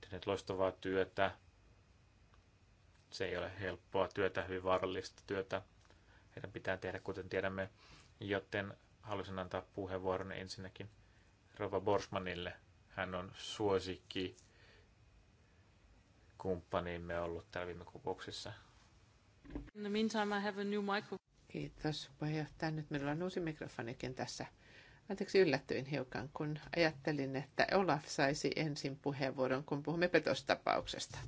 tehneet loistavaa työtä. Se ei ole helppoa työtä, hyvin vaarallista työtä. Heidän pitää tehdä, kuten tiedämme, joten halusin antaa puheenvuoron ensinnäkin Rova Borsmanille. Hän on suosikki kumppaniimme ollut täällä viime kokouksissa. In the meantime, I have a new Kiitos puheenjohtaja. Nyt meillä on uusi mikrofonikin tässä. Anteeksi, yllättyin hiukan, kun ajattelin, että Olaf saisi ensin puheenvuoron, kun puhumme petostapauksesta.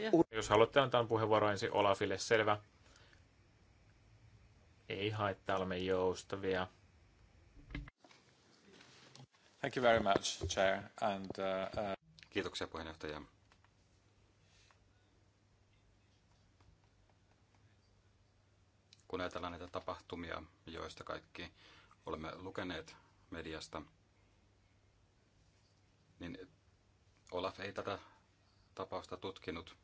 Yeah. Jos haluatte antaa puheenvuoron ensin Olafille, selvä. Ei haittaa, olemme joustavia. Thank you very much, Chair. And, uh, uh... Kiitoksia puheenjohtaja. Kun ajatellaan näitä tapahtumia, joista kaikki olemme lukeneet mediasta, niin Olaf ei tätä tapausta tutkinut.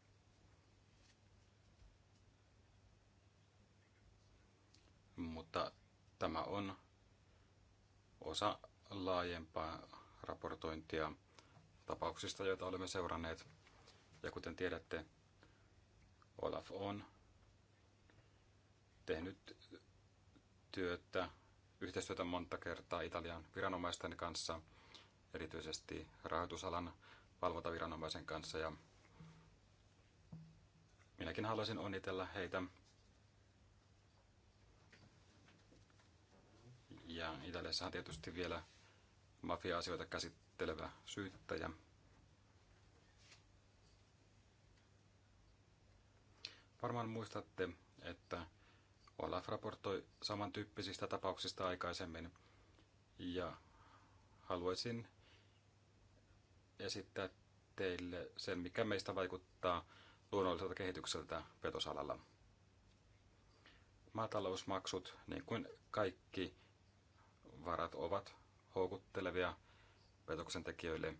Mutta tämä on osa laajempaa raportointia tapauksista, joita olemme seuranneet. Ja kuten tiedätte, Olaf on tehnyt työtä, yhteistyötä monta kertaa Italian viranomaisten kanssa, erityisesti rahoitusalan valvontaviranomaisen kanssa. Ja minäkin haluaisin onnitella heitä ja Italiassahan tietysti vielä mafia-asioita käsittelevä syyttäjä. Varmaan muistatte, että Olaf raportoi samantyyppisistä tapauksista aikaisemmin ja haluaisin esittää teille sen, mikä meistä vaikuttaa luonnolliselta kehitykseltä petosalalla. Maatalousmaksut, niin kuin kaikki varat, ovat houkuttelevia petoksen tekijöille.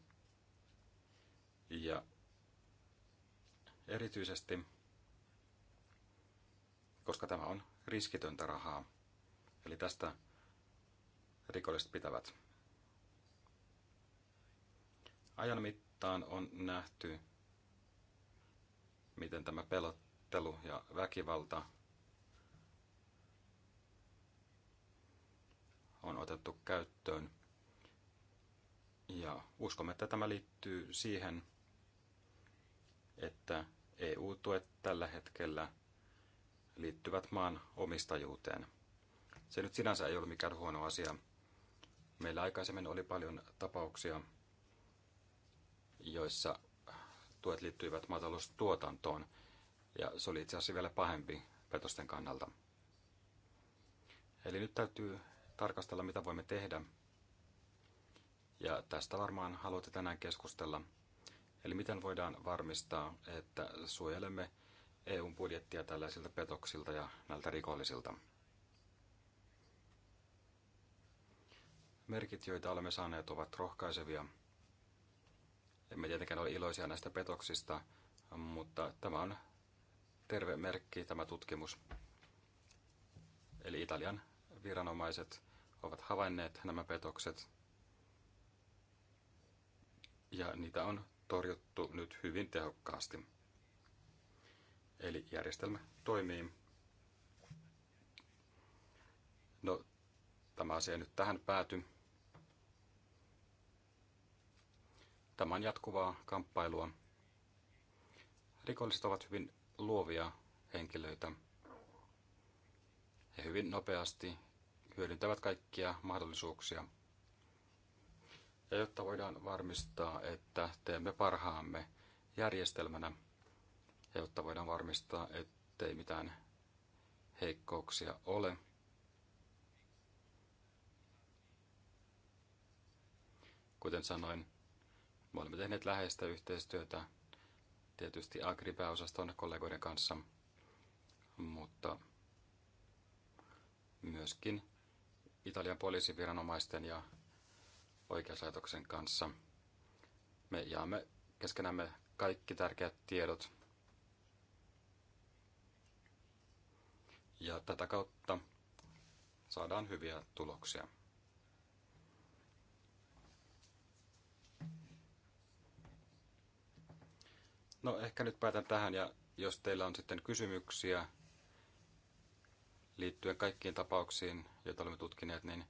Ja erityisesti, koska tämä on riskitöntä rahaa, eli tästä rikolliset pitävät. Ajan mittaan on nähty, miten tämä pelottelu ja väkivalta on otettu käyttöön ja uskomme, että tämä liittyy siihen, että EU-tuet tällä hetkellä liittyvät maan omistajuuteen. Se nyt sinänsä ei ole mikään huono asia. Meillä aikaisemmin oli paljon tapauksia, joissa tuet liittyivät maataloustuotantoon, ja se oli itse asiassa vielä pahempi petosten kannalta. Eli nyt täytyy tarkastella, mitä voimme tehdä, ja tästä varmaan haluatte tänään keskustella. Eli miten voidaan varmistaa, että suojelemme EUn budjettia tällaisilta petoksilta ja näiltä rikollisilta. Merkit, joita olemme saaneet, ovat rohkaisevia. Emme tietenkään ole iloisia näistä petoksista, mutta tämä on terve merkki, tämä tutkimus. Eli Italian viranomaiset ovat havainneet nämä petokset ja niitä on torjuttu nyt hyvin tehokkaasti. Eli järjestelmä toimii. No, tämä asia nyt tähän pääty. Tämä on jatkuvaa kamppailua. Rikolliset ovat hyvin luovia henkilöitä. He hyvin nopeasti hyödyntävät kaikkia mahdollisuuksia – ja jotta voidaan varmistaa, että teemme parhaamme järjestelmänä ja jotta voidaan varmistaa, ettei mitään heikkouksia ole. Kuten sanoin, me olemme tehneet läheistä yhteistyötä tietysti Agri-pääosaston kollegoiden kanssa, mutta myöskin Italian poliisiviranomaisten ja oikeuslaitoksen kanssa. Me jaamme keskenämme kaikki tärkeät tiedot. Ja tätä kautta saadaan hyviä tuloksia. No ehkä nyt päätän tähän ja jos teillä on sitten kysymyksiä liittyen kaikkiin tapauksiin, joita olemme tutkineet, niin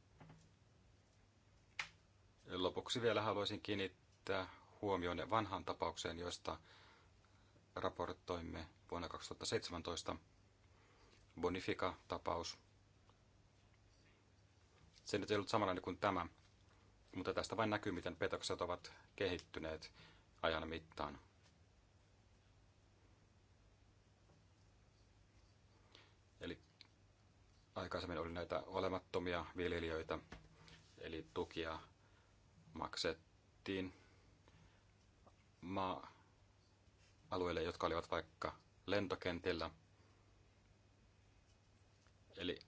Lopuksi vielä haluaisin kiinnittää huomioon vanhaan tapaukseen, josta raportoimme vuonna 2017. Bonifica-tapaus. Se nyt ei ollut samanlainen kuin tämä, mutta tästä vain näkyy, miten petokset ovat kehittyneet ajan mittaan. Eli aikaisemmin oli näitä olemattomia viljelijöitä, eli tukia maksettiin maa-alueille, jotka olivat vaikka lentokentillä. Eli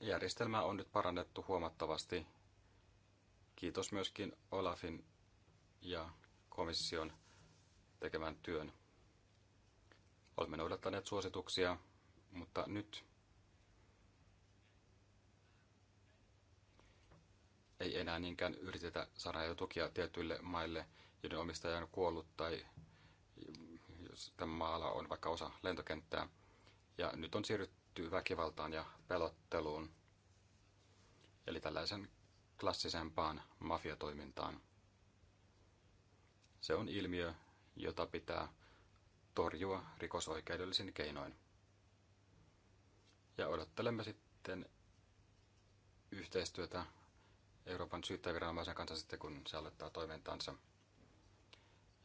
järjestelmää on nyt parannettu huomattavasti. Kiitos myöskin Olafin ja komission tekemän työn. Olemme noudattaneet suosituksia, mutta nyt ei enää niinkään yritetä saada jo tukia tietyille maille, joiden omistaja on kuollut tai jos tämä maalla on vaikka osa lentokenttää. Ja nyt on siirrytty väkivaltaan ja pelotteluun, eli tällaisen klassisempaan mafiatoimintaan. Se on ilmiö, jota pitää torjua rikosoikeudellisin keinoin. Ja odottelemme sitten yhteistyötä Euroopan syyttäjäviranomaisen kanssa sitten, kun se aloittaa toimintansa.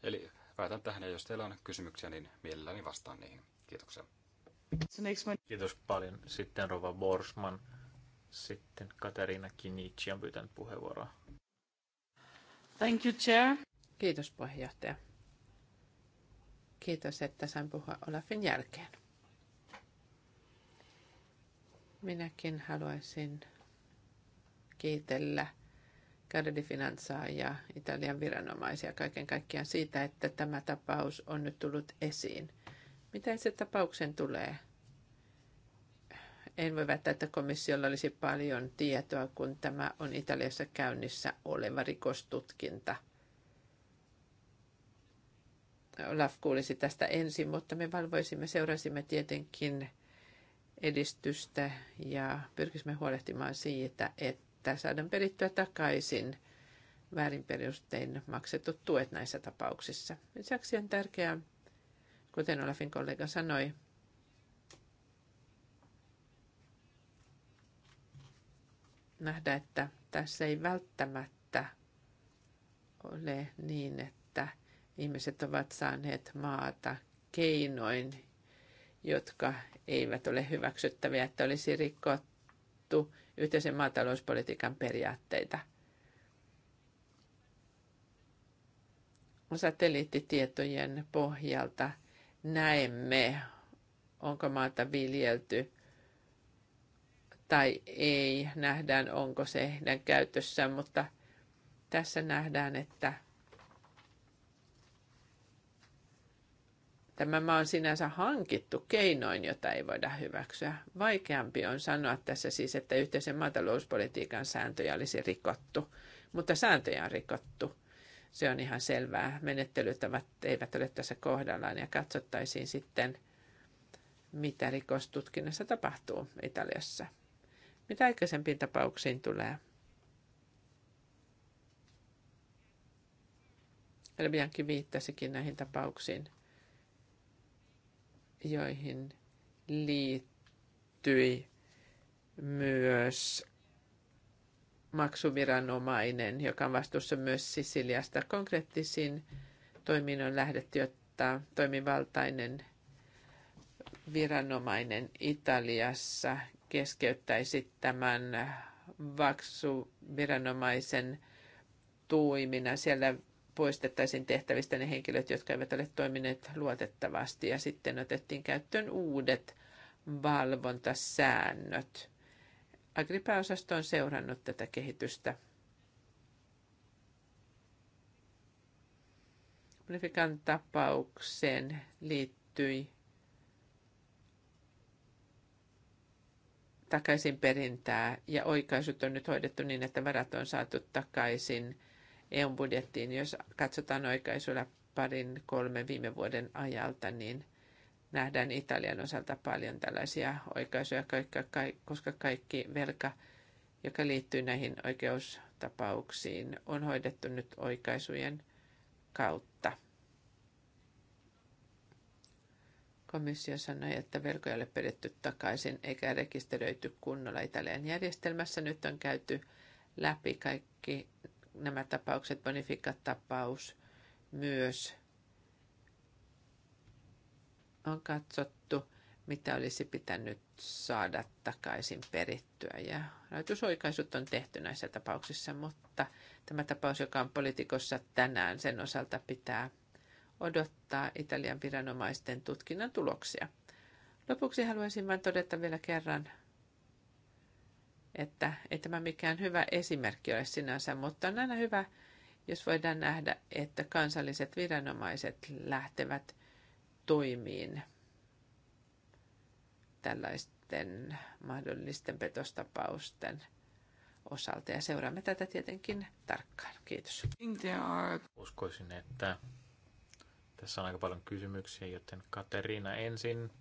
Eli päätän tähän, ja jos teillä on kysymyksiä, niin mielelläni vastaan niihin. Kiitoksia. Kiitos paljon. Sitten Rova Borsman, sitten Katerina Kinici on pyytänyt puheenvuoroa. Thank you, Chair. Kiitos puheenjohtaja. Kiitos, että sain puhua Olafin jälkeen. Minäkin haluaisin kiitellä Cardi ja Italian viranomaisia kaiken kaikkiaan siitä, että tämä tapaus on nyt tullut esiin. Mitä se tapauksen tulee? En voi väittää, että komissiolla olisi paljon tietoa, kun tämä on Italiassa käynnissä oleva rikostutkinta. Olaf kuulisi tästä ensin, mutta me valvoisimme, seurasimme tietenkin edistystä ja pyrkisimme huolehtimaan siitä, että yrittää saada perittyä takaisin väärin perustein maksetut tuet näissä tapauksissa. Lisäksi on tärkeää, kuten Olafin kollega sanoi, nähdä, että tässä ei välttämättä ole niin, että ihmiset ovat saaneet maata keinoin, jotka eivät ole hyväksyttäviä, että olisi rikottu yhteisen maatalouspolitiikan periaatteita. Satelliittitietojen pohjalta näemme, onko maata viljelty tai ei, nähdään onko se heidän käytössä, mutta tässä nähdään, että tämä maa on sinänsä hankittu keinoin, jota ei voida hyväksyä. Vaikeampi on sanoa tässä siis, että yhteisen maatalouspolitiikan sääntöjä olisi rikottu, mutta sääntöjä on rikottu. Se on ihan selvää. Menettelytavat eivät ole tässä kohdallaan ja katsottaisiin sitten, mitä rikostutkinnassa tapahtuu Italiassa. Mitä aikaisempiin tapauksiin tulee? Elbiankin viittasikin näihin tapauksiin joihin liittyi myös maksuviranomainen, joka on vastuussa myös Sisiliasta. Konkreettisiin toimiin on lähdetty, jotta toimivaltainen viranomainen Italiassa keskeyttäisi tämän vaksuviranomaisen toiminnan. Siellä poistettaisiin tehtävistä ne henkilöt, jotka eivät ole toimineet luotettavasti ja sitten otettiin käyttöön uudet valvontasäännöt. Agrippa-osasto on seurannut tätä kehitystä. Unifikan tapaukseen liittyi takaisin perintää ja oikaisut on nyt hoidettu niin, että varat on saatu takaisin eu budjettiin. Jos katsotaan oikaisuilla parin kolmen viime vuoden ajalta, niin nähdään Italian osalta paljon tällaisia oikaisuja, koska kaikki velka, joka liittyy näihin oikeustapauksiin, on hoidettu nyt oikaisujen kautta. Komissio sanoi, että velkoja oli peritty takaisin eikä rekisteröity kunnolla Italian järjestelmässä. Nyt on käyty läpi kaikki nämä tapaukset, Bonifica-tapaus myös on katsottu, mitä olisi pitänyt saada takaisin perittyä. Ja rajoitusoikaisut on tehty näissä tapauksissa, mutta tämä tapaus, joka on politikossa tänään, sen osalta pitää odottaa Italian viranomaisten tutkinnan tuloksia. Lopuksi haluaisin vain todeta vielä kerran että ei tämä mikään hyvä esimerkki ole sinänsä, mutta on aina hyvä, jos voidaan nähdä, että kansalliset viranomaiset lähtevät toimiin tällaisten mahdollisten petostapausten osalta ja seuraamme tätä tietenkin tarkkaan. Kiitos. Uskoisin, että tässä on aika paljon kysymyksiä, joten Katerina ensin.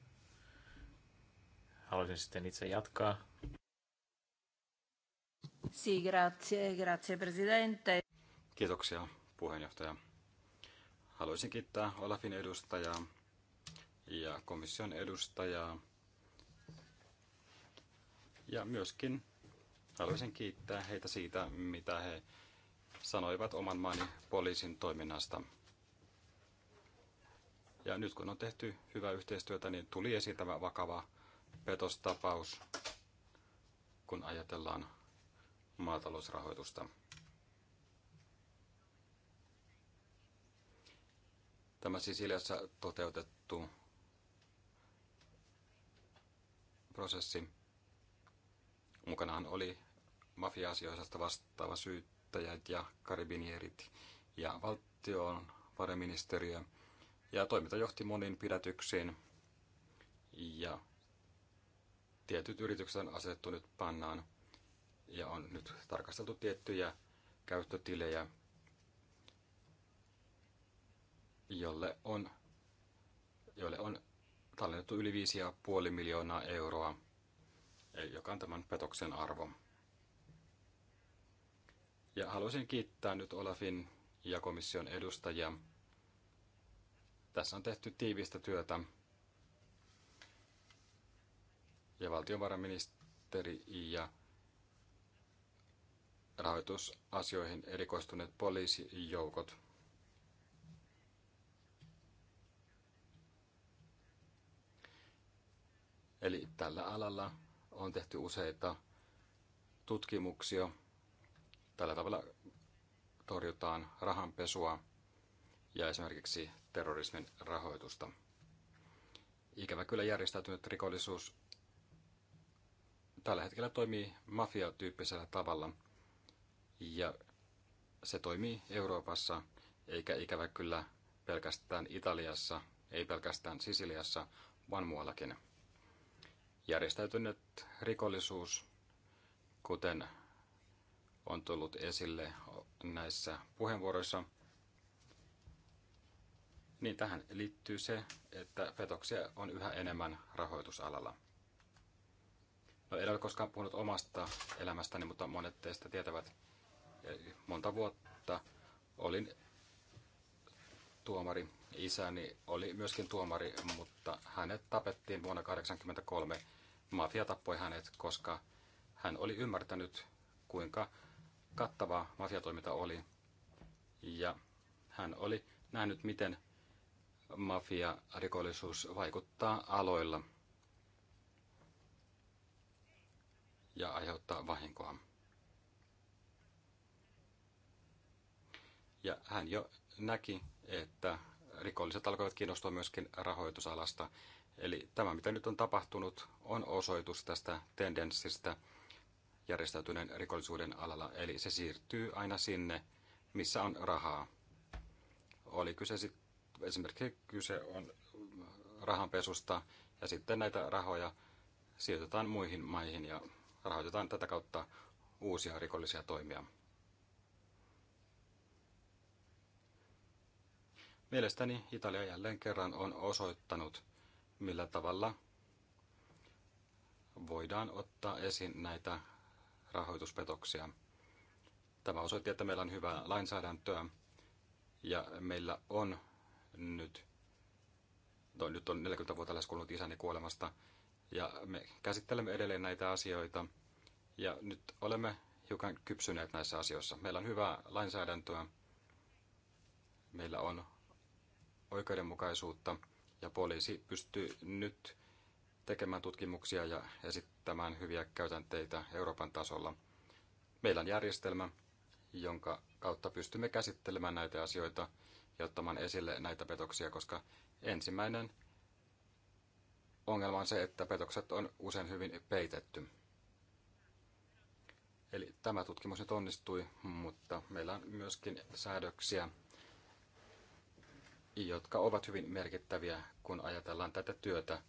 Haluaisin sitten itse jatkaa. Kiitoksia puheenjohtaja. Haluaisin kiittää Olafin edustajaa ja komission edustajaa. Ja myöskin haluaisin kiittää heitä siitä, mitä he sanoivat oman maani poliisin toiminnasta. Ja nyt kun on tehty hyvää yhteistyötä, niin tuli esiin tämä vakava petostapaus, kun ajatellaan maatalousrahoitusta. Tämä Sisiliassa toteutettu prosessi. Mukanahan oli mafia-asioista vastaava syyttäjät ja karibinierit ja valtion varaministeriö. Ja toiminta johti moniin pidätyksiin ja tietyt yritykset on asettu nyt pannaan ja on nyt tarkasteltu tiettyjä käyttötilejä, jolle on, jolle on tallennettu yli 5,5 miljoonaa euroa, joka on tämän petoksen arvo. Ja haluaisin kiittää nyt Olafin ja komission edustajia. Tässä on tehty tiivistä työtä. Ja valtiovarainministeri ja rahoitusasioihin erikoistuneet poliisijoukot. Eli tällä alalla on tehty useita tutkimuksia. Tällä tavalla torjutaan rahanpesua ja esimerkiksi terrorismin rahoitusta. Ikävä kyllä järjestäytynyt rikollisuus tällä hetkellä toimii mafiatyyppisellä tavalla – ja se toimii Euroopassa, eikä ikävä kyllä pelkästään Italiassa, ei pelkästään Sisiliassa, vaan muuallakin. Järjestäytynyt rikollisuus, kuten on tullut esille näissä puheenvuoroissa, niin tähän liittyy se, että petoksia on yhä enemmän rahoitusalalla. No, en ole koskaan puhunut omasta elämästäni, mutta monet teistä tietävät, monta vuotta olin tuomari. Isäni oli myöskin tuomari, mutta hänet tapettiin vuonna 1983. Mafia tappoi hänet, koska hän oli ymmärtänyt, kuinka kattavaa mafiatoiminta oli. Ja hän oli nähnyt, miten mafiarikollisuus vaikuttaa aloilla ja aiheuttaa vahinkoa. Ja hän jo näki, että rikolliset alkoivat kiinnostua myöskin rahoitusalasta. Eli tämä, mitä nyt on tapahtunut, on osoitus tästä tendenssistä järjestäytyneen rikollisuuden alalla. Eli se siirtyy aina sinne, missä on rahaa. Oli kyse sit, esimerkiksi kyse on rahanpesusta ja sitten näitä rahoja sijoitetaan muihin maihin ja rahoitetaan tätä kautta uusia rikollisia toimia. Mielestäni Italia jälleen kerran on osoittanut, millä tavalla voidaan ottaa esiin näitä rahoituspetoksia. Tämä osoitti, että meillä on hyvää lainsäädäntöä ja meillä on nyt, no, nyt on 40 vuotta lähes kulunut isäni kuolemasta ja me käsittelemme edelleen näitä asioita ja nyt olemme hiukan kypsyneet näissä asioissa. Meillä on hyvää lainsäädäntöä, meillä on oikeudenmukaisuutta ja poliisi pystyy nyt tekemään tutkimuksia ja esittämään hyviä käytänteitä Euroopan tasolla. Meillä on järjestelmä, jonka kautta pystymme käsittelemään näitä asioita ja ottamaan esille näitä petoksia, koska ensimmäinen ongelma on se, että petokset on usein hyvin peitetty. Eli tämä tutkimus nyt onnistui, mutta meillä on myöskin säädöksiä, jotka ovat hyvin merkittäviä, kun ajatellaan tätä työtä,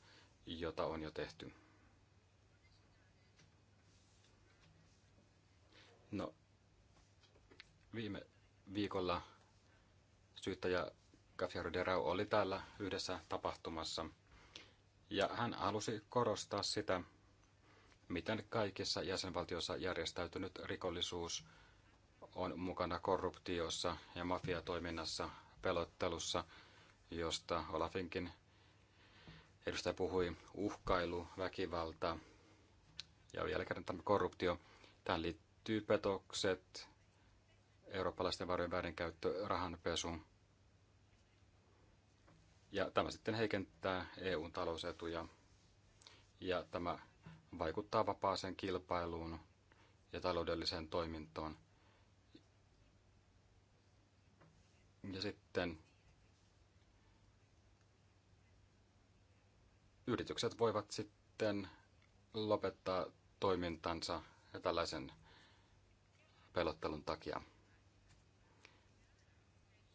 jota on jo tehty. No, viime viikolla syyttäjä Gafiaro de Rau oli täällä yhdessä tapahtumassa, ja hän halusi korostaa sitä, miten kaikissa jäsenvaltioissa järjestäytynyt rikollisuus on mukana korruptiossa ja mafiatoiminnassa pelottelussa, josta Olafinkin edustaja puhui, uhkailu, väkivalta ja vielä kerran tämä korruptio. Tähän liittyy petokset, eurooppalaisten varojen väärinkäyttö, rahanpesu. Ja tämä sitten heikentää EUn talousetuja ja tämä vaikuttaa vapaaseen kilpailuun ja taloudelliseen toimintoon. Ja sitten yritykset voivat sitten lopettaa toimintansa tällaisen pelottelun takia.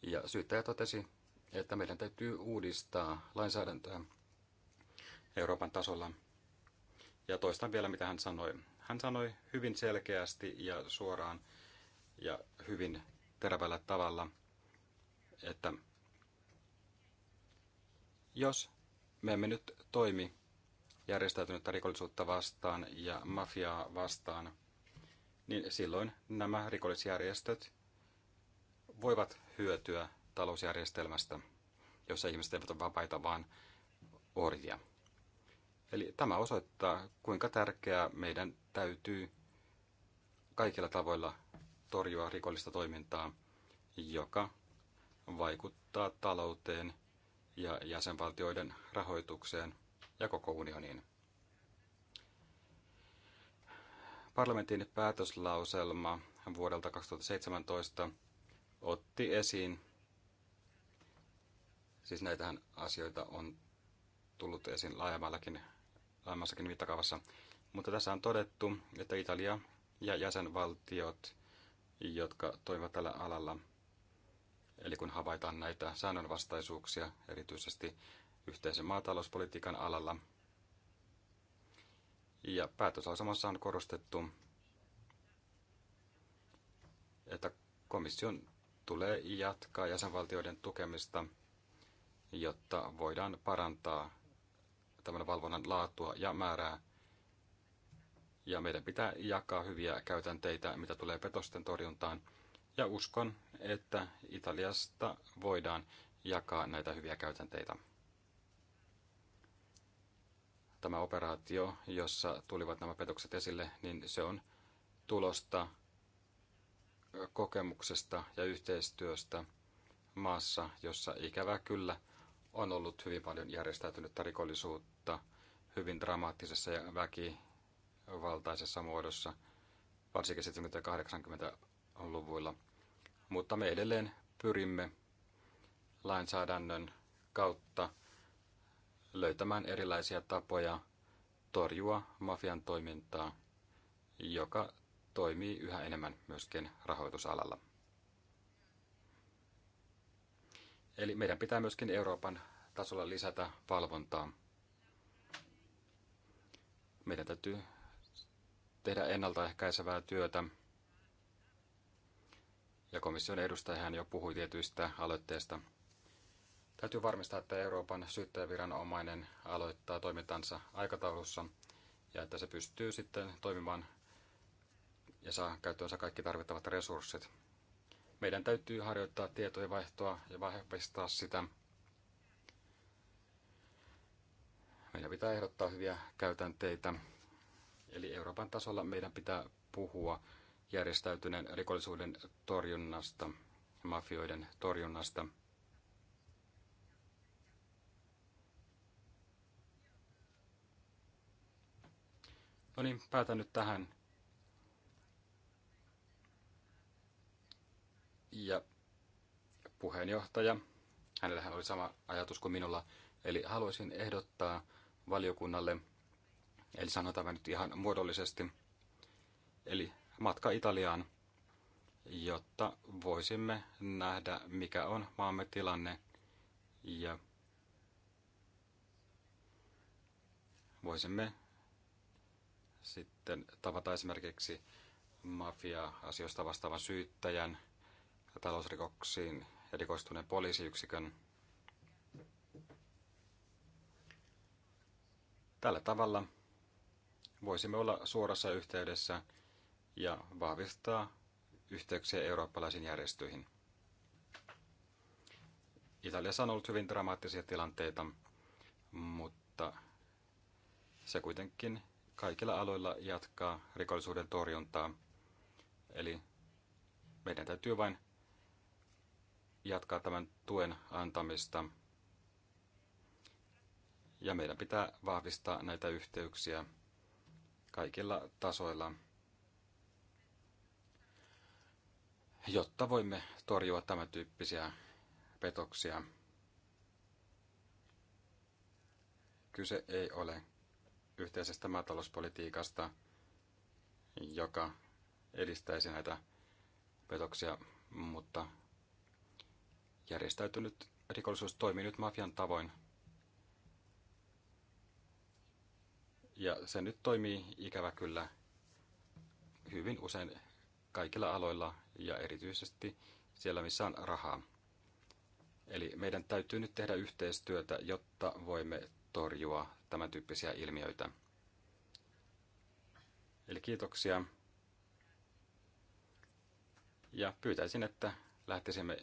Ja syyttäjä totesi, että meidän täytyy uudistaa lainsäädäntöä Euroopan tasolla. Ja toistan vielä, mitä hän sanoi. Hän sanoi hyvin selkeästi ja suoraan ja hyvin terävällä tavalla – että jos me emme nyt toimi järjestäytynyttä rikollisuutta vastaan ja mafiaa vastaan, niin silloin nämä rikollisjärjestöt voivat hyötyä talousjärjestelmästä, jossa ihmiset eivät ole vapaita, vaan orjia. Eli tämä osoittaa, kuinka tärkeää meidän täytyy kaikilla tavoilla torjua rikollista toimintaa, joka vaikuttaa talouteen ja jäsenvaltioiden rahoitukseen ja koko unioniin. Parlamentin päätöslauselma vuodelta 2017 otti esiin, siis näitähän asioita on tullut esiin laajemmallakin, laajemmassakin mittakaavassa, mutta tässä on todettu, että Italia ja jäsenvaltiot, jotka toimivat tällä alalla – Eli kun havaitaan näitä säännönvastaisuuksia, erityisesti yhteisen maatalouspolitiikan alalla. Ja päätösasemassa on korostettu, että komission tulee jatkaa jäsenvaltioiden tukemista, jotta voidaan parantaa tämän valvonnan laatua ja määrää. Ja meidän pitää jakaa hyviä käytänteitä, mitä tulee petosten torjuntaan, ja uskon, että Italiasta voidaan jakaa näitä hyviä käytänteitä. Tämä operaatio, jossa tulivat nämä petokset esille, niin se on tulosta kokemuksesta ja yhteistyöstä maassa, jossa ikävä kyllä on ollut hyvin paljon järjestäytynyttä rikollisuutta hyvin dramaattisessa ja väkivaltaisessa muodossa, varsinkin 70- ja luvuilla. Mutta me edelleen pyrimme lainsäädännön kautta löytämään erilaisia tapoja torjua mafian toimintaa, joka toimii yhä enemmän myöskin rahoitusalalla. Eli meidän pitää myöskin Euroopan tasolla lisätä valvontaa. Meidän täytyy tehdä ennaltaehkäisevää työtä ja komission edustajahan jo puhui tietyistä aloitteista. Täytyy varmistaa, että Euroopan syyttäjäviranomainen aloittaa toimintansa aikataulussa ja että se pystyy sitten toimimaan ja saa käyttöönsä kaikki tarvittavat resurssit. Meidän täytyy harjoittaa tietojenvaihtoa ja vahvistaa sitä. Meidän pitää ehdottaa hyviä käytänteitä. Eli Euroopan tasolla meidän pitää puhua järjestäytyneen rikollisuuden torjunnasta ja mafioiden torjunnasta. No niin, päätän nyt tähän. Ja puheenjohtaja, hänellähän oli sama ajatus kuin minulla, eli haluaisin ehdottaa valiokunnalle, eli sanotaan nyt ihan muodollisesti, eli matka Italiaan, jotta voisimme nähdä, mikä on maamme tilanne ja voisimme sitten tavata esimerkiksi mafia-asioista vastaavan syyttäjän ja talousrikoksiin erikoistuneen poliisiyksikön. Tällä tavalla voisimme olla suorassa yhteydessä ja vahvistaa yhteyksiä eurooppalaisiin järjestöihin. Italiassa on ollut hyvin dramaattisia tilanteita, mutta se kuitenkin kaikilla aloilla jatkaa rikollisuuden torjuntaa. Eli meidän täytyy vain jatkaa tämän tuen antamista. Ja meidän pitää vahvistaa näitä yhteyksiä kaikilla tasoilla jotta voimme torjua tämän tyyppisiä petoksia. Kyse ei ole yhteisestä maatalouspolitiikasta, joka edistäisi näitä petoksia, mutta järjestäytynyt rikollisuus toimii nyt mafian tavoin. Ja se nyt toimii ikävä kyllä hyvin usein kaikilla aloilla ja erityisesti siellä, missä on rahaa. Eli meidän täytyy nyt tehdä yhteistyötä, jotta voimme torjua tämän tyyppisiä ilmiöitä. Eli kiitoksia. Ja pyytäisin, että lähtisimme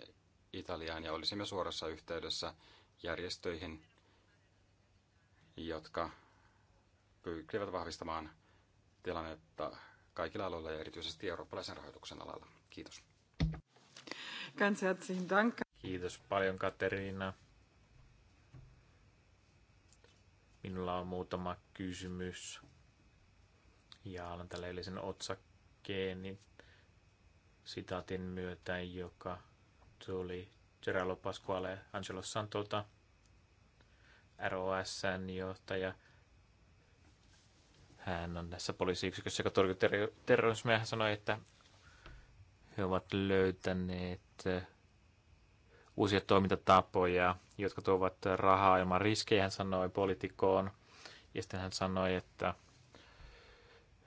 Italiaan ja olisimme suorassa yhteydessä järjestöihin, jotka pyrkivät vahvistamaan tilannetta kaikilla aloilla ja erityisesti eurooppalaisen rahoituksen alalla. Kiitos. Ganz herzlichen Dank. Kiitos paljon Katerina. Minulla on muutama kysymys. Ja alan tällä eilisen otsakkeen niin sitaatin myötä, joka tuli Gerardo Pasquale Angelo Santolta, ROSn johtaja, hän on tässä poliisiyksikössä, joka torjui terrorismia. Hän sanoi, että he ovat löytäneet eh, uusia toimintatapoja, jotka tuovat rahaa ilman riskejä, hän sanoi poliitikkoon. Ja sitten hän sanoi, että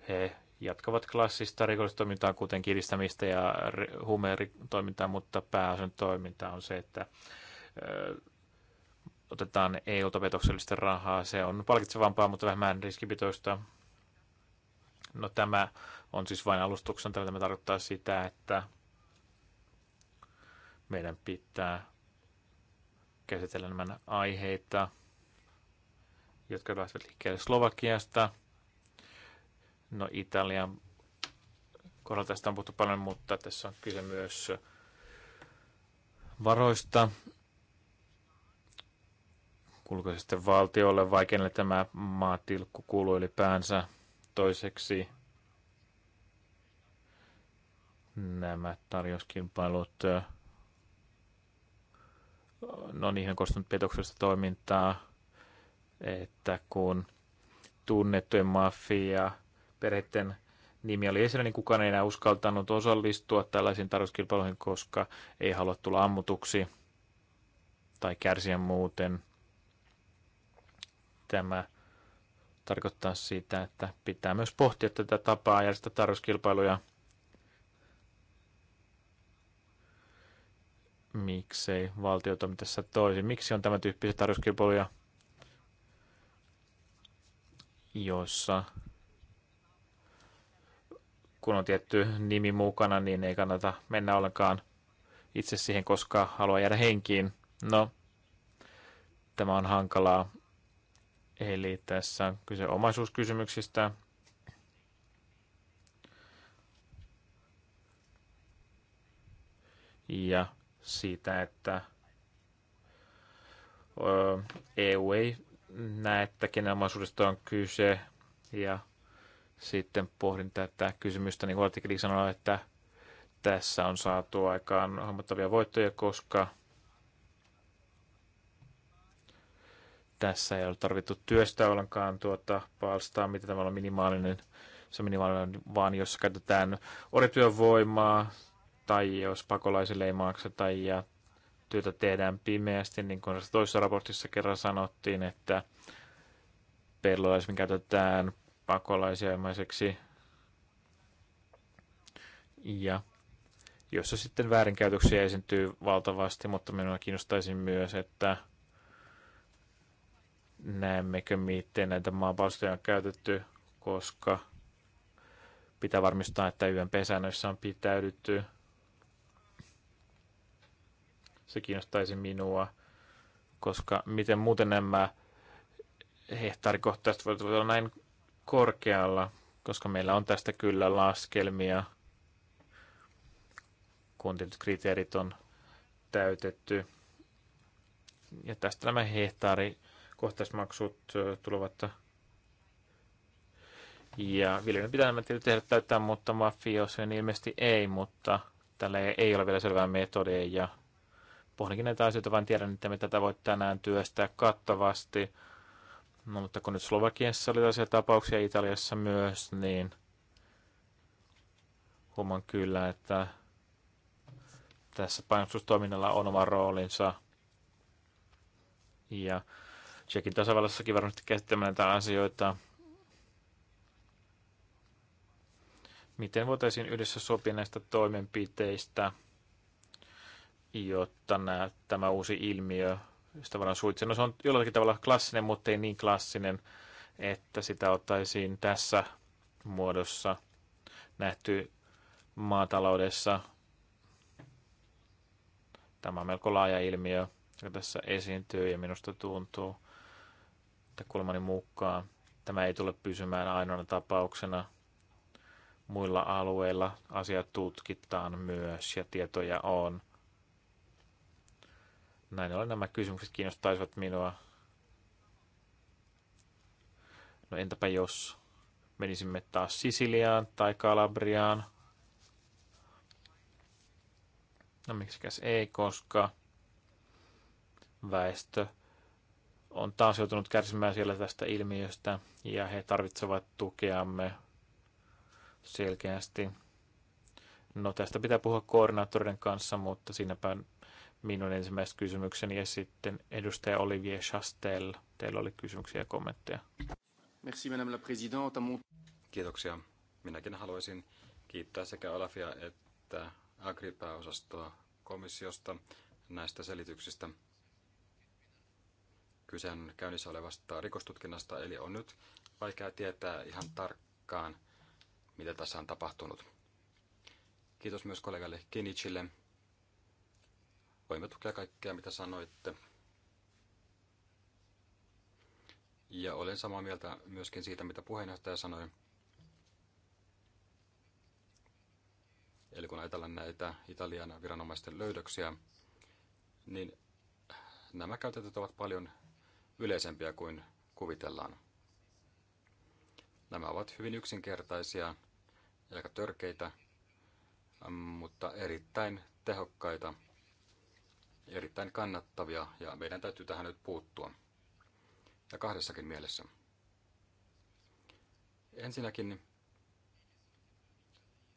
he jatkavat klassista rikollistoimintaa, kuten kiristämistä ja huumeeritoimintaa, mutta pääosin toiminta on se, että ö, eh, otetaan EU-petoksellisesta rahaa. Se on palkitsevampaa, mutta vähemmän riskipitoista. No tämä on siis vain alustuksen. Tämä tarkoittaa sitä, että meidän pitää käsitellä nämä aiheita, jotka lähtevät liikkeelle Slovakiasta. No Italian kohdalla tästä on puhuttu paljon, mutta tässä on kyse myös varoista. Kuuluuko se sitten valtiolle vai kenelle tämä maatilkku kuuluu ylipäänsä? Toiseksi nämä tarjouskilpailut, no niihin on koostunut petoksesta toimintaa, että kun tunnettujen mafia perheiden nimi oli esillä, niin kukaan ei enää uskaltanut osallistua tällaisiin tarjouskilpailuihin, koska ei halua tulla ammutuksi tai kärsiä muuten. Tämä tarkoittaa sitä, että pitää myös pohtia tätä tapaa järjestää tarjouskilpailuja. Miksei valtio toimi tässä toisin? Miksi on tämän tyyppisiä tarjouskilpailuja, joissa kun on tietty nimi mukana, niin ei kannata mennä ollenkaan itse siihen, koska haluaa jäädä henkiin. No, tämä on hankalaa Eli tässä on kyse omaisuuskysymyksistä. Ja siitä, että EU ei näe, että kenen omaisuudesta on kyse. Ja sitten pohdin tätä kysymystä, niin kuin sanoi, että tässä on saatu aikaan huomattavia voittoja, koska – Tässä ei ole tarvittu työstä ollenkaan tuota palstaa, mitä tämä on minimaalinen. Se on minimaalinen, vaan jos käytetään orityövoimaa tai jos pakolaisille ei makseta ja työtä tehdään pimeästi, niin kuin toisessa raportissa kerran sanottiin, että pellolla käytetään pakolaisia ilmaiseksi ja jossa sitten väärinkäytöksiä esiintyy valtavasti, mutta minua kiinnostaisi myös, että näemmekö, miten näitä maapalstoja on käytetty, koska pitää varmistaa, että YMP-säännöissä on pitäydytty. Se kiinnostaisi minua, koska miten muuten nämä hehtaarikohtaiset voivat olla näin korkealla, koska meillä on tästä kyllä laskelmia, kun tietyt kriteerit on täytetty. Ja tästä nämä hehtaari kohtaismaksut tulevat. Ja viljelijöiden pitää nämä tietyt tehdä täyttää, mutta mafiosojen ilmeisesti ei, mutta tällä ei ole vielä selvää metodia ja pohdinkin näitä asioita, vaan tiedän, että me tätä voi tänään työstää kattavasti. No, mutta kun nyt Slovakiassa oli tällaisia tapauksia, Italiassa myös, niin huomaan kyllä, että tässä painostustoiminnalla on oma roolinsa. Ja Tsekin tasavallassakin varmasti käsittämään näitä asioita. Miten voitaisiin yhdessä sopia näistä toimenpiteistä, jotta nämä, tämä uusi ilmiö sitä varmaan suitsen. No se on jollakin tavalla klassinen, mutta ei niin klassinen, että sitä ottaisiin tässä muodossa nähty maataloudessa. Tämä on melko laaja ilmiö, joka tässä esiintyy ja minusta tuntuu, että mukaan tämä ei tule pysymään ainoana tapauksena. Muilla alueilla asiat tutkitaan myös ja tietoja on. Näin ollen nämä kysymykset kiinnostaisivat minua. No entäpä jos menisimme taas Sisiliaan tai Kalabriaan? No miksikäs ei, koska väestö on taas joutunut kärsimään siellä tästä ilmiöstä ja he tarvitsevat tukeamme selkeästi. No tästä pitää puhua koordinaattoreiden kanssa, mutta siinäpä minun ensimmäiset kysymykseni ja sitten edustaja Olivier Chastel. Teillä oli kysymyksiä ja kommentteja. Merci, madame la présidente. Kiitoksia. Minäkin haluaisin kiittää sekä Olafia että agri osastoa komissiosta näistä selityksistä kyseen käynnissä olevasta rikostutkinnasta, eli on nyt vaikea tietää ihan tarkkaan, mitä tässä on tapahtunut. Kiitos myös kollegalle Kenichille. Voimme tukea kaikkea, mitä sanoitte. Ja olen samaa mieltä myöskin siitä, mitä puheenjohtaja sanoi. Eli kun ajatellaan näitä Italian viranomaisten löydöksiä, niin nämä käytetyt ovat paljon yleisempiä kuin kuvitellaan. Nämä ovat hyvin yksinkertaisia ja aika törkeitä, mutta erittäin tehokkaita, erittäin kannattavia ja meidän täytyy tähän nyt puuttua. Ja kahdessakin mielessä. Ensinnäkin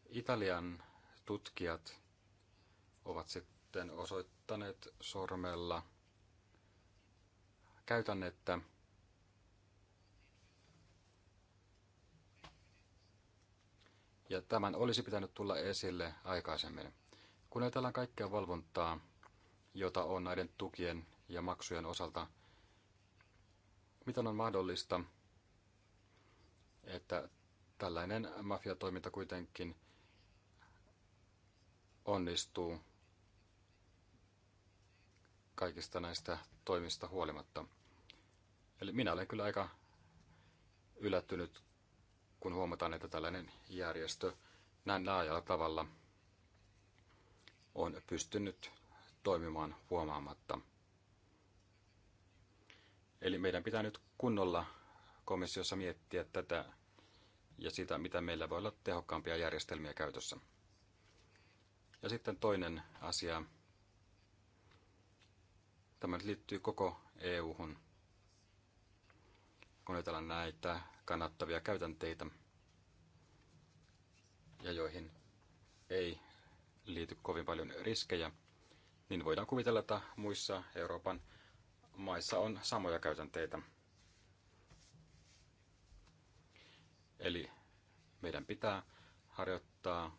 Italian tutkijat ovat sitten osoittaneet sormella – että ja tämän olisi pitänyt tulla esille aikaisemmin. Kun ajatellaan kaikkea valvontaa, jota on näiden tukien ja maksujen osalta, miten on mahdollista, että tällainen mafiatoiminta kuitenkin onnistuu kaikista näistä toimista huolimatta. Eli minä olen kyllä aika yllättynyt, kun huomataan, että tällainen järjestö näin laajalla tavalla on pystynyt toimimaan huomaamatta. Eli meidän pitää nyt kunnolla komissiossa miettiä tätä ja sitä, mitä meillä voi olla tehokkaampia järjestelmiä käytössä. Ja sitten toinen asia. Tämä liittyy koko EU-hun kun ajatellaan näitä kannattavia käytänteitä, ja joihin ei liity kovin paljon riskejä, niin voidaan kuvitella, että muissa Euroopan maissa on samoja käytänteitä. Eli meidän pitää harjoittaa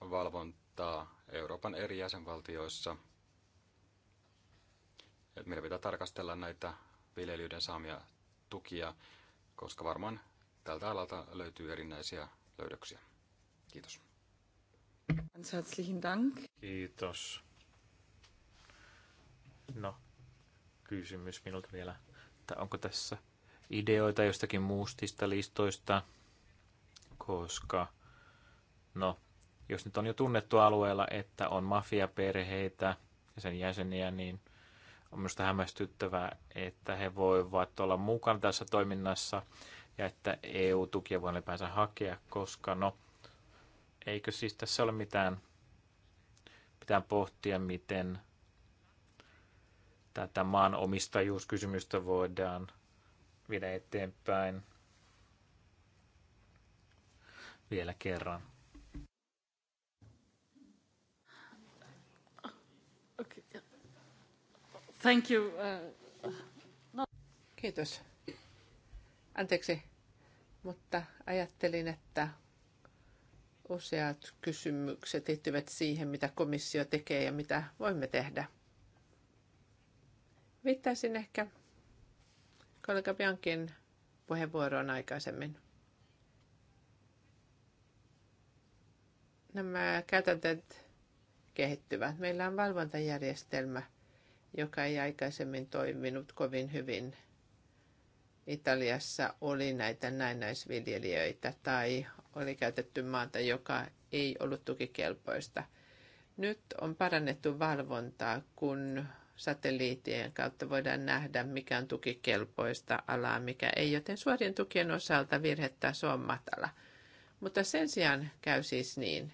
valvontaa Euroopan eri jäsenvaltioissa. meidän pitää tarkastella näitä viljelyiden saamia tukia, koska varmaan tältä alalta löytyy erinäisiä löydöksiä. Kiitos. Ganz herzlichen Dank. Kiitos. No, kysymys minulta vielä. Tää, onko tässä ideoita jostakin muustista listoista? Koska, no, jos nyt on jo tunnettu alueella, että on mafiaperheitä ja sen jäseniä, niin – on minusta hämmästyttävää, että he voivat olla mukana tässä toiminnassa ja että EU-tukia voi ylipäänsä hakea, koska no, eikö siis tässä ole mitään, pitää pohtia, miten tätä maanomistajuuskysymystä voidaan viedä eteenpäin vielä kerran. Thank you. Uh, Kiitos. Anteeksi, mutta ajattelin, että useat kysymykset liittyvät siihen, mitä komissio tekee ja mitä voimme tehdä. Viittaisin ehkä kollega Biankin puheenvuoroon aikaisemmin. Nämä käytänteet kehittyvät. Meillä on valvontajärjestelmä – joka ei aikaisemmin toiminut kovin hyvin. Italiassa oli näitä näennäisviljelijöitä tai oli käytetty maata, joka ei ollut tukikelpoista. Nyt on parannettu valvontaa, kun satelliitien kautta voidaan nähdä, mikä on tukikelpoista alaa, mikä ei, joten suorien tukien osalta virhettä on matala. Mutta sen sijaan käy siis niin.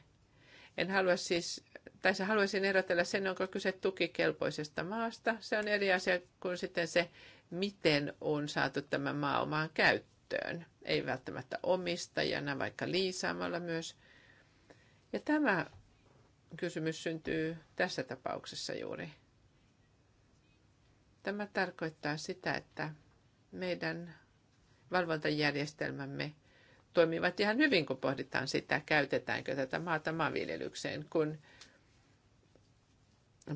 En halua siis se haluaisin erotella sen, onko kyse tukikelpoisesta maasta. Se on eri asia kuin sitten se, miten on saatu tämä maa omaan käyttöön. Ei välttämättä omistajana, vaikka liisaamalla myös. Ja tämä kysymys syntyy tässä tapauksessa juuri. Tämä tarkoittaa sitä, että meidän valvontajärjestelmämme toimivat ihan hyvin, kun pohditaan sitä, käytetäänkö tätä maata maanviljelykseen, kun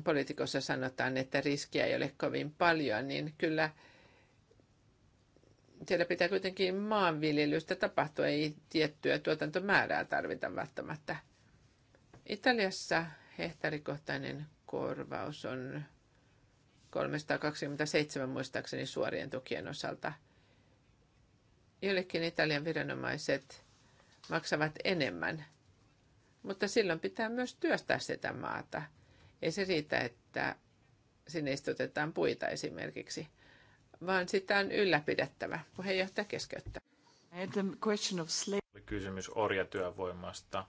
poliitikossa sanotaan, että riskiä ei ole kovin paljon, niin kyllä siellä pitää kuitenkin maanviljelystä tapahtua, ei tiettyä tuotantomäärää tarvita välttämättä. Italiassa hehtaarikohtainen korvaus on 327 muistaakseni suorien tukien osalta. Joillekin Italian viranomaiset maksavat enemmän, mutta silloin pitää myös työstää sitä maata – ei se riitä, että sinne istutetaan puita esimerkiksi, vaan sitä on ylläpidettävä. Puheenjohtaja keskeyttää. Kysymys orjatyövoimasta.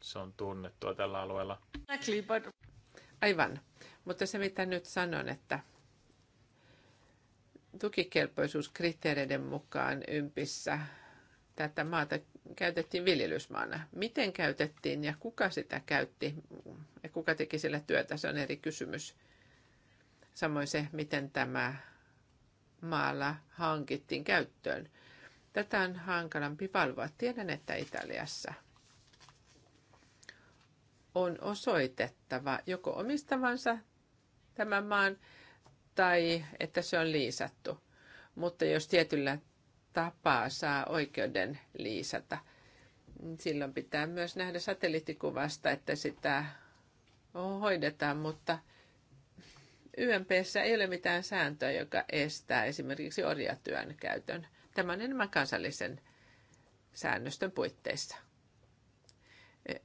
Se on tunnettua tällä alueella. Aivan. Mutta se mitä nyt sanon, että tukikelpoisuuskriteereiden mukaan ympissä tätä maata käytettiin viljelysmaana. Miten käytettiin ja kuka sitä käytti ja kuka teki sillä työtä, se on eri kysymys. Samoin se, miten tämä maalla hankittiin käyttöön. Tätä on hankalampi valvoa. Tiedän, että Italiassa on osoitettava joko omistavansa tämän maan tai että se on liisattu. Mutta jos tietyllä tapaa saa oikeuden liisata. Silloin pitää myös nähdä satelliittikuvasta, että sitä hoidetaan, mutta YMPssä ei ole mitään sääntöä, joka estää esimerkiksi orjatyön käytön. Tämä on enemmän kansallisen säännöstön puitteissa.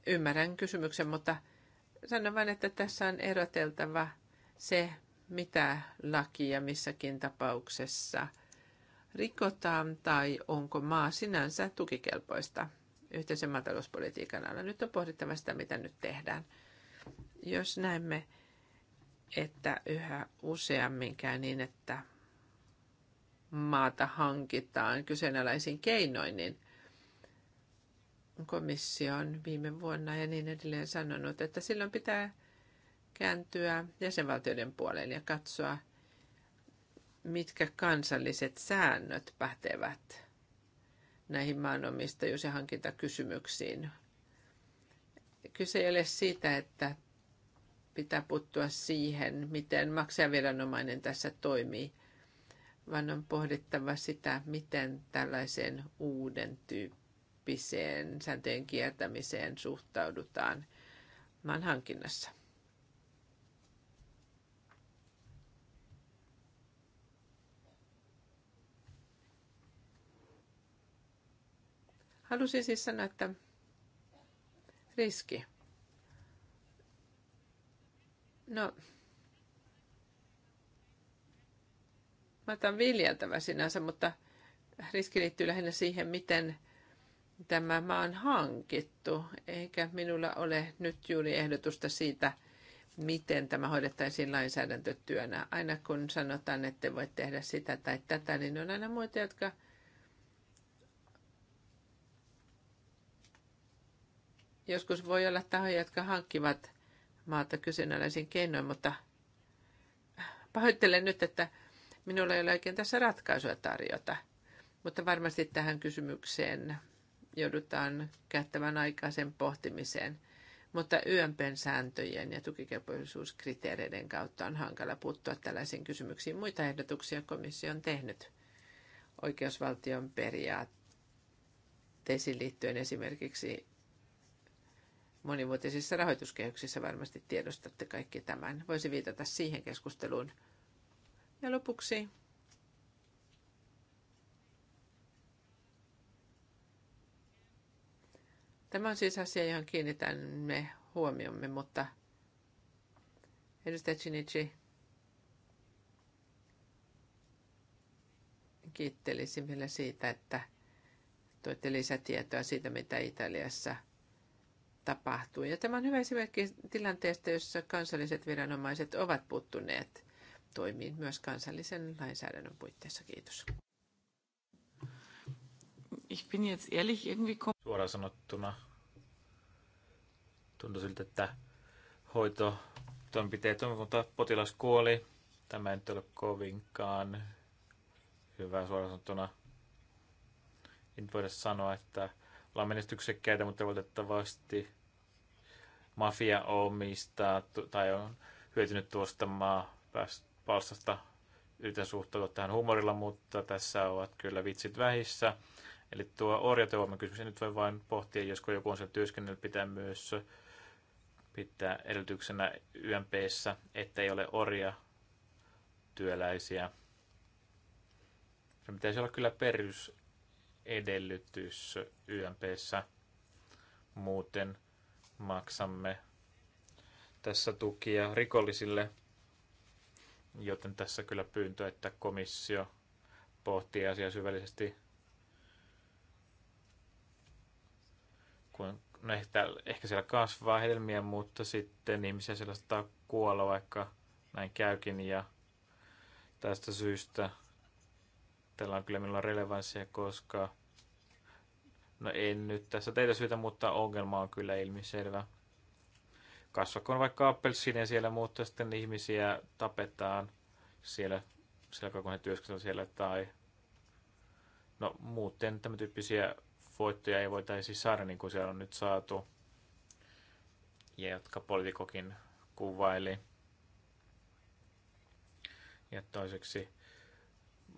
Ymmärrän kysymyksen, mutta sanon vain, että tässä on eroteltava se, mitä lakia missäkin tapauksessa – rikotaan tai onko maa sinänsä tukikelpoista yhteisen maatalouspolitiikan alla. Nyt on pohdittava sitä, mitä nyt tehdään. Jos näemme, että yhä useammin käy niin, että maata hankitaan kyseenalaisin keinoin, niin komissio on viime vuonna ja niin edelleen sanonut, että silloin pitää kääntyä jäsenvaltioiden puoleen ja katsoa – mitkä kansalliset säännöt pätevät näihin maanomistajuus- ja hankintakysymyksiin. Kyse ei ole siitä, että pitää puuttua siihen, miten maksajaviranomainen tässä toimii, vaan on pohdittava sitä, miten tällaiseen uuden tyyppiseen sääntöjen kiertämiseen suhtaudutaan maan hankinnassa. Halusin siis sanoa, että riski. No, mä otan viljeltävä sinänsä, mutta riski liittyy lähinnä siihen, miten tämä mä on hankittu, eikä minulla ole nyt juuri ehdotusta siitä, miten tämä hoidettaisiin lainsäädäntötyönä. Aina kun sanotaan, että voi tehdä sitä tai tätä, niin on aina muita, jotka Joskus voi olla tahoja, jotka hankkivat maata kyseenalaisin keinoin, mutta pahoittelen nyt, että minulla ei ole oikein tässä ratkaisua tarjota. Mutta varmasti tähän kysymykseen joudutaan käyttämään aikaa sen pohtimiseen. Mutta YMPn sääntöjen ja tukikelpoisuuskriteereiden kautta on hankala puuttua tällaisiin kysymyksiin. Muita ehdotuksia komissio on tehnyt oikeusvaltion periaatteisiin liittyen esimerkiksi monivuotisissa rahoituskehyksissä varmasti tiedostatte kaikki tämän. Voisi viitata siihen keskusteluun. Ja lopuksi Tämä on siis asia, johon kiinnitämme huomiomme, mutta edustaja Chinichi kiittelisin vielä siitä, että toitte lisätietoa siitä, mitä Italiassa – tapahtuu. Ja tämä on hyvä esimerkki tilanteesta, jossa kansalliset viranomaiset ovat puuttuneet toimiin myös kansallisen lainsäädännön puitteissa. Kiitos. Ich bin jetzt ehrlich irgendwie... Suoraan sanottuna tuntui siltä, että hoitotoimenpiteet on, mutta potilas kuoli. Tämä ei ole kovinkaan hyvä suoraan sanottuna. En voida sanoa, että ollaan menestyksekkäitä, mutta valitettavasti mafia omistaa tai on hyötynyt tuosta maapalstasta. Yritän suhtautua tähän humorilla, mutta tässä ovat kyllä vitsit vähissä. Eli tuo orjatyövoiman kysymys nyt voi vain pohtia, josko joku on siellä työskennellyt, pitää myös pitää edellytyksenä YMPssä, ettei ole orja työläisiä. Se pitäisi olla kyllä perusedellytys YMPssä. Muuten maksamme tässä tukia rikollisille, joten tässä kyllä pyyntö, että komissio pohtii asiaa syvällisesti. Kun, no ehkä, ehkä siellä kasvaa helmiä, mutta sitten ihmisiä siellä saattaa kuolla, vaikka näin käykin. Ja tästä syystä tällä on kyllä minulla relevanssia, koska No en nyt tässä teitä syytä, mutta ongelma on kyllä ilmiselvä. Kasvakoon vaikka appelsiinen siellä, mutta sitten ihmisiä tapetaan siellä, siellä kun he työskentelevät siellä tai no muuten tämän tyyppisiä voittoja ei voitaisi saada niin kuin siellä on nyt saatu ja jotka poliitikokin kuvaili. Ja toiseksi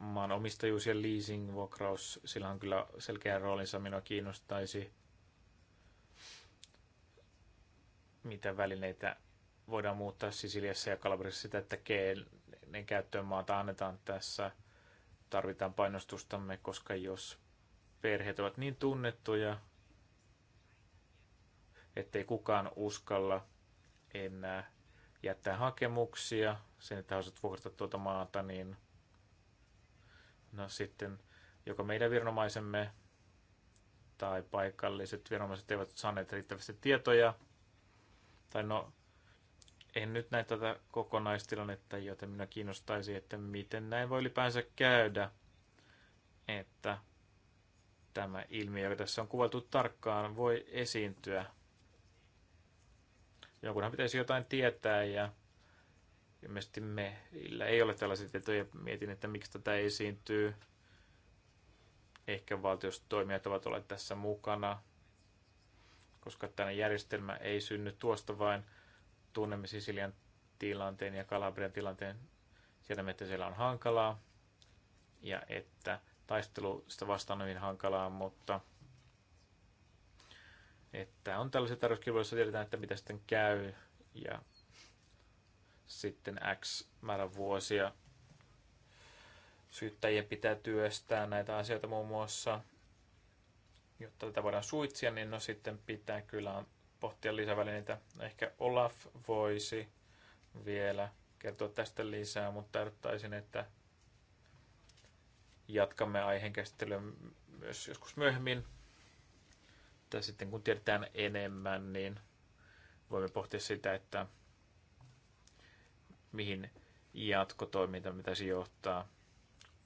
maanomistajuus ja leasing-vuokraus, sillä on kyllä selkeä roolinsa, minua kiinnostaisi, mitä välineitä voidaan muuttaa Sisiliassa ja Kalabrissa sitä, että kenen käyttöön maata annetaan tässä. Tarvitaan painostustamme, koska jos perheet ovat niin tunnettuja, ettei kukaan uskalla enää jättää hakemuksia, sen, että haluaisit vuokrata tuota maata, niin – No sitten joko meidän viranomaisemme tai paikalliset viranomaiset eivät saaneet riittävästi tietoja. Tai no, en nyt näe tätä kokonaistilannetta, joten minä kiinnostaisi, että miten näin voi ylipäänsä käydä, että tämä ilmiö, joka tässä on kuvattu tarkkaan, voi esiintyä. Jonkunhan pitäisi jotain tietää ja Ilmeisesti meillä ei ole tällaisia tietoja. Mietin, että miksi tätä esiintyy. Ehkä valtiostoimijat ovat olleet tässä mukana, koska tämä järjestelmä ei synny tuosta vain. Tunnemme Sisilian tilanteen ja Kalabrian tilanteen. Tiedämme, että siellä on hankalaa ja että taistelu sitä vastaan on hyvin hankalaa, mutta että on tällaisia tarjouskilpailuja, joissa tiedetään, että mitä sitten käy ja sitten X määrän vuosia. Syyttäjien pitää työstää näitä asioita muun muassa, jotta tätä voidaan suitsia, niin no sitten pitää kyllä pohtia lisävälineitä. Ehkä Olaf voisi vielä kertoa tästä lisää, mutta tarvittaisin, että jatkamme aiheen käsittelyä myös joskus myöhemmin. Tai sitten kun tiedetään enemmän, niin voimme pohtia sitä, että mihin jatkotoiminta pitäisi johtaa,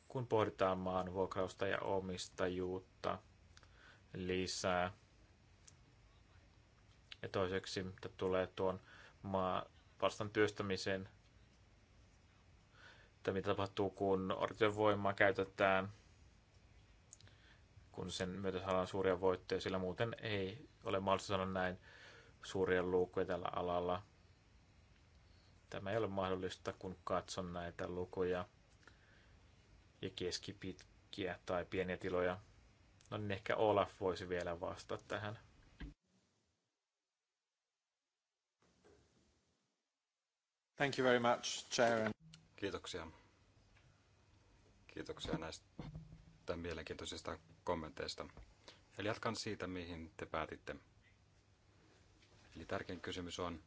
kun pohditaan maan vuokrausta ja omistajuutta lisää. Ja toiseksi, mitä tulee tuon maa vastan työstämiseen, että mitä tapahtuu, kun voimaa käytetään, kun sen myötä saadaan suuria voittoja, sillä muuten ei ole mahdollista sanoa näin suuria luukkuja tällä alalla. Tämä ei ole mahdollista, kun katson näitä lukuja ja keskipitkiä tai pieniä tiloja. No niin, ehkä Olaf voisi vielä vastata tähän. Thank you very much, Chair. Kiitoksia. Kiitoksia näistä mielenkiintoisista kommenteista. Eli jatkan siitä, mihin te päätitte. Eli tärkein kysymys on,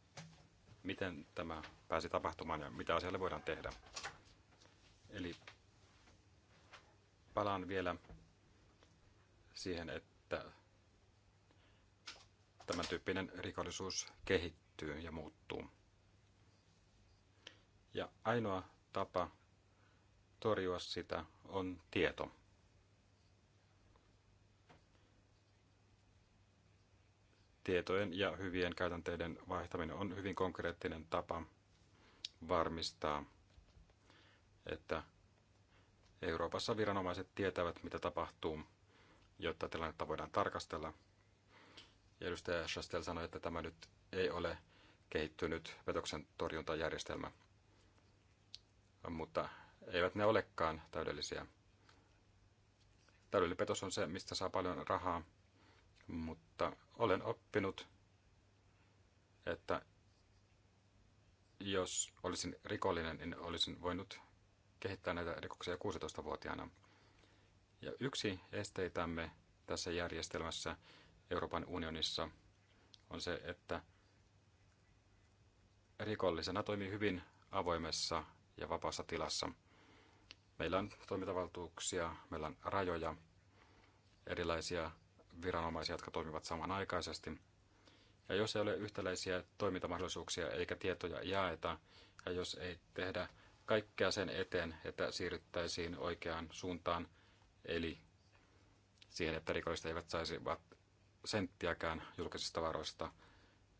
miten tämä pääsi tapahtumaan ja mitä asialle voidaan tehdä. Eli palaan vielä siihen, että tämän tyyppinen rikollisuus kehittyy ja muuttuu. Ja ainoa tapa torjua sitä on tieto. tietojen ja hyvien käytänteiden vaihtaminen on hyvin konkreettinen tapa varmistaa, että Euroopassa viranomaiset tietävät, mitä tapahtuu, jotta tilannetta voidaan tarkastella. Ja edustaja Chastel sanoi, että tämä nyt ei ole kehittynyt vetoksen torjuntajärjestelmä, mutta eivät ne olekaan täydellisiä. Täydellinen petos on se, mistä saa paljon rahaa, mutta olen oppinut, että jos olisin rikollinen, niin olisin voinut kehittää näitä rikoksia 16-vuotiaana. Ja yksi esteitämme tässä järjestelmässä Euroopan unionissa on se, että rikollisena toimii hyvin avoimessa ja vapaassa tilassa. Meillä on toimintavaltuuksia, meillä on rajoja, erilaisia viranomaisia, jotka toimivat samanaikaisesti. Ja jos ei ole yhtäläisiä toimintamahdollisuuksia eikä tietoja jaeta, ja jos ei tehdä kaikkea sen eteen, että siirryttäisiin oikeaan suuntaan, eli siihen, että rikolliset eivät saisi senttiäkään julkisista varoista,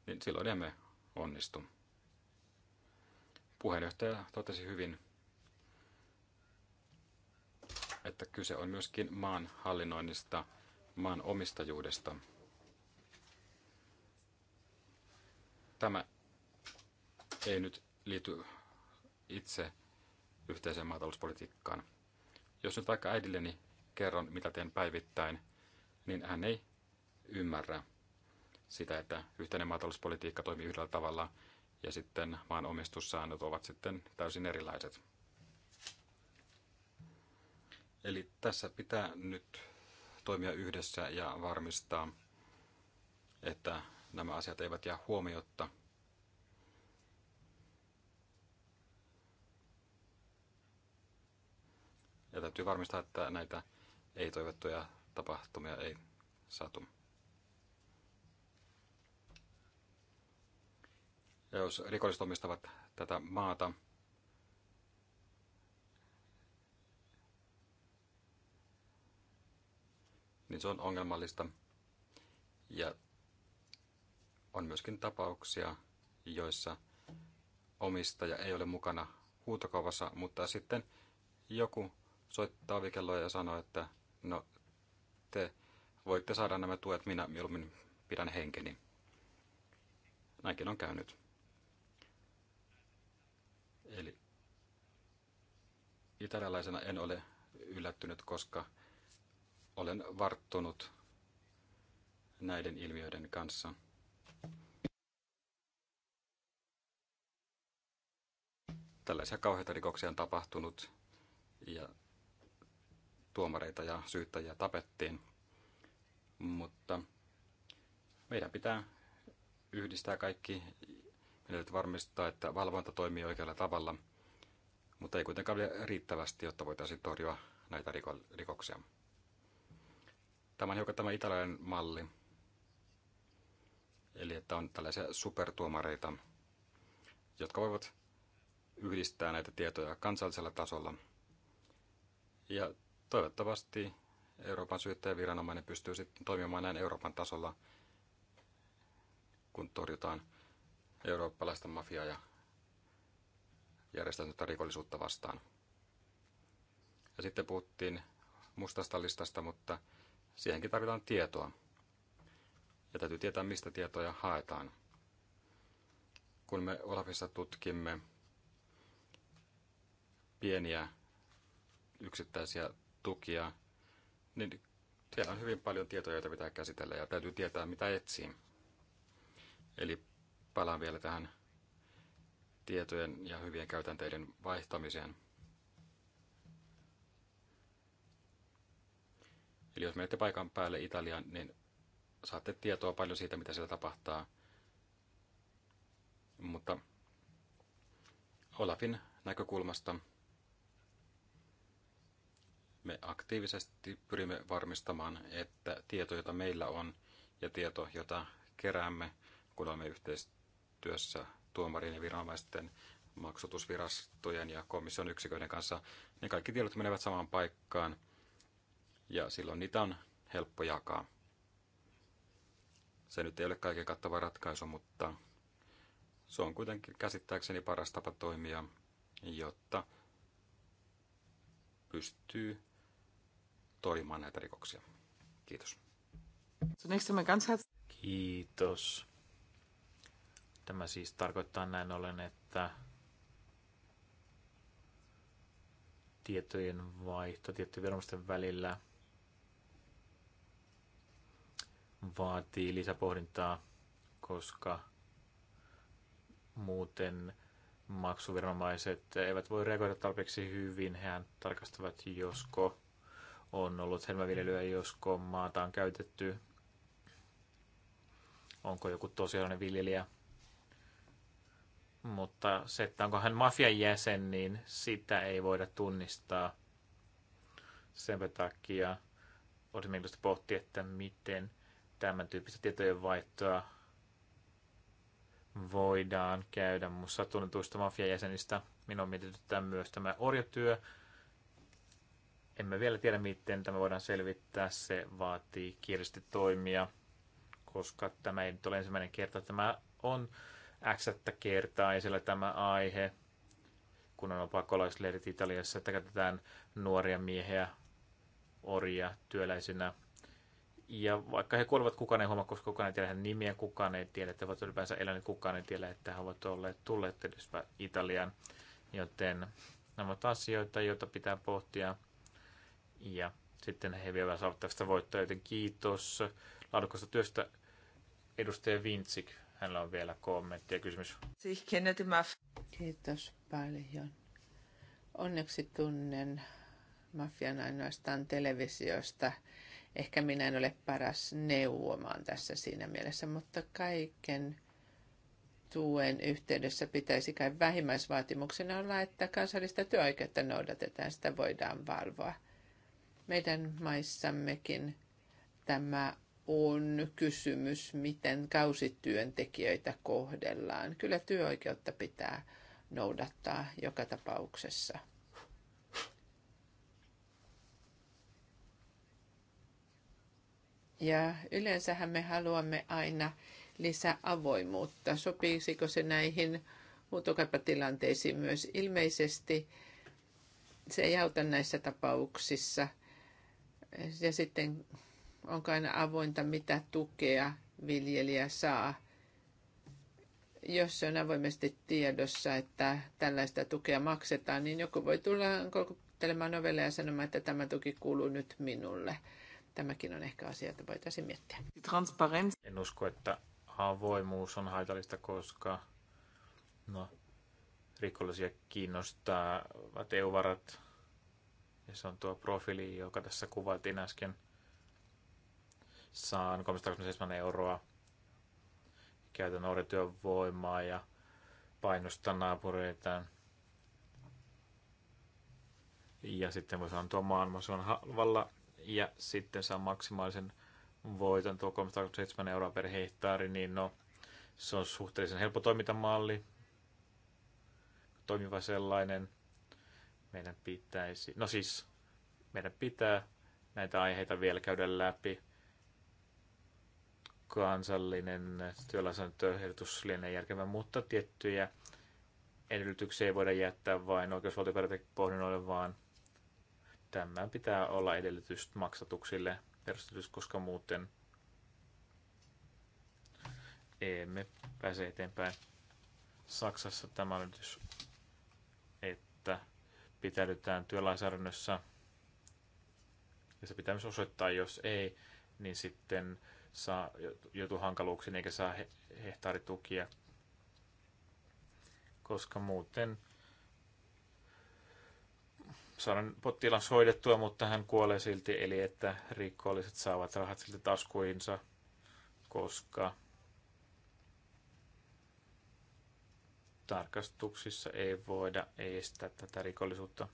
niin silloin emme onnistu. Puheenjohtaja totesi hyvin, että kyse on myöskin maan hallinnoinnista – maan omistajuudesta. Tämä ei nyt liity itse yhteiseen maatalouspolitiikkaan. Jos nyt vaikka äidilleni kerron, mitä teen päivittäin, niin hän ei ymmärrä sitä, että yhteinen maatalouspolitiikka toimii yhdellä tavalla ja sitten maan omistussäännöt ovat sitten täysin erilaiset. Eli tässä pitää nyt toimia yhdessä ja varmistaa, että nämä asiat eivät jää huomiotta. Ja täytyy varmistaa, että näitä ei-toivottuja tapahtumia ei satu. Ja jos rikolliset omistavat tätä maata, niin se on ongelmallista. Ja on myöskin tapauksia, joissa omistaja ei ole mukana huutokaupassa, mutta sitten joku soittaa vikelloja ja sanoo, että no te voitte saada nämä tuet, minä mieluummin pidän henkeni. Näinkin on käynyt. Eli italialaisena en ole yllättynyt, koska olen varttunut näiden ilmiöiden kanssa. Tällaisia kauheita rikoksia on tapahtunut ja tuomareita ja syyttäjiä tapettiin, mutta meidän pitää yhdistää kaikki, meidän pitää varmistaa, että valvonta toimii oikealla tavalla, mutta ei kuitenkaan vielä riittävästi, jotta voitaisiin torjua näitä rikoksia. Tämä on hiukan tämä italialainen malli. Eli että on tällaisia supertuomareita, jotka voivat yhdistää näitä tietoja kansallisella tasolla. Ja toivottavasti Euroopan syyttäjäviranomainen pystyy sitten toimimaan näin Euroopan tasolla, kun torjutaan eurooppalaista mafiaa ja järjestäytynyttä rikollisuutta vastaan. Ja sitten puhuttiin mustasta listasta, mutta Siihenkin tarvitaan tietoa. Ja täytyy tietää, mistä tietoja haetaan. Kun me Olafissa tutkimme pieniä yksittäisiä tukia, niin siellä on hyvin paljon tietoja, joita pitää käsitellä ja täytyy tietää, mitä etsii. Eli palaan vielä tähän tietojen ja hyvien käytänteiden vaihtamiseen – Eli jos menette paikan päälle Italiaan, niin saatte tietoa paljon siitä, mitä siellä tapahtaa. Mutta Olafin näkökulmasta me aktiivisesti pyrimme varmistamaan, että tieto, jota meillä on, ja tieto, jota keräämme, kun olemme yhteistyössä tuomarin ja viranomaisten maksutusvirastojen ja komission yksiköiden kanssa, ne kaikki tiedot menevät samaan paikkaan – ja silloin niitä on helppo jakaa. Se nyt ei ole kaiken kattava ratkaisu, mutta se on kuitenkin käsittääkseni paras tapa toimia, jotta pystyy torjumaan näitä rikoksia. Kiitos. Kiitos. Tämä siis tarkoittaa näin ollen, että tietojen vaihto tiettyjen viranomaisten välillä – vaatii lisäpohdintaa, koska muuten maksuviranomaiset eivät voi reagoida tarpeeksi hyvin. Hehän tarkastavat, josko on ollut helmäviljelyä, josko maata on käytetty, onko joku tosiaan viljelijä. Mutta se, että onko hän mafian jäsen, niin sitä ei voida tunnistaa. Sen takia olisi mielestäni pohtia, että miten tämän tyyppistä tietojenvaihtoa voidaan käydä muussa tunnetuista mafiajäsenistä. Minua mietityttää myös tämä orjatyö. Emme vielä tiedä, miten tämä voidaan selvittää. Se vaatii kiireesti toimia, koska tämä ei nyt ole ensimmäinen kerta. Tämä on x kertaa esillä tämä aihe, kun on pakolaisleirit Italiassa, että käytetään nuoria miehiä orja työläisinä ja vaikka he kuolevat, kukaan ei huomaa, koska kukaan ei tiedä nimiä, kukaan ei tiedä, että he ovat ylipäänsä eläneet, kukaan ei tiedä, että he ovat olleet tulleet edes Italiaan. Joten nämä ovat asioita, joita pitää pohtia. Ja sitten he vielä saavat tästä voittoa, joten kiitos laadukasta työstä edustaja Vintsik. Hänellä on vielä kommentti ja kysymys. Kiitos paljon. Onneksi tunnen mafian ainoastaan televisiosta Ehkä minä en ole paras neuvomaan tässä siinä mielessä, mutta kaiken tuen yhteydessä pitäisi kai vähimmäisvaatimuksena olla, että kansallista työoikeutta noudatetaan, sitä voidaan valvoa. Meidän maissammekin tämä on kysymys, miten kausityöntekijöitä kohdellaan. Kyllä työoikeutta pitää noudattaa joka tapauksessa. Ja yleensähän me haluamme aina lisää avoimuutta. Sopisiko se näihin huutokaipatilanteisiin myös? Ilmeisesti se ei auta näissä tapauksissa. Ja sitten onko aina avointa, mitä tukea viljelijä saa. Jos se on avoimesti tiedossa, että tällaista tukea maksetaan, niin joku voi tulla kolkuttelemaan ovelle ja sanomaan, että tämä tuki kuuluu nyt minulle – tämäkin on ehkä asia, jota voitaisiin miettiä. Transparens. En usko, että avoimuus on haitallista, koska no, rikollisia kiinnostaa EU-varat. Ja se on tuo profiili, joka tässä kuvattiin äsken. Saan 327 euroa. Käytän orjatyövoimaa ja painostan naapureitaan. Ja sitten voi sanoa tuo maailma, se on valla ja sitten saa maksimaalisen voiton tuo 37 euroa per hehtaari, niin no, se on suhteellisen helppo toimintamalli, toimiva sellainen. Meidän pitäisi, no siis, meidän pitää näitä aiheita vielä käydä läpi. Kansallinen työlainsäädäntöehdotus lienee järkevä, mutta tiettyjä edellytyksiä ei voida jättää vain oikeusvaltioperiaatteen pohdinnoille, vaan – Tämä pitää olla edellytys maksatuksille perustetus, koska muuten emme pääse eteenpäin. Saksassa tämä on nyt, että pitäydytään työlainsäädännössä ja se pitää myös osoittaa, jos ei, niin sitten saa, joutu hankaluuksiin eikä saa he, hehtaaritukia, koska muuten saada potilas hoidettua, mutta hän kuolee silti, eli että rikolliset saavat rahat silti taskuihinsa, koska tarkastuksissa ei voida estää tätä rikollisuutta.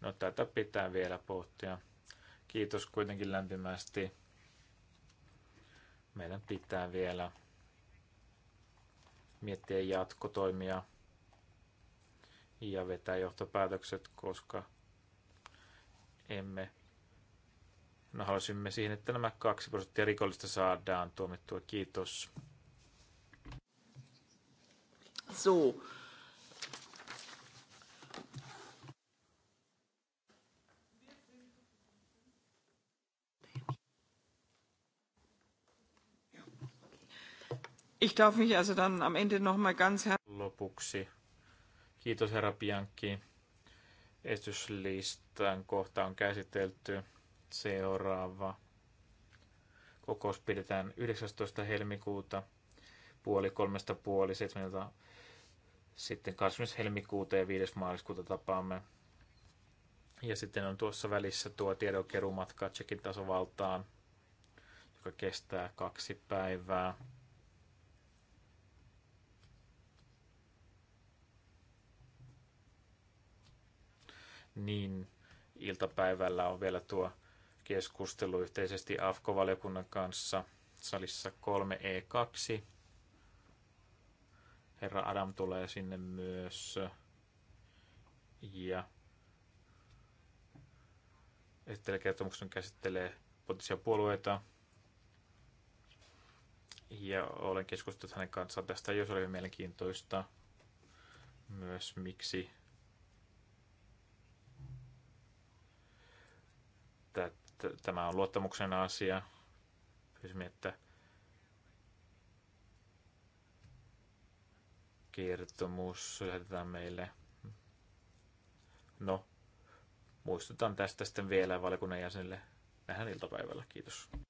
No tätä pitää vielä pohtia. Kiitos kuitenkin lämpimästi. Meidän pitää vielä miettiä jatkotoimia ja vetää johtopäätökset, koska emme no, haluaisimme siihen, että nämä kaksi prosenttia rikollista saadaan tuomittua. Kiitos. So. Ich darf mich also dann am Ende noch mal ganz her- Lopuksi. Kiitos herra Bianchi esityslistan kohta on käsitelty. Seuraava kokous pidetään 19. helmikuuta puoli kolmesta puoli seitsemältä. Sitten 20. helmikuuta ja 5. maaliskuuta tapaamme. Ja sitten on tuossa välissä tuo tiedonkerumatka Tsekin tasavaltaan, joka kestää kaksi päivää. niin iltapäivällä on vielä tuo keskustelu yhteisesti AFKO-valiokunnan kanssa salissa 3E2. E Herra Adam tulee sinne myös. Ja esittelykertomuksen käsittelee poliittisia puolueita. Ja olen keskustellut hänen kanssaan tästä, jos oli mielenkiintoista myös miksi tämä on luottamuksen asia. Pysymme, että kertomus lähetetään meille. No, muistutan tästä sitten vielä valiokunnan jäsenille Nähdään iltapäivällä. Kiitos.